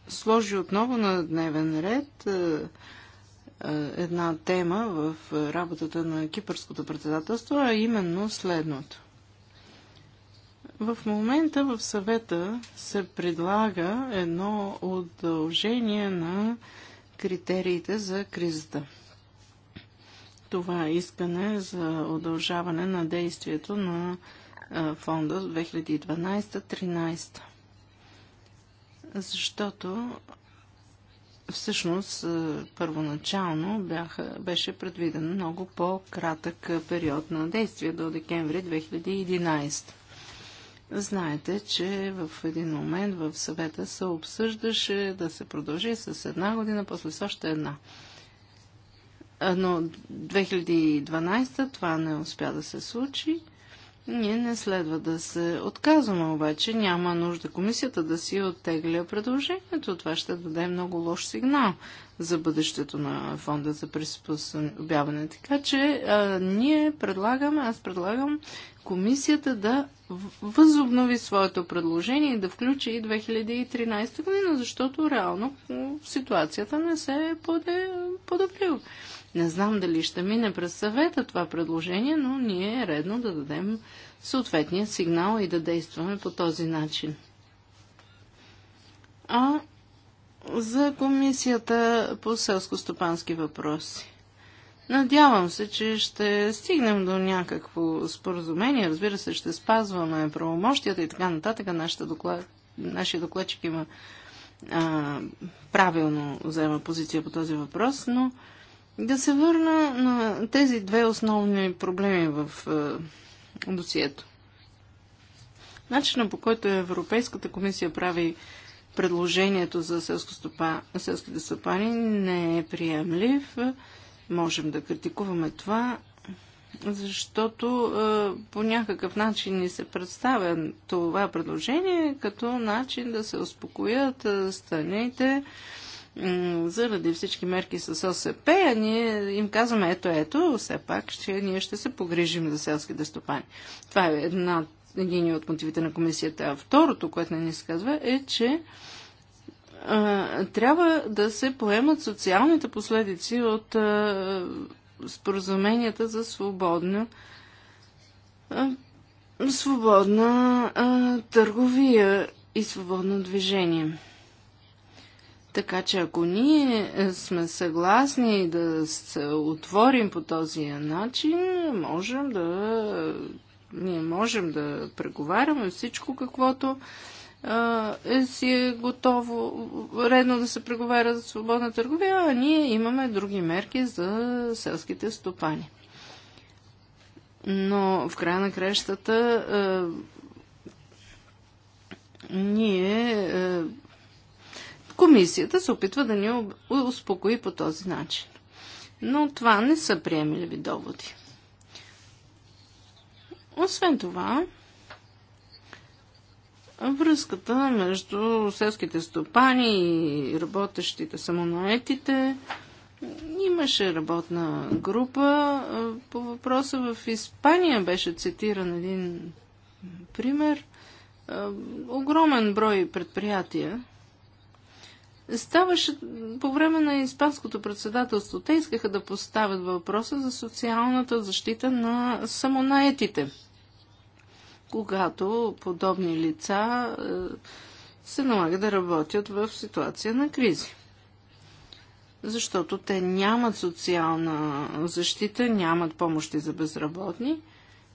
сложи отново на дневен ред е, е, една тема в работата на кипърското председателство, а именно следното. В момента в съвета се предлага едно удължение на критериите за кризата. Това е искане за удължаване на действието на фонда 2012-2013. Защото всъщност първоначално бяха, беше предвиден много по-кратък период на действие до декември 2011. Знаете, че в един момент в съвета се обсъждаше да се продължи с една година, после с още една. Но 2012 това не успя да се случи. Ние не следва да се отказваме, обаче няма нужда комисията да си оттегля предложението. Това ще даде много лош сигнал за бъдещето на фонда за приспособяване. Така че а, ние предлагаме, аз предлагам комисията да възобнови своето предложение и да включи и 2013 година, защото реално ситуацията не се е подобрила. Не знам дали ще мине през съвета това предложение, но ние е редно да дадем съответния сигнал и да действаме по този начин. А за Комисията по селско-стопански въпроси. Надявам се, че ще стигнем до някакво споразумение. Разбира се, ще спазваме правомощията и така нататък. Нашата доклад... Нашия докладчик има а, правилно взема позиция по този въпрос, но да се върна на тези две основни проблеми в е, досието. Начина по който Европейската комисия прави предложението за селско селските стопани не е приемлив. Можем да критикуваме това, защото е, по някакъв начин ни се представя това предложение като начин да се успокоят е, страните, е, заради всички мерки с ОСП, а ние им казваме ето, ето, все пак, че ние ще се погрижим за селските стопани. Това е една, един от мотивите на комисията. А второто, което не ни се казва, е, че а, трябва да се поемат социалните последици от а, споразуменията за свободно а, свободна а, търговия и свободно движение. Така че ако ние е, сме съгласни да се отворим по този начин, можем да ние можем да преговаряме всичко каквото е, си е готово редно да се преговаря за свободна търговия, а ние имаме други мерки за селските стопани. Но в края на крещата е, ние е, Комисията се опитва да ни успокои по този начин. Но това не са приемливи доводи. Освен това, връзката между селските стопани и работещите самонаетите имаше работна група. По въпроса в Испания беше цитиран един пример. Огромен брой предприятия Ставаше по време на испанското председателство. Те искаха да поставят въпроса за социалната защита на самонаетите, когато подобни лица е, се налага да работят в ситуация на кризи. Защото те нямат социална защита, нямат помощи за безработни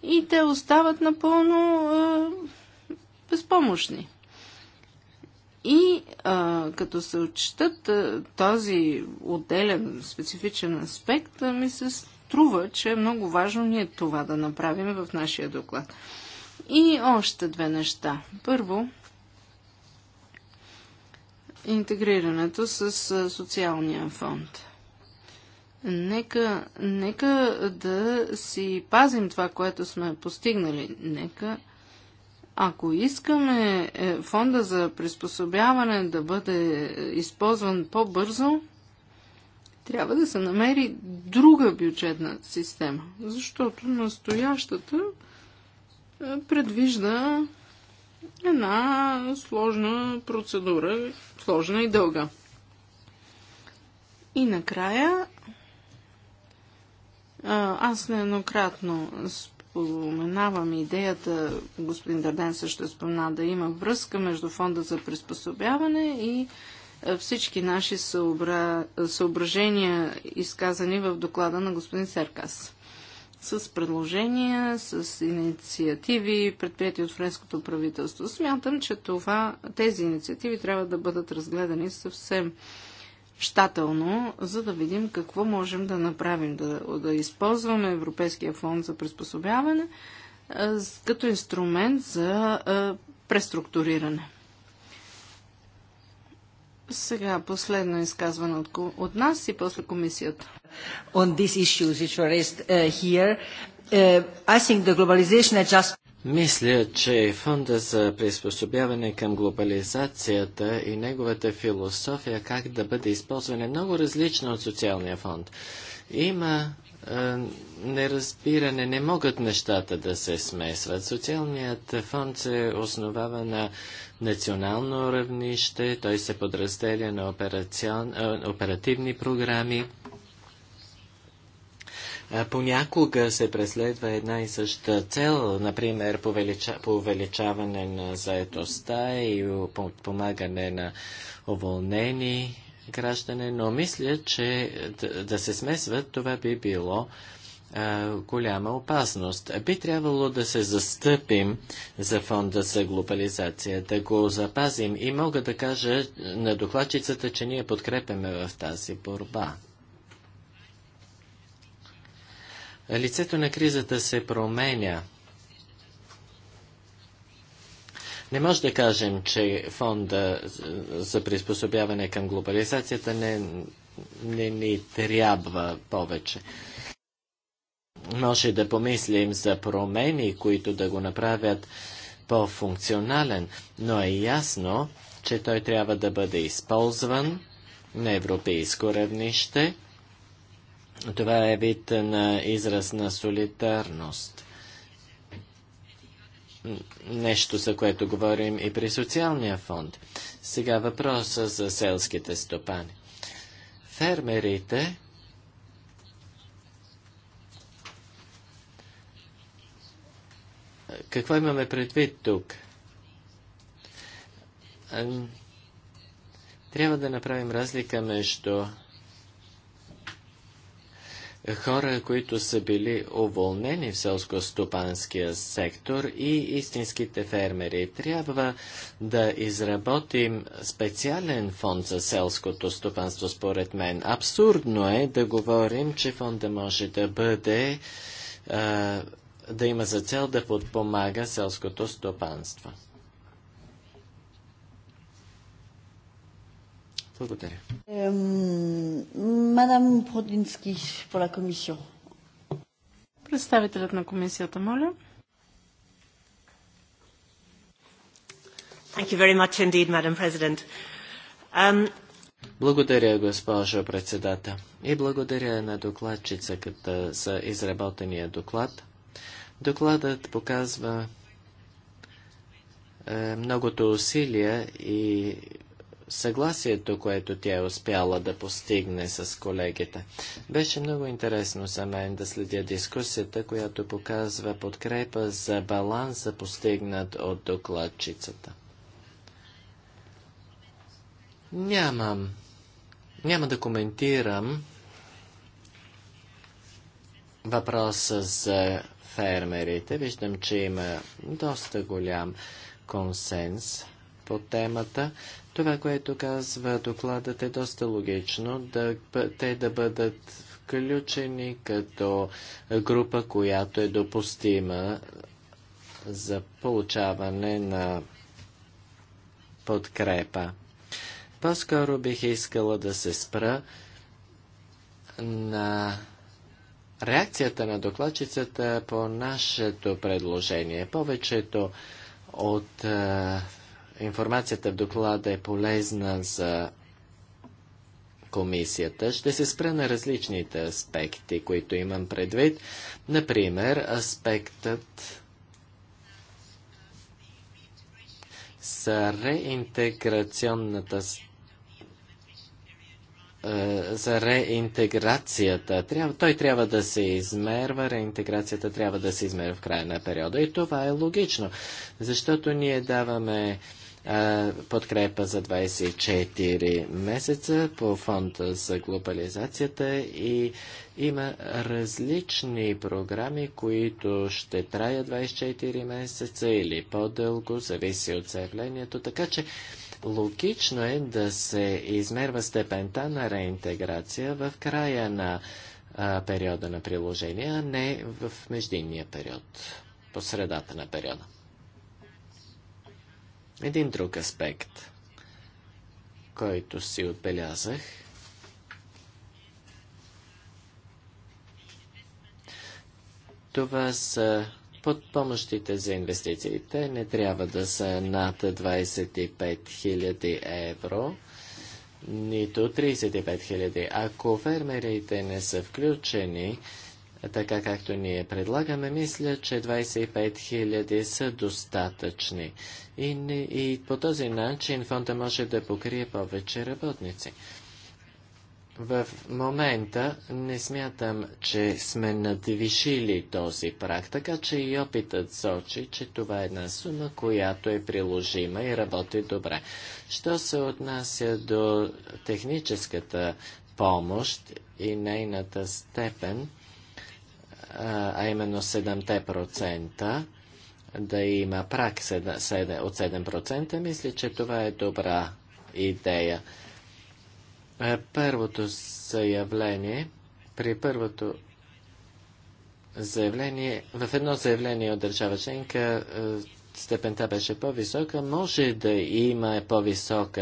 и те остават напълно е, безпомощни. И а, като се отчитат този отделен специфичен аспект, ми се струва, че е много важно ние това да направим в нашия доклад. И още две неща. Първо, интегрирането с социалния фонд. Нека, нека да си пазим това, което сме постигнали. Нека ако искаме е, фонда за приспособяване да бъде използван по-бързо, трябва да се намери друга бюджетна система, защото настоящата е, предвижда една сложна процедура, сложна и дълга. И накрая аз нееднократно спомням, споменавам идеята, господин Дарден също спомена, да има връзка между фонда за приспособяване и е, всички наши съобра... съображения, изказани в доклада на господин Серкас. С предложения, с инициативи, предприяти от френското правителство. Смятам, че това, тези инициативи трябва да бъдат разгледани съвсем щателно, за да видим какво можем да направим, да, да използваме Европейския фонд за приспособяване а, като инструмент за а, преструктуриране. Сега последно изказване от, от нас и после комисията. On these issues which were raised uh, here, uh, I think the globalization adjustment мисля, че фонда за приспособяване към глобализацията и неговата философия как да бъде използван е много различна от социалния фонд. Има е, неразбиране, не могат нещата да се смесват. Социалният фонд се основава на национално равнище, той се подразделя на операцион, е, оперативни програми Понякога се преследва една и съща цел, например повеличаване на заетостта и помагане на уволнени граждане, но мисля, че да се смесват това би било голяма опасност. Би трябвало да се застъпим за фонда за глобализация, да го запазим и мога да кажа на докладчицата, че ние подкрепяме в тази борба. Лицето на кризата се променя. Не може да кажем, че фонда за приспособяване към глобализацията не, не ни трябва повече. Може да помислим за промени, които да го направят по-функционален, но е ясно, че той трябва да бъде използван на европейско равнище – това е вид на израз на солидарност. Нещо, за което говорим и при социалния фонд. Сега въпроса за селските стопани. Фермерите Какво имаме предвид тук? Трябва да направим разлика между хора, които са били уволнени в селско-стопанския сектор и истинските фермери. Трябва да изработим специален фонд за селското стопанство, според мен. Абсурдно е да говорим, че фонда може да бъде да има за цел да подпомага селското стопанство. Благодаря. Мадам Продински, пола комисия. Представителят на комисията, моля. Thank you very much indeed, Madam President. Um... Благодаря, госпожо председател. И благодаря на докладчицата за изработения доклад. Докладът показва е, многото усилия и съгласието, което тя е успяла да постигне с колегите. Беше много интересно за мен да следя дискусията, която показва подкрепа за баланса, постигнат от докладчицата. Нямам. Няма да коментирам въпроса за фермерите. Виждам, че има доста голям консенс по темата. Това, което казва докладът е доста логично, да, те да бъдат включени като група, която е допустима за получаване на подкрепа. По-скоро бих искала да се спра на реакцията на докладчицата по нашето предложение. Повечето от информацията в доклада е полезна за комисията. Ще се спра на различните аспекти, които имам предвид. Например, аспектът за реинтеграционната е, за реинтеграцията. той трябва да се измерва, реинтеграцията трябва да се измерва в края на периода. И това е логично, защото ние даваме подкрепа за 24 месеца по фонда за глобализацията и има различни програми, които ще траят 24 месеца или по-дълго, зависи от заявлението, така че логично е да се измерва степента на реинтеграция в края на а, периода на приложение, а не в междинния период, по средата на периода. Един друг аспект, който си отбелязах, това са под помощите за инвестициите. Не трябва да са над 25 000 евро, нито 35 000. Ако фермерите не са включени, така както ние предлагаме, мисля, че 25 000 са достатъчни. И, не, и по този начин фонда може да покрие повече работници. В момента не смятам, че сме надвишили този прак, така че и опитът сочи, че това е една сума, която е приложима и работи добре. Що се отнася до техническата помощ и нейната степен, а именно 7% да има прак от 7%, мисля, че това е добра идея. Е, първото заявление, при първото заявление, в едно заявление от държава членка е, степента беше по-висока, може да има по висок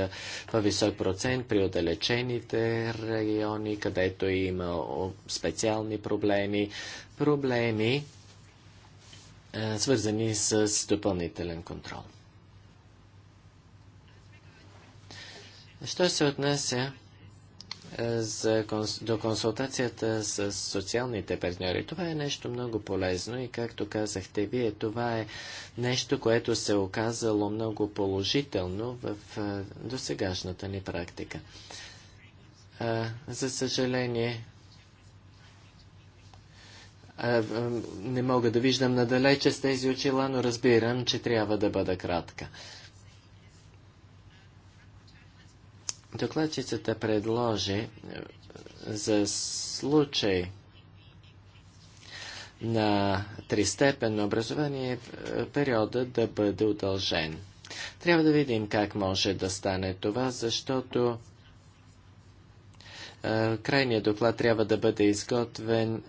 по-висок процент при отдалечените райони, където има специални проблеми, проблеми е, свързани с допълнителен контрол. Що се отнася е, за, до консултацията с социалните партньори. Това е нещо много полезно и, както казахте вие, това е нещо, което се е оказало много положително в е, досегашната ни практика. А, за съжаление, а, не мога да виждам надалече с тези очила, но разбирам, че трябва да бъда кратка. Докладчицата предложи е, за случай на тристепенно образование е, периода да бъде удължен. Трябва да видим как може да стане това, защото е, крайният доклад трябва да бъде изготвен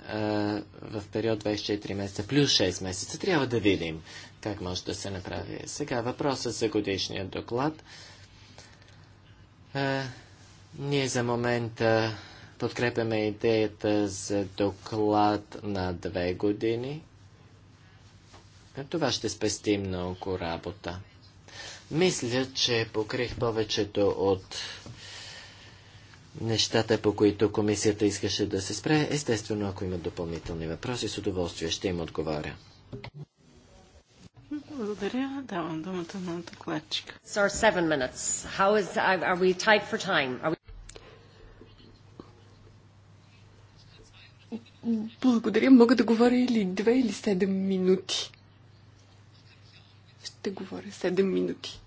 в период 24 месеца плюс 6 месеца. Трябва да видим как може да се направи. Сега въпросът за годишния доклад. А, ние за момента подкрепяме идеята за доклад на две години. Това ще спести много работа. Мисля, че покрих повечето от нещата, по които комисията искаше да се спре. Естествено, ако има допълнителни въпроси, с удоволствие ще им отговоря. Благодаря. Давам думата на докладчика. Sir, seven minutes. How is, are we tight for time? Are we... Благодаря. Мога да говоря или две или седем минути. Ще говоря седем минути.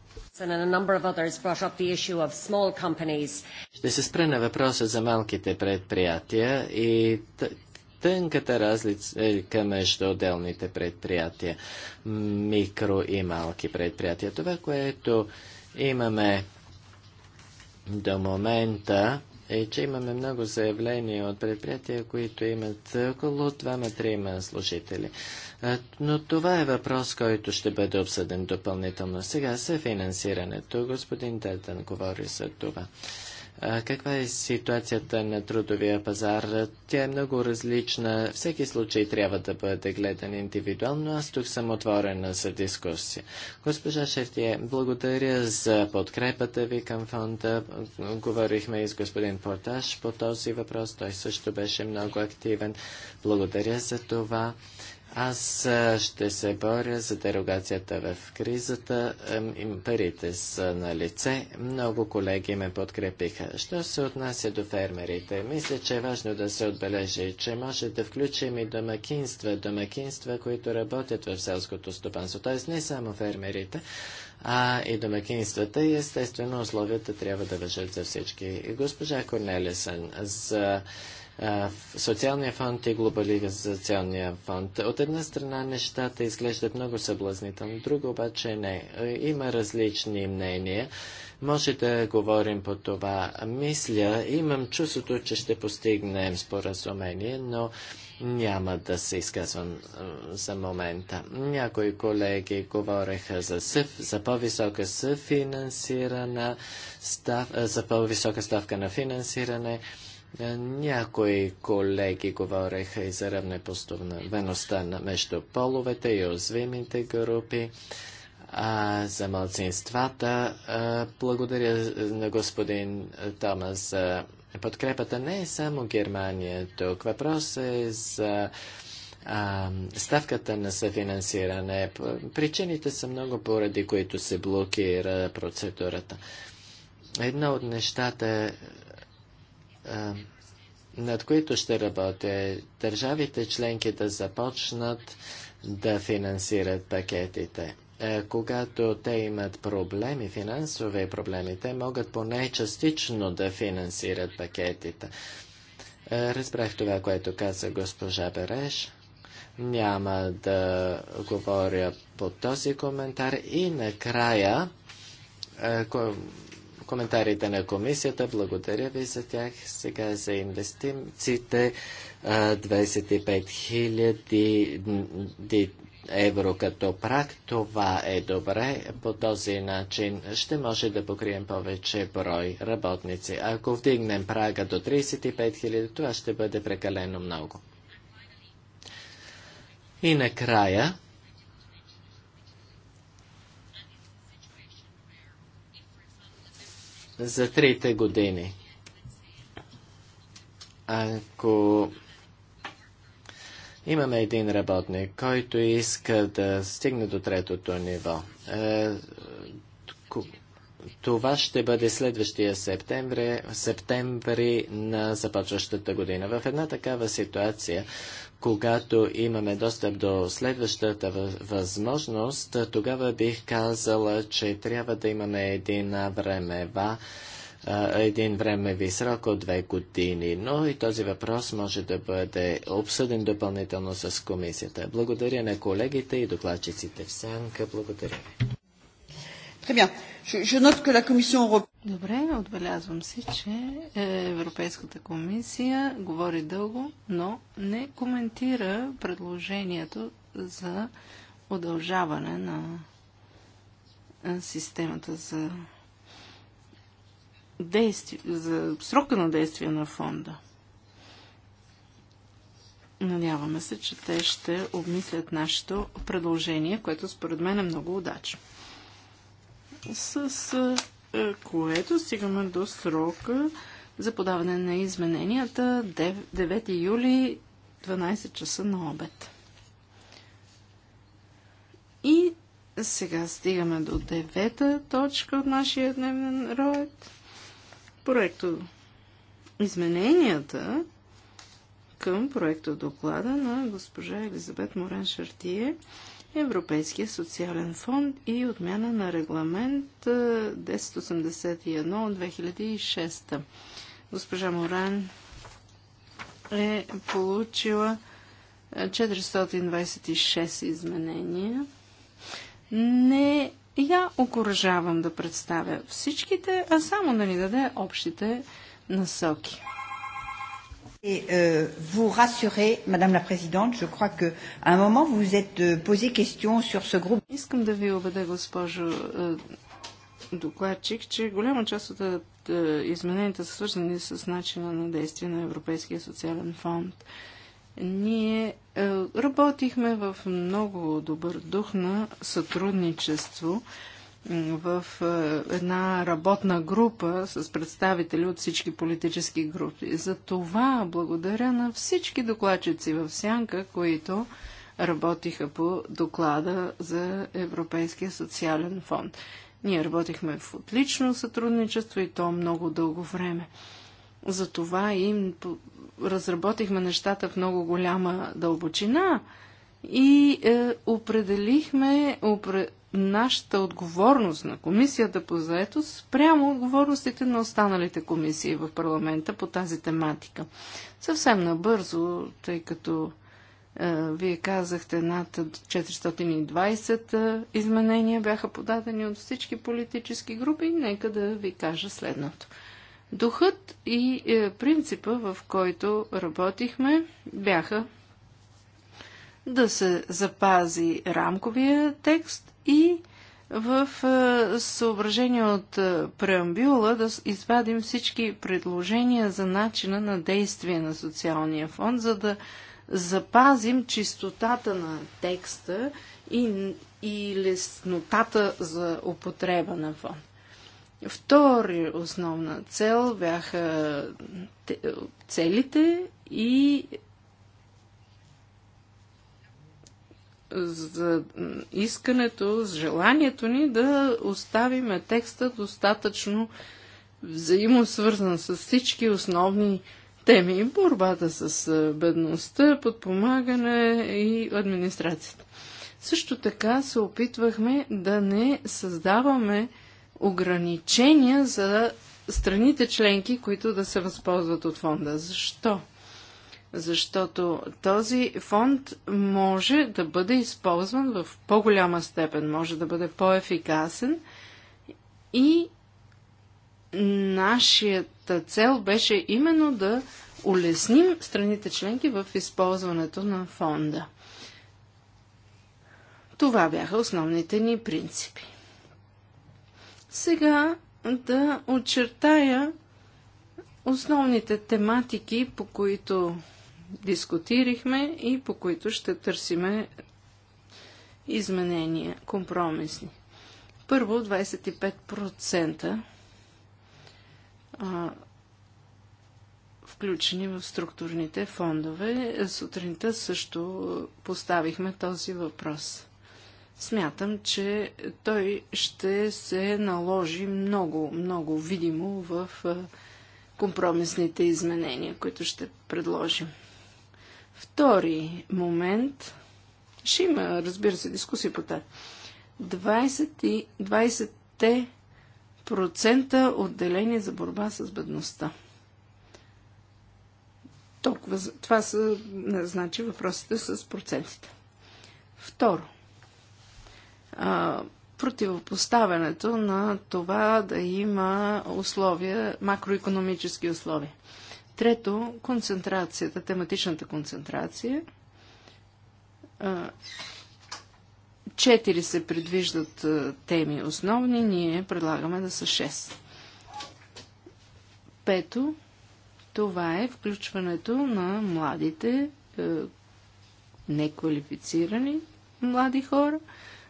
Ще се спре на въпроса за малките предприятия и тънката разлика между отделните предприятия, микро и малки предприятия. Това, което имаме до момента, е, че имаме много заявления от предприятия, които имат около 2-3 служители. Но това е въпрос, който ще бъде обсъден допълнително. Сега се финансирането. Господин Тетън говори за това. Каква е ситуацията на трудовия пазар? Тя е много различна. Всеки случай трябва да бъде гледан индивидуално. Аз тук съм отворена за дискусия. Госпожа Шефтие, благодаря за подкрепата ви към фонда. Говорихме и с господин Порташ по този въпрос. Той също беше много активен. Благодаря за това. Аз ще се боря за дерогацията в кризата. Парите са на лице. Много колеги ме подкрепиха. Що се отнася до фермерите? Мисля, че е важно да се отбележи, че може да включим и домакинства, домакинства, които работят в селското стопанство. Т.е. не само фермерите, а и домакинствата и естествено условията трябва да въжат за всички. Госпожа Корнелесън, за социалния фонд и глобализационния фонд. От една страна нещата изглеждат много съблазнително, друго обаче не. Има различни мнения. Може да говорим по това. Мисля, имам чувството, че ще постигнем споразумение, но няма да се изказвам за момента. Някои колеги говореха за, съф, за по-висока съфинансирана став, за по-висока ставка на финансиране. Е, някои колеги говореха и за равнопоставеността между половете и уязвимите групи, а за малцинствата, благодаря на господин Томас за подкрепата. Не е само Германия тук. Въпрос е за а, ставката на съфинансиране. Причините са много поради които се блокира процедурата. Едно от нещата над които ще работя, държавите членки да започнат да финансират пакетите. Когато те имат проблеми, финансови проблеми, те могат поне частично да финансират пакетите. Разбрах това, което каза госпожа Береш. Няма да говоря по този коментар. И накрая, коментарите на комисията. Благодаря ви за тях. Сега за инвестициите 25 000 евро като прак. Това е добре. По този начин ще може да покрием повече брой работници. Ако вдигнем прага до 35 000, това ще бъде прекалено много. И накрая, за трите години. Ако имаме един работник, който иска да стигне до третото ниво, е, това ще бъде следващия септември, септември на започващата година. В една такава ситуация, когато имаме достъп до следващата възможност, тогава бих казала, че трябва да имаме една времева един времеви срок от две години, но и този въпрос може да бъде обсъден допълнително с комисията. Благодаря на колегите и докладчиците в Сянка. Благодаря ви. Добре, отбелязвам си, че е, Европейската комисия говори дълго, но не коментира предложението за удължаване на е, системата за, действие, за срока на действие на фонда. Надяваме се, че те ще обмислят нашето предложение, което според мен е много удачно с е, което стигаме до срока за подаване на измененията 9 юли 12 часа на обед. И сега стигаме до девета точка от нашия дневен род. Проекто измененията към проекто доклада на госпожа Елизабет Морен Шартие – Европейския социален фонд и отмяна на регламент 1081 от 2006. Госпожа Моран е получила 426 изменения. Не я окоръжавам да представя всичките, а само да ни даде общите насоки. Et euh, vous rassurez, Madame la Présidente, je crois que à un moment vous êtes euh, posé question sur ce groupe. Искам да ви убедя, госпожо е, докладчик, че голяма част от е, измененията са свързани с начина на действие на Европейския социален фонд. Ние е, работихме в много добър дух на сътрудничество в е, една работна група с представители от всички политически групи. За това благодаря на всички докладчици в Сянка, които работиха по доклада за Европейския социален фонд. Ние работихме в отлично сътрудничество и то много дълго време. За това им разработихме нещата в много голяма дълбочина и е, определихме опре, нашата отговорност на комисията по заетост спрямо отговорностите на останалите комисии в парламента по тази тематика. Съвсем набързо, тъй като е, вие казахте над 420 е, изменения бяха подадени от всички политически групи, нека да ви кажа следното. Духът и е, принципа, в който работихме, бяха да се запази рамковия текст, и в е, съображение от е, преамбюла да извадим всички предложения за начина на действие на социалния фонд, за да запазим чистотата на текста и, и леснотата за употреба на фонд. Втори основна цел бяха целите и за искането, с желанието ни да оставиме текста достатъчно взаимосвързан с всички основни теми. Борбата с бедността, подпомагане и администрацията. Също така се опитвахме да не създаваме ограничения за страните членки, които да се възползват от фонда. Защо? защото този фонд може да бъде използван в по-голяма степен, може да бъде по-ефикасен и нашата цел беше именно да улесним страните членки в използването на фонда. Това бяха основните ни принципи. Сега да очертая основните тематики, по които дискутирахме и по които ще търсиме изменения, компромисни. Първо, 25% включени в структурните фондове. Сутринта също поставихме този въпрос. Смятам, че той ще се наложи много, много видимо в компромисните изменения, които ще предложим. Втори момент. Ще има, разбира се, дискусия по тази. 20 те процента отделение за борба с бедността. Толкова, това са, значи, въпросите с процентите. Второ. А, противопоставянето на това да има условия, макроекономически условия. Трето, концентрацията, тематичната концентрация. Четири се предвиждат теми основни, ние предлагаме да са шест. Пето, това е включването на младите, неквалифицирани млади хора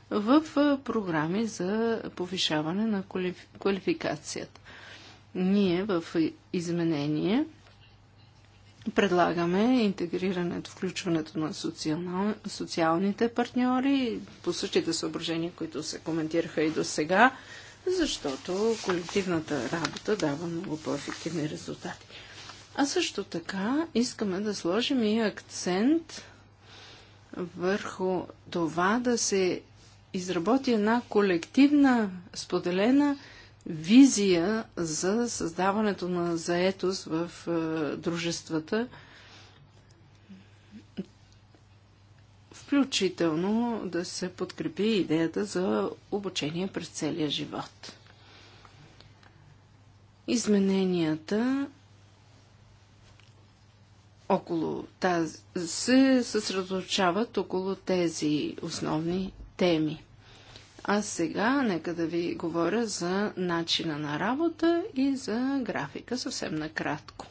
в програми за повишаване на квалификацията. Ние в изменение Предлагаме интегрирането, включването на социал... социалните партньори по същите съображения, които се коментираха и до сега, защото колективната работа дава много по-ефективни резултати. А също така искаме да сложим и акцент върху това да се изработи една колективна, споделена визия за създаването на заетост в е, дружествата, включително да се подкрепи идеята за обучение през целия живот. Измененията около тази, се съсредоточават около тези основни теми. А сега нека да ви говоря за начина на работа и за графика съвсем накратко.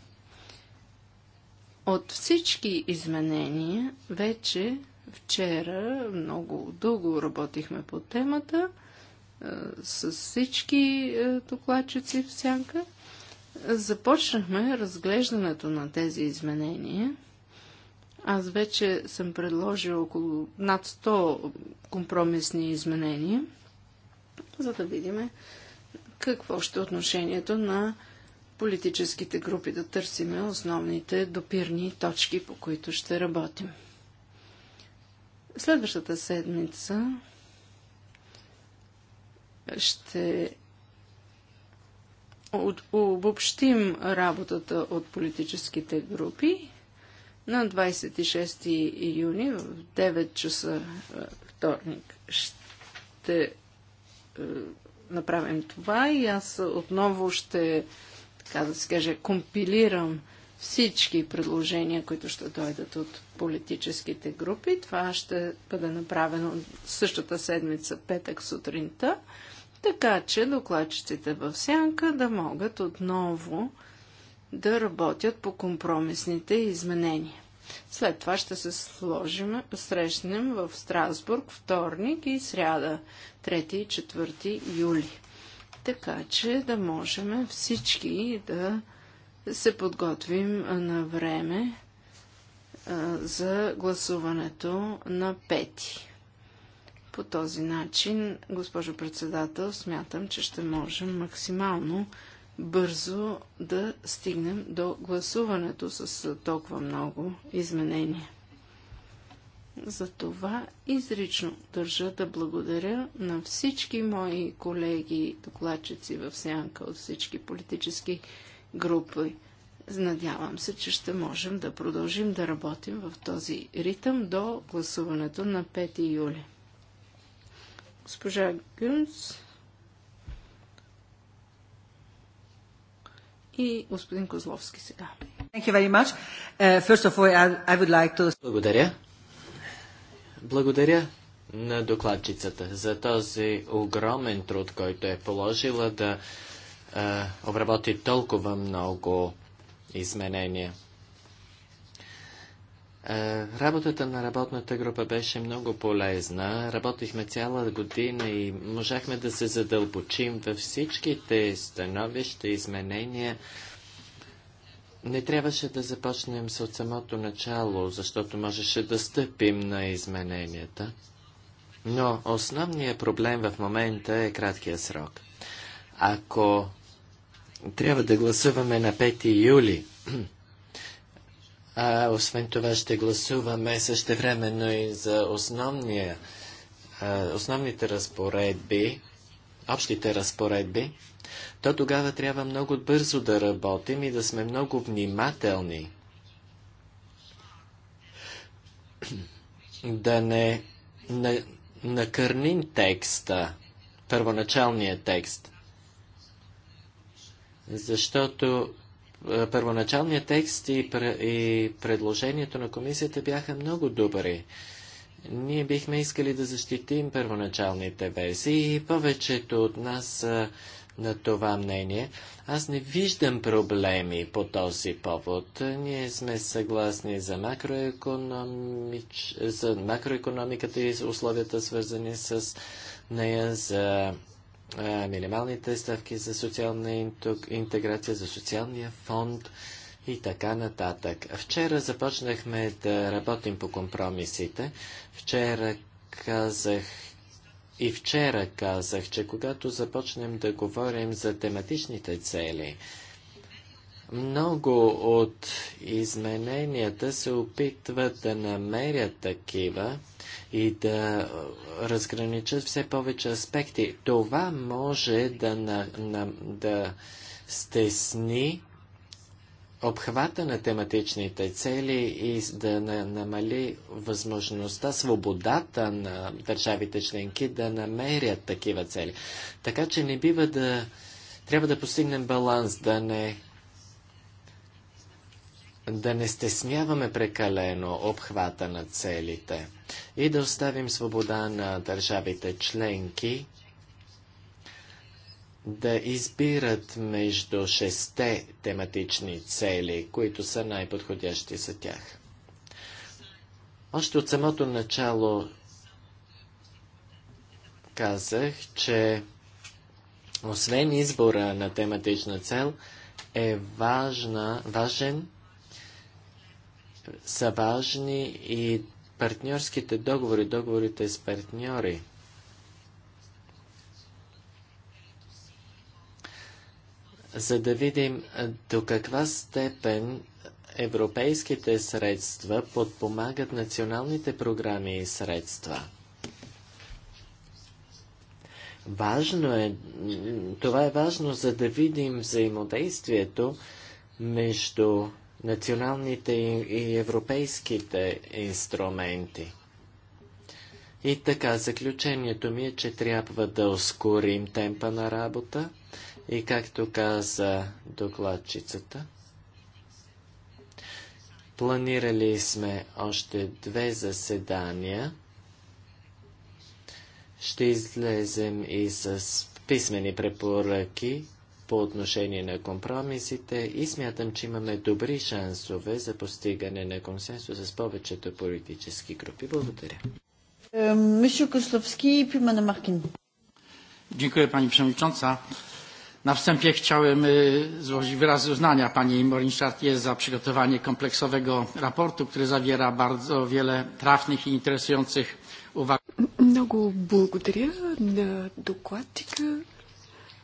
От всички изменения вече вчера много дълго работихме по темата е, с всички е, докладчици в сянка. Започнахме разглеждането на тези изменения – аз вече съм предложил около над 100 компромисни изменения, за да видим какво ще е отношението на политическите групи, да търсиме основните допирни точки, по които ще работим. Следващата седмица ще обобщим работата от политическите групи на 26 юни в 9 часа е, вторник ще е, направим това и аз отново ще, така да се каже, компилирам всички предложения, които ще дойдат от политическите групи. Това ще бъде направено същата седмица, петък сутринта, така че докладчиците в сянка да могат отново да работят по компромисните изменения. След това ще се сложим, срещнем в Страсбург вторник и сряда, 3 и 4 юли. Така че да можем всички да се подготвим на време за гласуването на пети. По този начин, госпожо председател, смятам, че ще можем максимално бързо да стигнем до гласуването с толкова много изменения. Затова изрично държа да благодаря на всички мои колеги докладчици в сянка от всички политически групи. Надявам се, че ще можем да продължим да работим в този ритъм до гласуването на 5 юли. Госпожа Гюнс, и господин Козловски сега. Благодаря. Благодаря на докладчицата за този огромен труд, който е положила да е, обработи толкова много изменения. Е, работата на работната група беше много полезна. Работихме цяла година и можахме да се задълбочим във всичките становища, изменения. Не трябваше да започнем с от самото начало, защото можеше да стъпим на измененията. Но основният проблем в момента е краткия срок. Ако трябва да гласуваме на 5 юли, а, освен това ще гласуваме също но и за основния, основните разпоредби, общите разпоредби, то тогава трябва много бързо да работим и да сме много внимателни. Да не на, накърним текста, първоначалния текст. Защото е, първоначалният текст и, и предложението на комисията бяха много добри. Ние бихме искали да защитим първоначалните версии и повечето от нас са е, на това мнение. Аз не виждам проблеми по този повод. Ние сме съгласни за, макроекономич... за макроекономиката и условията свързани с нея, за минималните ставки за социална интеграция, за социалния фонд и така нататък. Вчера започнахме да работим по компромисите. Вчера казах и вчера казах, че когато започнем да говорим за тематичните цели, много от измененията се опитват да намерят такива, и да разграничат все повече аспекти. Това може да, на, на, да стесни обхвата на тематичните цели и да на, намали възможността, свободата на държавите членки да намерят такива цели. Така че не бива да. Трябва да постигнем баланс, да не да не стесняваме прекалено обхвата на целите и да оставим свобода на държавите членки да избират между шесте тематични цели, които са най-подходящи за тях. Още от самото начало казах, че освен избора на тематична цел, е важна, важен са важни и партньорските договори, договорите с партньори. За да видим до каква степен европейските средства подпомагат националните програми и средства. Важно е, това е важно, за да видим взаимодействието между националните и европейските инструменти. И така, заключението ми е, че трябва да ускорим темпа на работа и както каза докладчицата, планирали сме още две заседания. Ще излезем и с писмени препоръки по отношение на компромисите и смятам, че имаме добри шансове за постигане на консенсус с повечето политически групи. Благодаря. Е, Мишо Кословски и Пимана Маркин. Dziękuję Pani Przewodnicząca. Na wstępie chciałem e, złożyć wyraz uznania Pani Morin za przygotowanie kompleksowego raportu, który zawiera bardzo wiele trafnych i interesujących uwag. Много благодаря на докладчика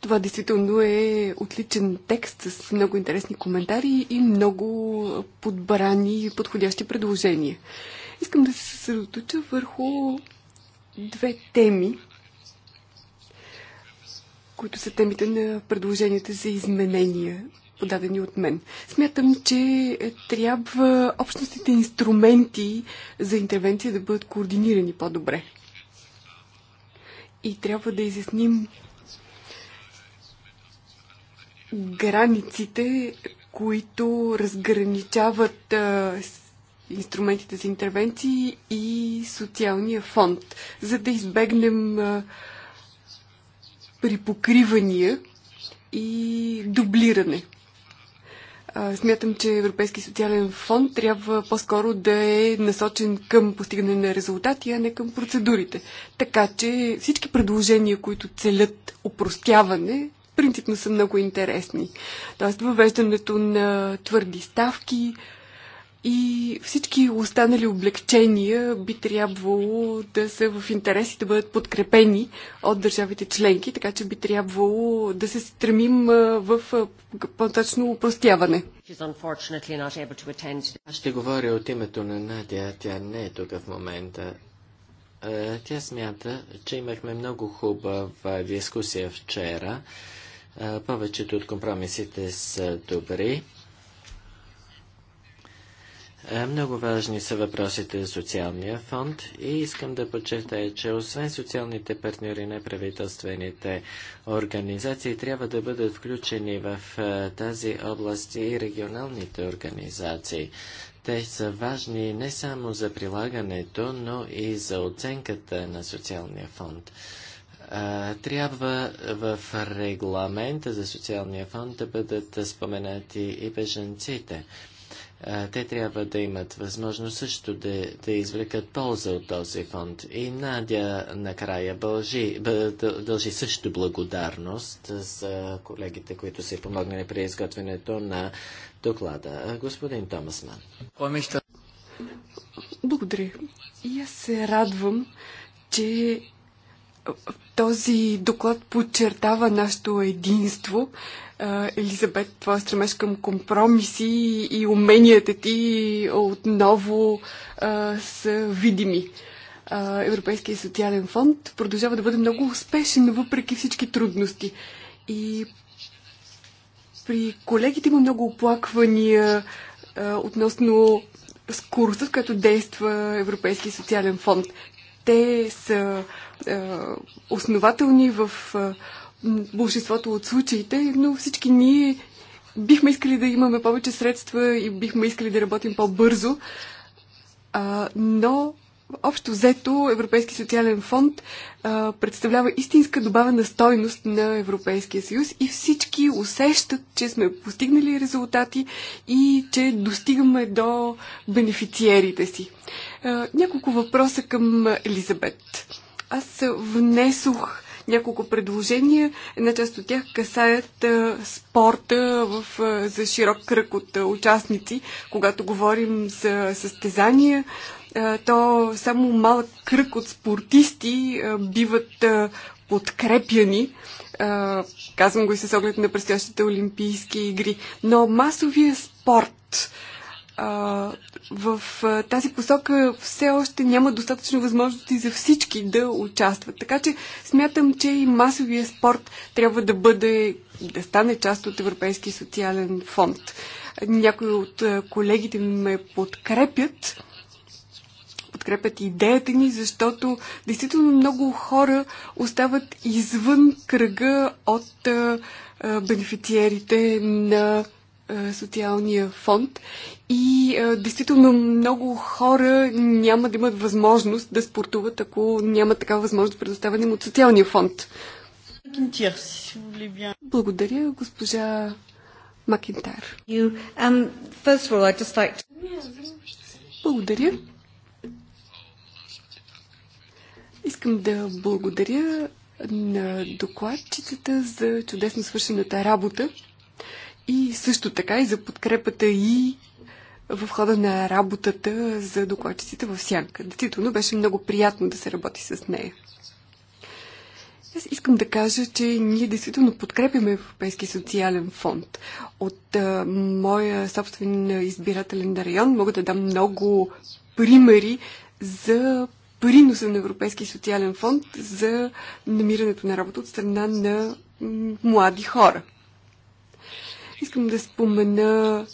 това действително е отличен текст с много интересни коментари и много подбрани и подходящи предложения. Искам да се съсредоточа върху две теми, които са темите на предложенията за изменения, подадени от мен. Смятам, че трябва общностите инструменти за интервенция да бъдат координирани по-добре. И трябва да изясним границите, които разграничават инструментите за интервенции и социалния фонд, за да избегнем припокривания и дублиране. Смятам, че Европейски социален фонд трябва по-скоро да е насочен към постигане на резултати, а не към процедурите. Така че всички предложения, които целят упростяване, принципно са много интересни. Тоест въвеждането на твърди ставки и всички останали облегчения би трябвало да са в интерес и да бъдат подкрепени от държавите членки, така че би трябвало да се стремим в по-точно упростяване. Аз ще говоря от името на Надя, тя не е тук в момента. Тя смята, че имахме много хубава дискусия вчера повечето от компромисите са добри. Много важни са въпросите за социалния фонд и искам да подчертая, че освен социалните партньори, на правителствените организации трябва да бъдат включени в тази област и регионалните организации. Те са важни не само за прилагането, но и за оценката на социалния фонд трябва в регламента за социалния фонд да бъдат споменати и беженците. Те трябва да имат възможност също да, да извлекат полза от този фонд. И Надя накрая бължи, дължи също благодарност за колегите, които са помогнали при изготвянето на доклада. Господин Томасман. Благодаря. И аз се радвам, че този доклад подчертава нашето единство. Елизабет, твоя стремеж към компромиси и уменията ти отново а, са видими. А, Европейския социален фонд продължава да бъде много успешен, въпреки всички трудности. И при колегите има много оплаквания а, относно скоростта, в която действа Европейския социален фонд. Те са е, основателни в е, большинството от случаите, но всички ние бихме искали да имаме повече средства и бихме искали да работим по-бързо, но Общо взето Европейски социален фонд а, представлява истинска добавена стойност на Европейския съюз и всички усещат, че сме постигнали резултати и че достигаме до бенефициерите си. А, няколко въпроса към Елизабет. Аз внесох няколко предложения. Една част от тях касаят а, спорта в, а, за широк кръг от а, участници, когато говорим за състезания, е, то само малък кръг от спортисти е, биват е, подкрепяни. Казвам го и с оглед на предстоящите Олимпийски игри. Но масовия спорт в тази посока все още няма достатъчно възможности за всички да участват. Така че смятам, че и масовия спорт трябва да бъде, да стане част от Европейския социален фонд. Някои от колегите ме подкрепят подкрепят идеята ни, защото действително много хора остават извън кръга от а, бенефициерите на а, социалния фонд и а, действително много хора няма да имат възможност да спортуват, ако няма такава възможност предоставена им от социалния фонд. Благодаря, госпожа Макентар. Um, Благодаря. Искам да благодаря на докладчицата за чудесно свършената работа и също така и за подкрепата и в хода на работата за докладчиците в Сянка. Действително беше много приятно да се работи с нея. Аз искам да кажа, че ние действително подкрепяме Европейски социален фонд. От а, моя собствен избирателен район мога да дам много примери за приноса на Европейски социален фонд за намирането на работа от страна на млади хора. Искам да спомена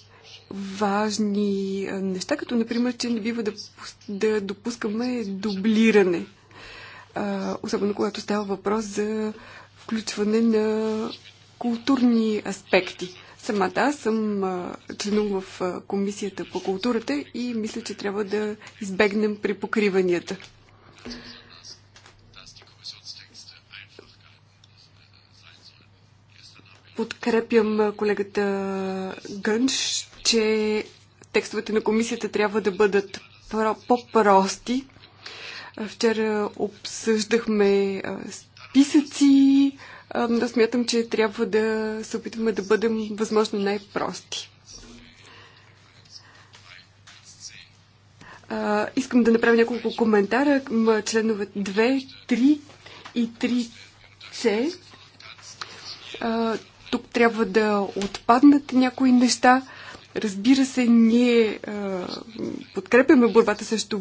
важни неща, като например, че не бива да, да допускаме дублиране. А, особено когато става въпрос за включване на културни аспекти. Самата аз съм членом в Комисията по културата и мисля, че трябва да избегнем при покриванията. Подкрепям колегата Гънш, че текстовете на комисията трябва да бъдат по-прости. Вчера обсъждахме списъци, но смятам, че трябва да се опитваме да бъдем възможно най-прости. Искам да направя няколко коментара към членове 2, 3 и 3C. Тук трябва да отпаднат някои неща. Разбира се, ние а, подкрепяме борбата срещу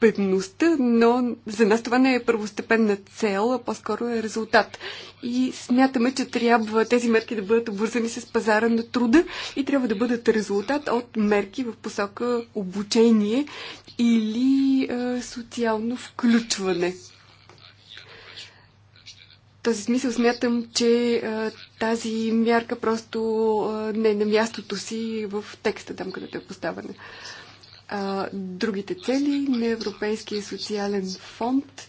бедността, но за нас това не е първостепенна цел, а по-скоро е резултат. И смятаме, че трябва тези мерки да бъдат обвързани с пазара на труда и трябва да бъдат резултат от мерки в посока обучение или а, социално включване. В този смисъл смятам, че а, тази мярка просто не е на мястото си в текста, там където е поставена. Другите цели на Европейския социален фонд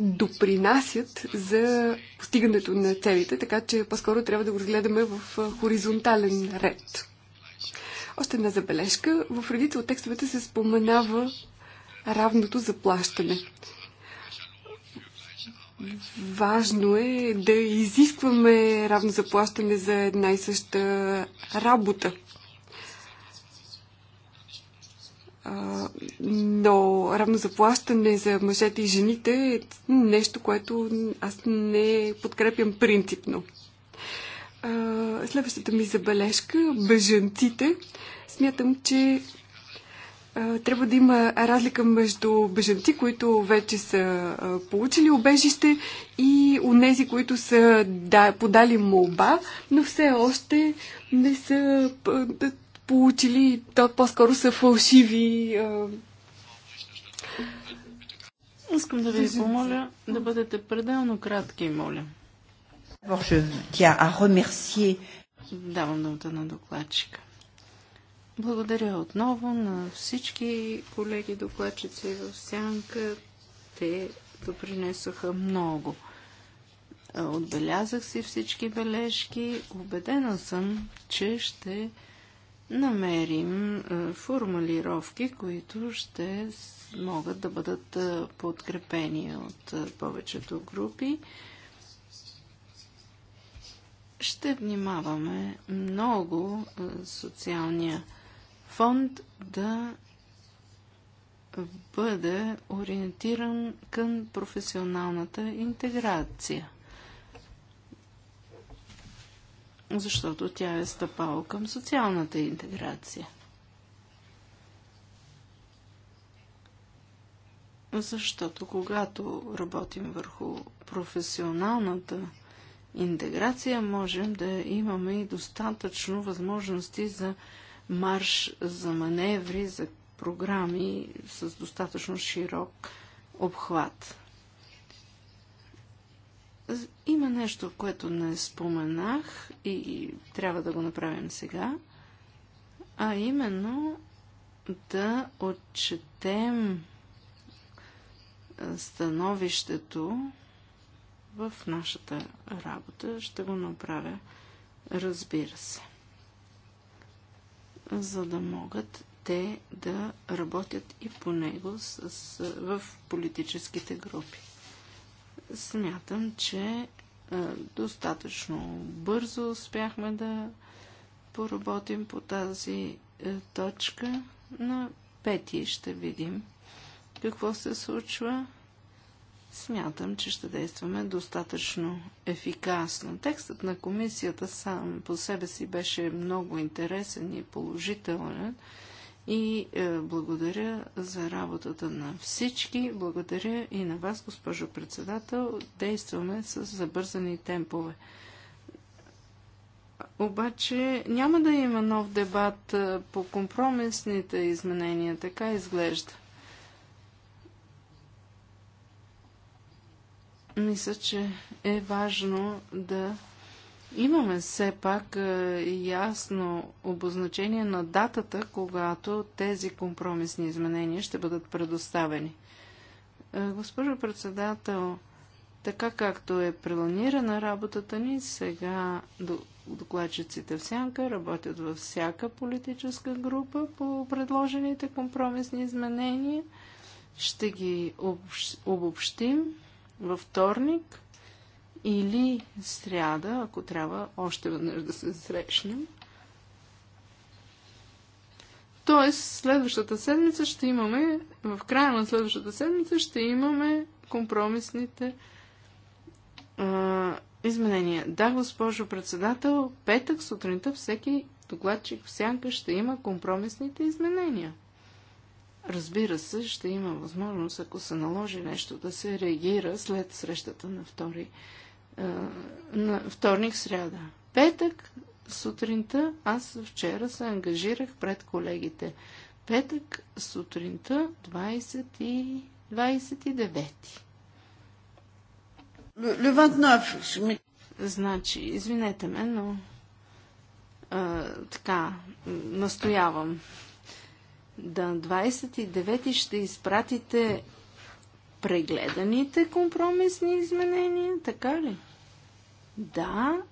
допринасят за постигането на целите, така че по-скоро трябва да го разгледаме в хоризонтален ред. Още една забележка. В редица от текстовете се споменава равното заплащане. Важно е да изискваме равно заплащане за една и съща работа. но равно заплащане за мъжете и жените е нещо, което аз не подкрепям принципно. Следващата ми забележка бежанците. Смятам, че трябва да има разлика между бежанци, които вече са получили обежище и нези, които са подали молба, но все още не са получили, то по-скоро са фалшиви. Искам да ви помоля да бъдете пределно кратки, моля. Давам думата на докладчика. Благодаря отново на всички колеги докладчици в Сянка. Те допринесоха много. Отбелязах си всички бележки. Убедена съм, че ще намерим формулировки, които ще могат да бъдат подкрепени от повечето групи. Ще внимаваме много социалния фонд да бъде ориентиран към професионалната интеграция. Защото тя е стъпала към социалната интеграция. Защото когато работим върху професионалната интеграция, можем да имаме и достатъчно възможности за марш за маневри, за програми с достатъчно широк обхват. Има нещо, което не споменах и трябва да го направим сега, а именно да отчетем становището в нашата работа. Ще го направя, разбира се за да могат те да работят и по него с, в политическите групи. Смятам, че достатъчно бързо успяхме да поработим по тази точка. На пети ще видим какво се случва смятам, че ще действаме достатъчно ефикасно. Текстът на комисията сам по себе си беше много интересен и положителен и е, благодаря за работата на всички. Благодаря и на вас, госпожо председател. Действаме с забързани темпове. Обаче няма да има нов дебат е, по компромисните изменения. Така изглежда. мисля, че е важно да имаме все пак е, ясно обозначение на датата, когато тези компромисни изменения ще бъдат предоставени. Е, госпожо председател, така както е планирана работата ни, сега докладчиците в сянка работят във всяка политическа група по предложените компромисни изменения. Ще ги обобщим във вторник или сряда, ако трябва още веднъж да се срещнем. Тоест, следващата седмица ще имаме, в края на следващата седмица ще имаме компромисните а, изменения. Да, госпожо председател, петък сутринта всеки докладчик в сянка ще има компромисните изменения. Разбира се, ще има възможност, ако се наложи нещо, да се реагира след срещата на, втори, на вторник сряда. Петък сутринта, аз вчера се ангажирах пред колегите. Петък сутринта 20 и 29. Le 29. Значи, извинете ме, но а, така, настоявам да 29 ще изпратите прегледаните компромисни изменения, така ли? Да,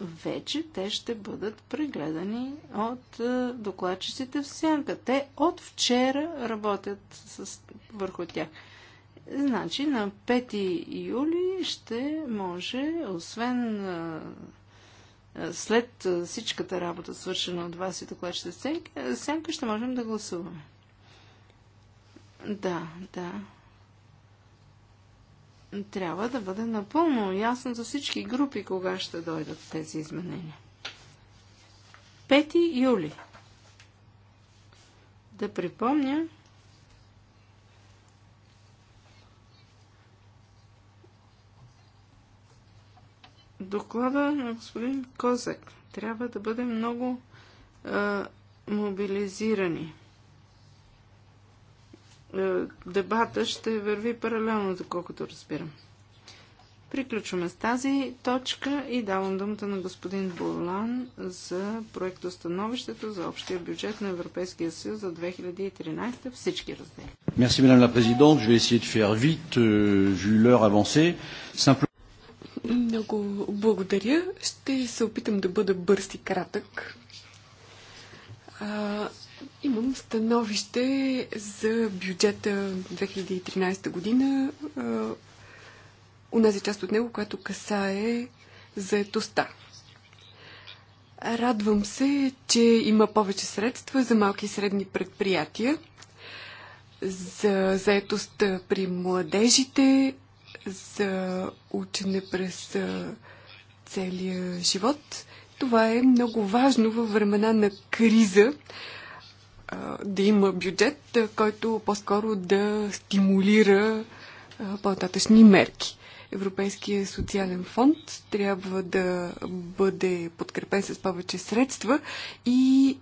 вече те ще бъдат прегледани от е, докладчиците в сянка. Те от вчера работят с, върху тях. Значи на 5 юли ще може, освен е, е, след е, всичката работа, свършена от вас и докладчите сенка, е, ще можем да гласуваме. Да, да. Трябва да бъде напълно ясно за всички групи, кога ще дойдат тези изменения. 5 юли. Да припомня, доклада на господин Козак. Трябва да бъде много а, мобилизирани. А, дебата ще върви паралелно, доколкото разбирам. Приключваме с тази точка и давам думата на господин Болан за проектостановището за общия бюджет на Европейския съюз за 2013 всички раздели. Merci, madame la présidente. Je vais essayer de faire vite, euh, vu l'heure avancée. Много благодаря. Ще се опитам да бъда бърз и кратък. А, имам становище за бюджета 2013 година. А, унази част от него, която касае заетостта. Радвам се, че има повече средства за малки и средни предприятия, за заетост при младежите за учене през целия живот. Това е много важно във времена на криза да има бюджет, който по-скоро да стимулира по-нататъчни мерки. Европейския социален фонд трябва да бъде подкрепен с повече средства и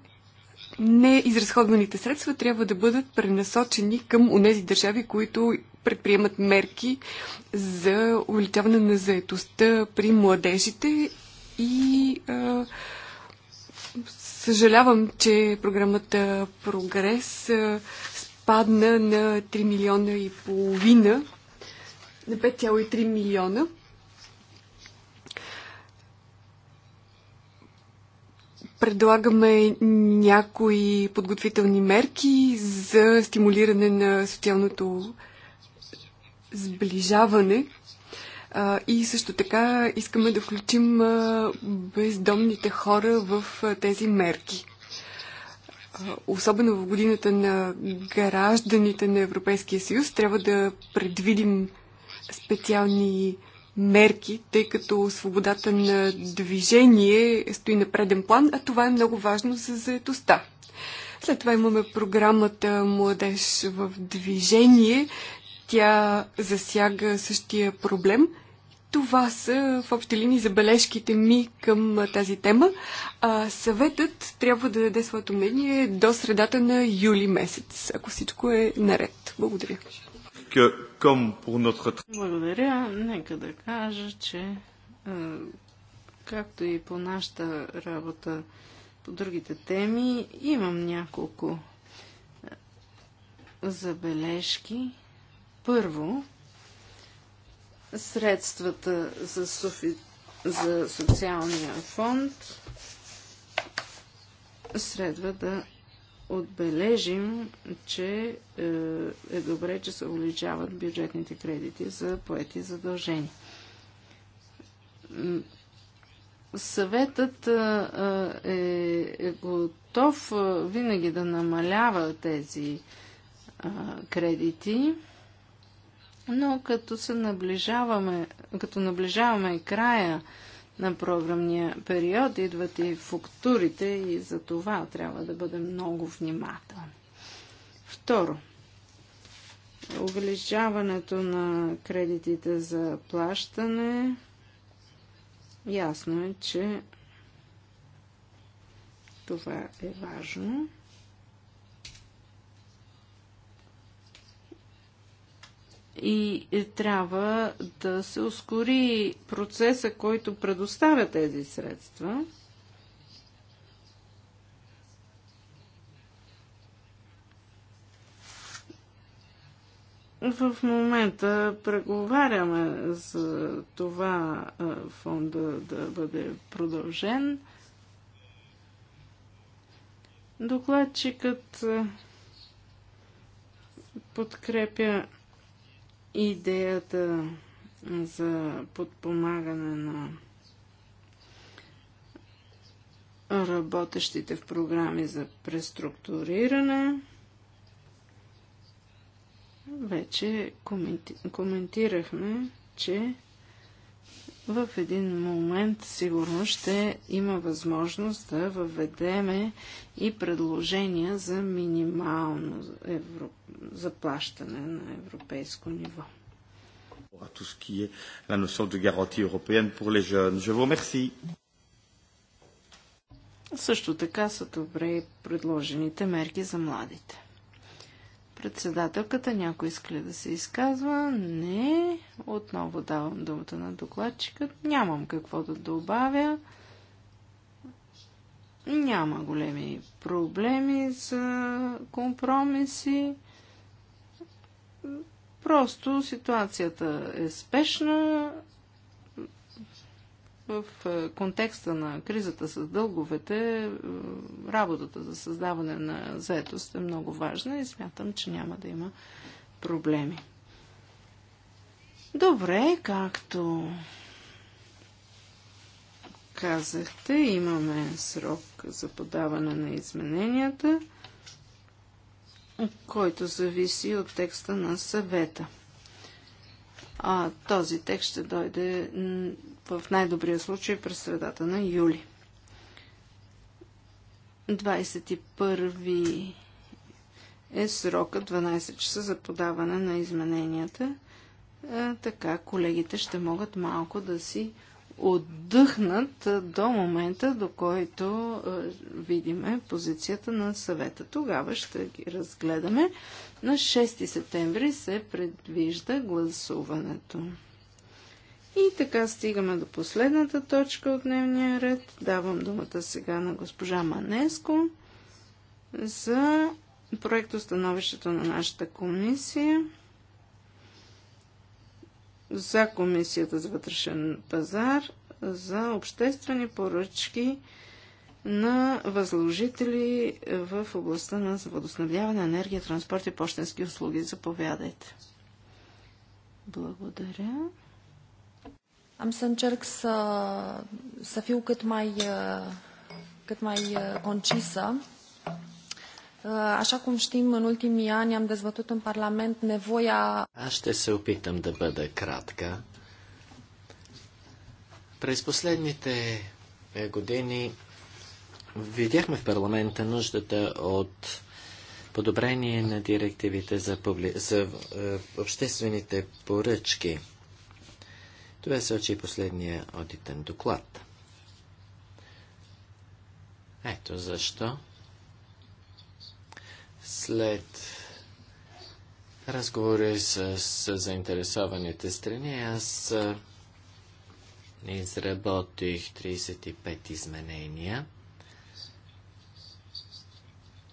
неизразходваните средства трябва да бъдат пренасочени към онези държави, които предприемат мерки за увеличаване на заетостта при младежите и а, съжалявам, че програмата Прогрес а, спадна на 3 милиона и половина, на 5,3 милиона. предлагаме някои подготвителни мерки за стимулиране на социалното сближаване. А, и също така искаме да включим а, бездомните хора в а, тези мерки. А, особено в годината на гражданите на Европейския съюз трябва да предвидим специални мерки, тъй като свободата на движение стои на преден план, а това е много важно за заедостта. След това имаме програмата Младеж в движение. Тя засяга същия проблем. Това са в общи линии забележките ми към тази тема. А, съветът трябва да даде своето мнение до средата на юли месец, ако всичко е наред. Благодаря. Благодаря. Нека да кажа, че както и по нашата работа по другите теми, имам няколко забележки. Първо, средствата за, суфи... за социалния фонд следва да отбележим, че е, е добре, че се увеличават бюджетните кредити за поети задължения. Съветът е, е, е готов винаги да намалява тези кредити но като се наближаваме, като наближаваме края на програмния период, идват и фактурите и за това трябва да бъдем много внимателни. Второ, увеличаването на кредитите за плащане. Ясно е, че това е важно. и трябва да се ускори процеса, който предоставя тези средства. В момента преговаряме за това фонда да бъде продължен. Докладчикът подкрепя идеята за подпомагане на работещите в програми за преструктуриране. Вече коменти... коментирахме, че в един момент сигурно ще има възможност да въведеме и предложения за минимално евро... заплащане на европейско ниво. Също така са добре предложените мерки за младите. Председателката някой иска ли да се изказва? Не. Отново давам думата на докладчика. Нямам какво да добавя. Няма големи проблеми за компромиси. Просто ситуацията е спешна в е, контекста на кризата с дълговете, е, работата за създаване на заетост е много важна и смятам, че няма да има проблеми. Добре, както казахте, имаме срок за подаване на измененията, който зависи от текста на съвета а, този текст ще дойде в най-добрия случай през средата на юли. 21 е срока 12 часа за подаване на измененията. А, е, така колегите ще могат малко да си отдъхнат до момента, до който е, видиме позицията на съвета. Тогава ще ги разгледаме. На 6 септември се предвижда гласуването. И така стигаме до последната точка от дневния ред. Давам думата сега на госпожа Манеско за становището на нашата комисия за Комисията за вътрешен пазар за обществени поръчки на възложители в областта на водоснабдяване, енергия, транспорт и почтенски услуги. Заповядайте. Благодаря. Am să încerc să, să fiu cât mai, cât mai uh, concisă. Е, Așa cum știm, în ultimii ani am dezbătut în Parlament nevoia... Аз ще се опитам да бъда кратка. През последните е, години видяхме в парламента нуждата от подобрение на директивите за, публи... за е, обществените поръчки. Това се очи последния одитен доклад. Ето защо след разговори с, с заинтересованите страни, аз изработих 35 изменения.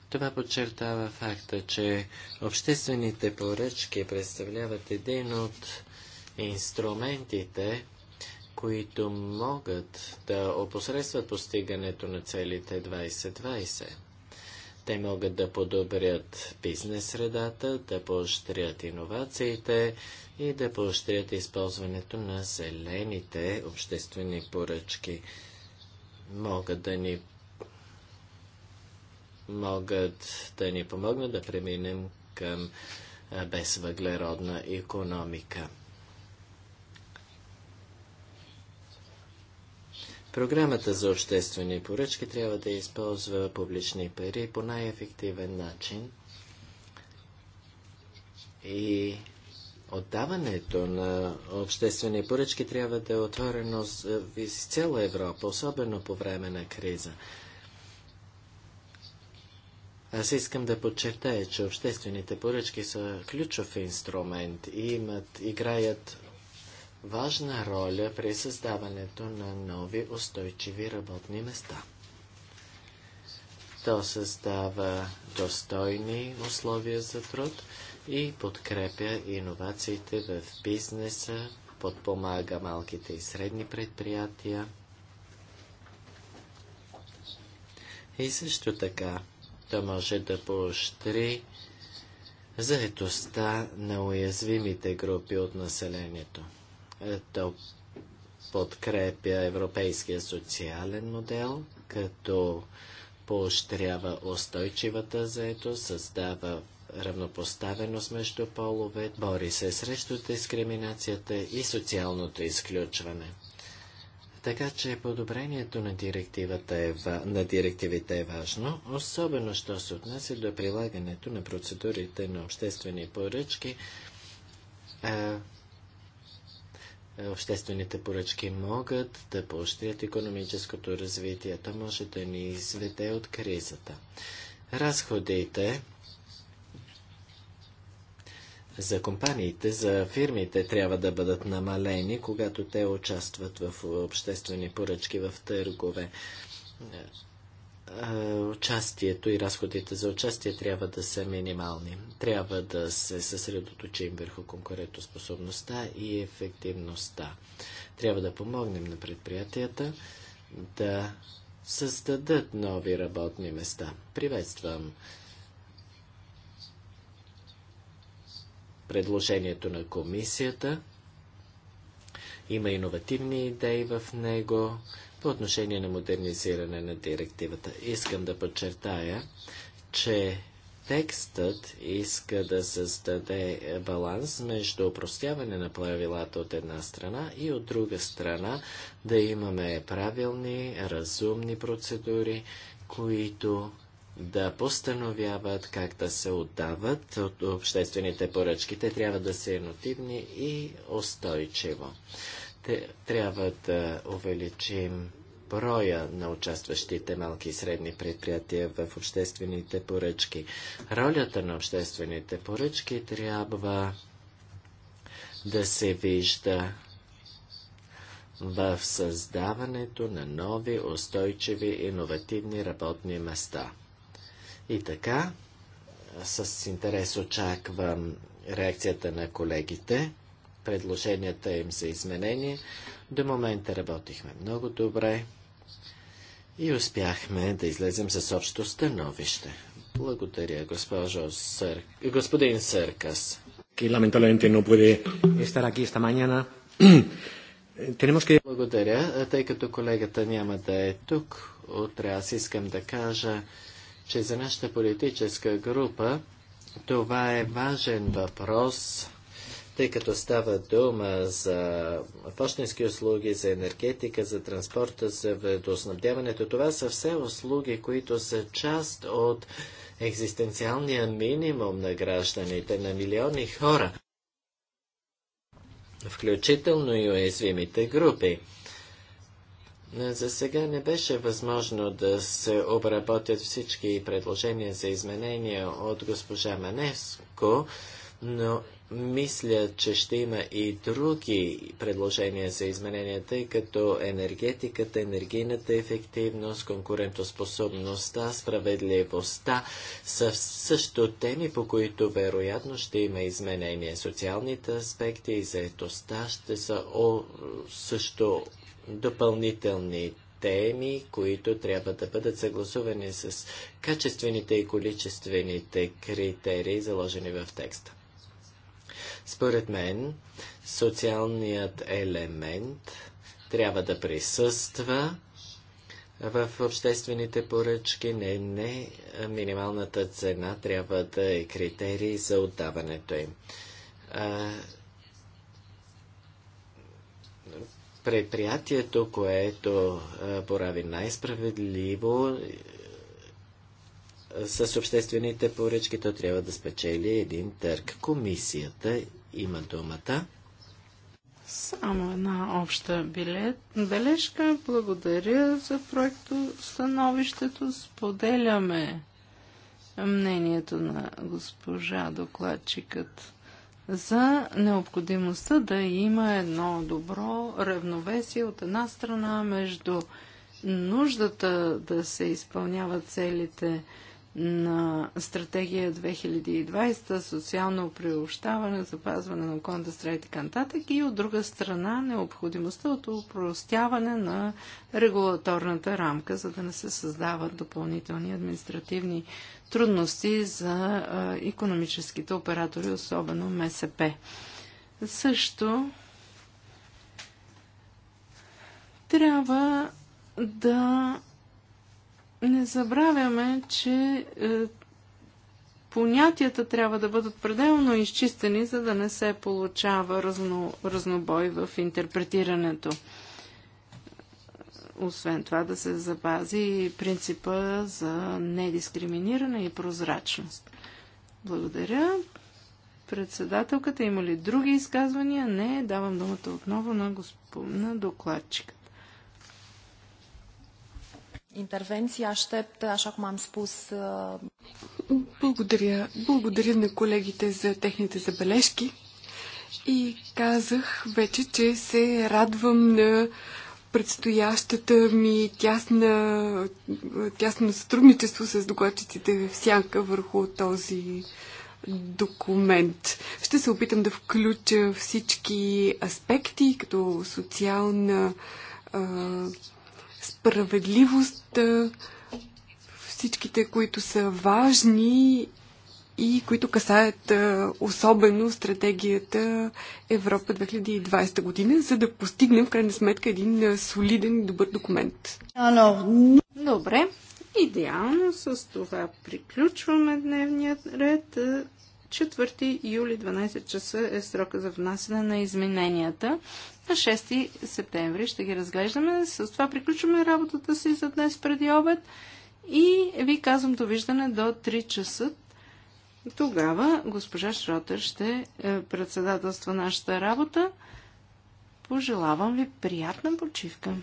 Това подчертава факта, че обществените поръчки представляват един от инструментите, които могат да опосредстват постигането на целите 2020. Те могат да подобрят бизнес средата, да поощрят иновациите и да поощрят използването на зелените обществени поръчки. Могат да ни могат да ни помогнат да преминем към безвъглеродна економика. Програмата за обществени поръчки трябва да използва публични пари по най-ефективен начин и отдаването на обществени поръчки трябва да е отворено е, из цяла Европа, особено по време на криза. Аз искам да подчертая, че обществените поръчки са ключов инструмент и имат, играят важна роля при създаването на нови устойчиви работни места. То създава достойни условия за труд и подкрепя иновациите в бизнеса, подпомага малките и средни предприятия. И също така, то може да поощри заетостта на уязвимите групи от населението. То подкрепя европейския социален модел, като поощрява устойчивата заето, създава равнопоставеност между полове, бори се срещу дискриминацията и социалното изключване. Така че подобрението на, директивата е, на директивите е важно, особено що се отнася до прилагането на процедурите на обществени поръчки, е, обществените поръчки могат да поощрят економическото развитие. То може да ни изведе от кризата. Разходите за компаниите, за фирмите трябва да бъдат намалени, когато те участват в обществени поръчки, в търгове. Е, е, участието и разходите за участие трябва да са минимални. Трябва да се съсредоточим върху конкурентоспособността и ефективността. Трябва да помогнем на предприятията да създадат нови работни места. Приветствам предложението на комисията. Има иновативни идеи в него. По отношение на модернизиране на директивата, искам да подчертая, че текстът иска да създаде баланс между упростяване на правилата от една страна и от друга страна да имаме правилни, разумни процедури, които да постановяват как да се отдават от обществените поръчки. Те трябва да са енотивни и устойчиво трябва да увеличим броя на участващите малки и средни предприятия в обществените поръчки. Ролята на обществените поръчки трябва да се вижда в създаването на нови, устойчиви, иновативни работни места. И така, с интерес очаквам реакцията на колегите предложенията им за изменение. До момента работихме много добре и успяхме да излезем с общо становище. Благодаря, госпожо Сър... господин Съркас. Благодаря, тъй като колегата няма да е тук. Утре аз искам да кажа, че за нашата политическа група това е важен въпрос тъй като става дума за почтенски услуги, за енергетика, за транспорта, за водоснабдяването. Това са все услуги, които са част от екзистенциалния минимум на гражданите, на милиони хора, включително и уязвимите групи. За сега не беше възможно да се обработят всички предложения за изменения от госпожа Маневско, но мисля, че ще има и други предложения за изменения, тъй като енергетиката, енергийната ефективност, конкурентоспособността, справедливостта са също теми, по които вероятно ще има изменения. Социалните аспекти и заетостта ще са о, също допълнителни теми, които трябва да бъдат съгласувани с качествените и количествените критерии, заложени в текста. Според мен, социалният елемент трябва да присъства в обществените поръчки. Не, не, минималната цена трябва да е критерий за отдаването им. предприятието, което порави най-справедливо, с обществените поръчки, то трябва да спечели един търк. Комисията има думата. Само една обща билет. бележка. Благодаря за проекто становището. Споделяме мнението на госпожа докладчикът за необходимостта да има едно добро равновесие от една страна между нуждата да се изпълняват целите на стратегия 2020, социално приобщаване, запазване на околната среда и така нататък и от друга страна необходимостта от упростяване на регулаторната рамка, за да не се създават допълнителни административни трудности за а, економическите оператори, особено МСП. Също трябва да не забравяме, че е, понятията трябва да бъдат пределно изчистени, за да не се получава разно, разнобой в интерпретирането. Освен това да се запази принципа за недискриминиране и прозрачност. Благодаря. Председателката има ли други изказвания? Не. Давам думата отново на, госп... на докладчика intervenții. Aștept, așa cum am спус. Благодаря. Благодаря на колегите за техните забележки. И казах вече, че се радвам на предстоящата ми тясна, тясно сътрудничество с докладчиците в сянка върху този документ. Ще се опитам да включа всички аспекти, като социална справедливост, всичките, които са важни и които касаят особено стратегията Европа 2020 година, за да постигнем в крайна сметка един солиден и добър документ. Добре, идеално с това приключваме дневният ред. 4 юли 12 часа е срока за внасяне на измененията. На 6 септември ще ги разглеждаме. С това приключваме работата си за днес преди обед и ви казвам довиждане до 3 часа. Тогава госпожа Шротер ще е, председателства нашата работа. Пожелавам ви приятна почивка.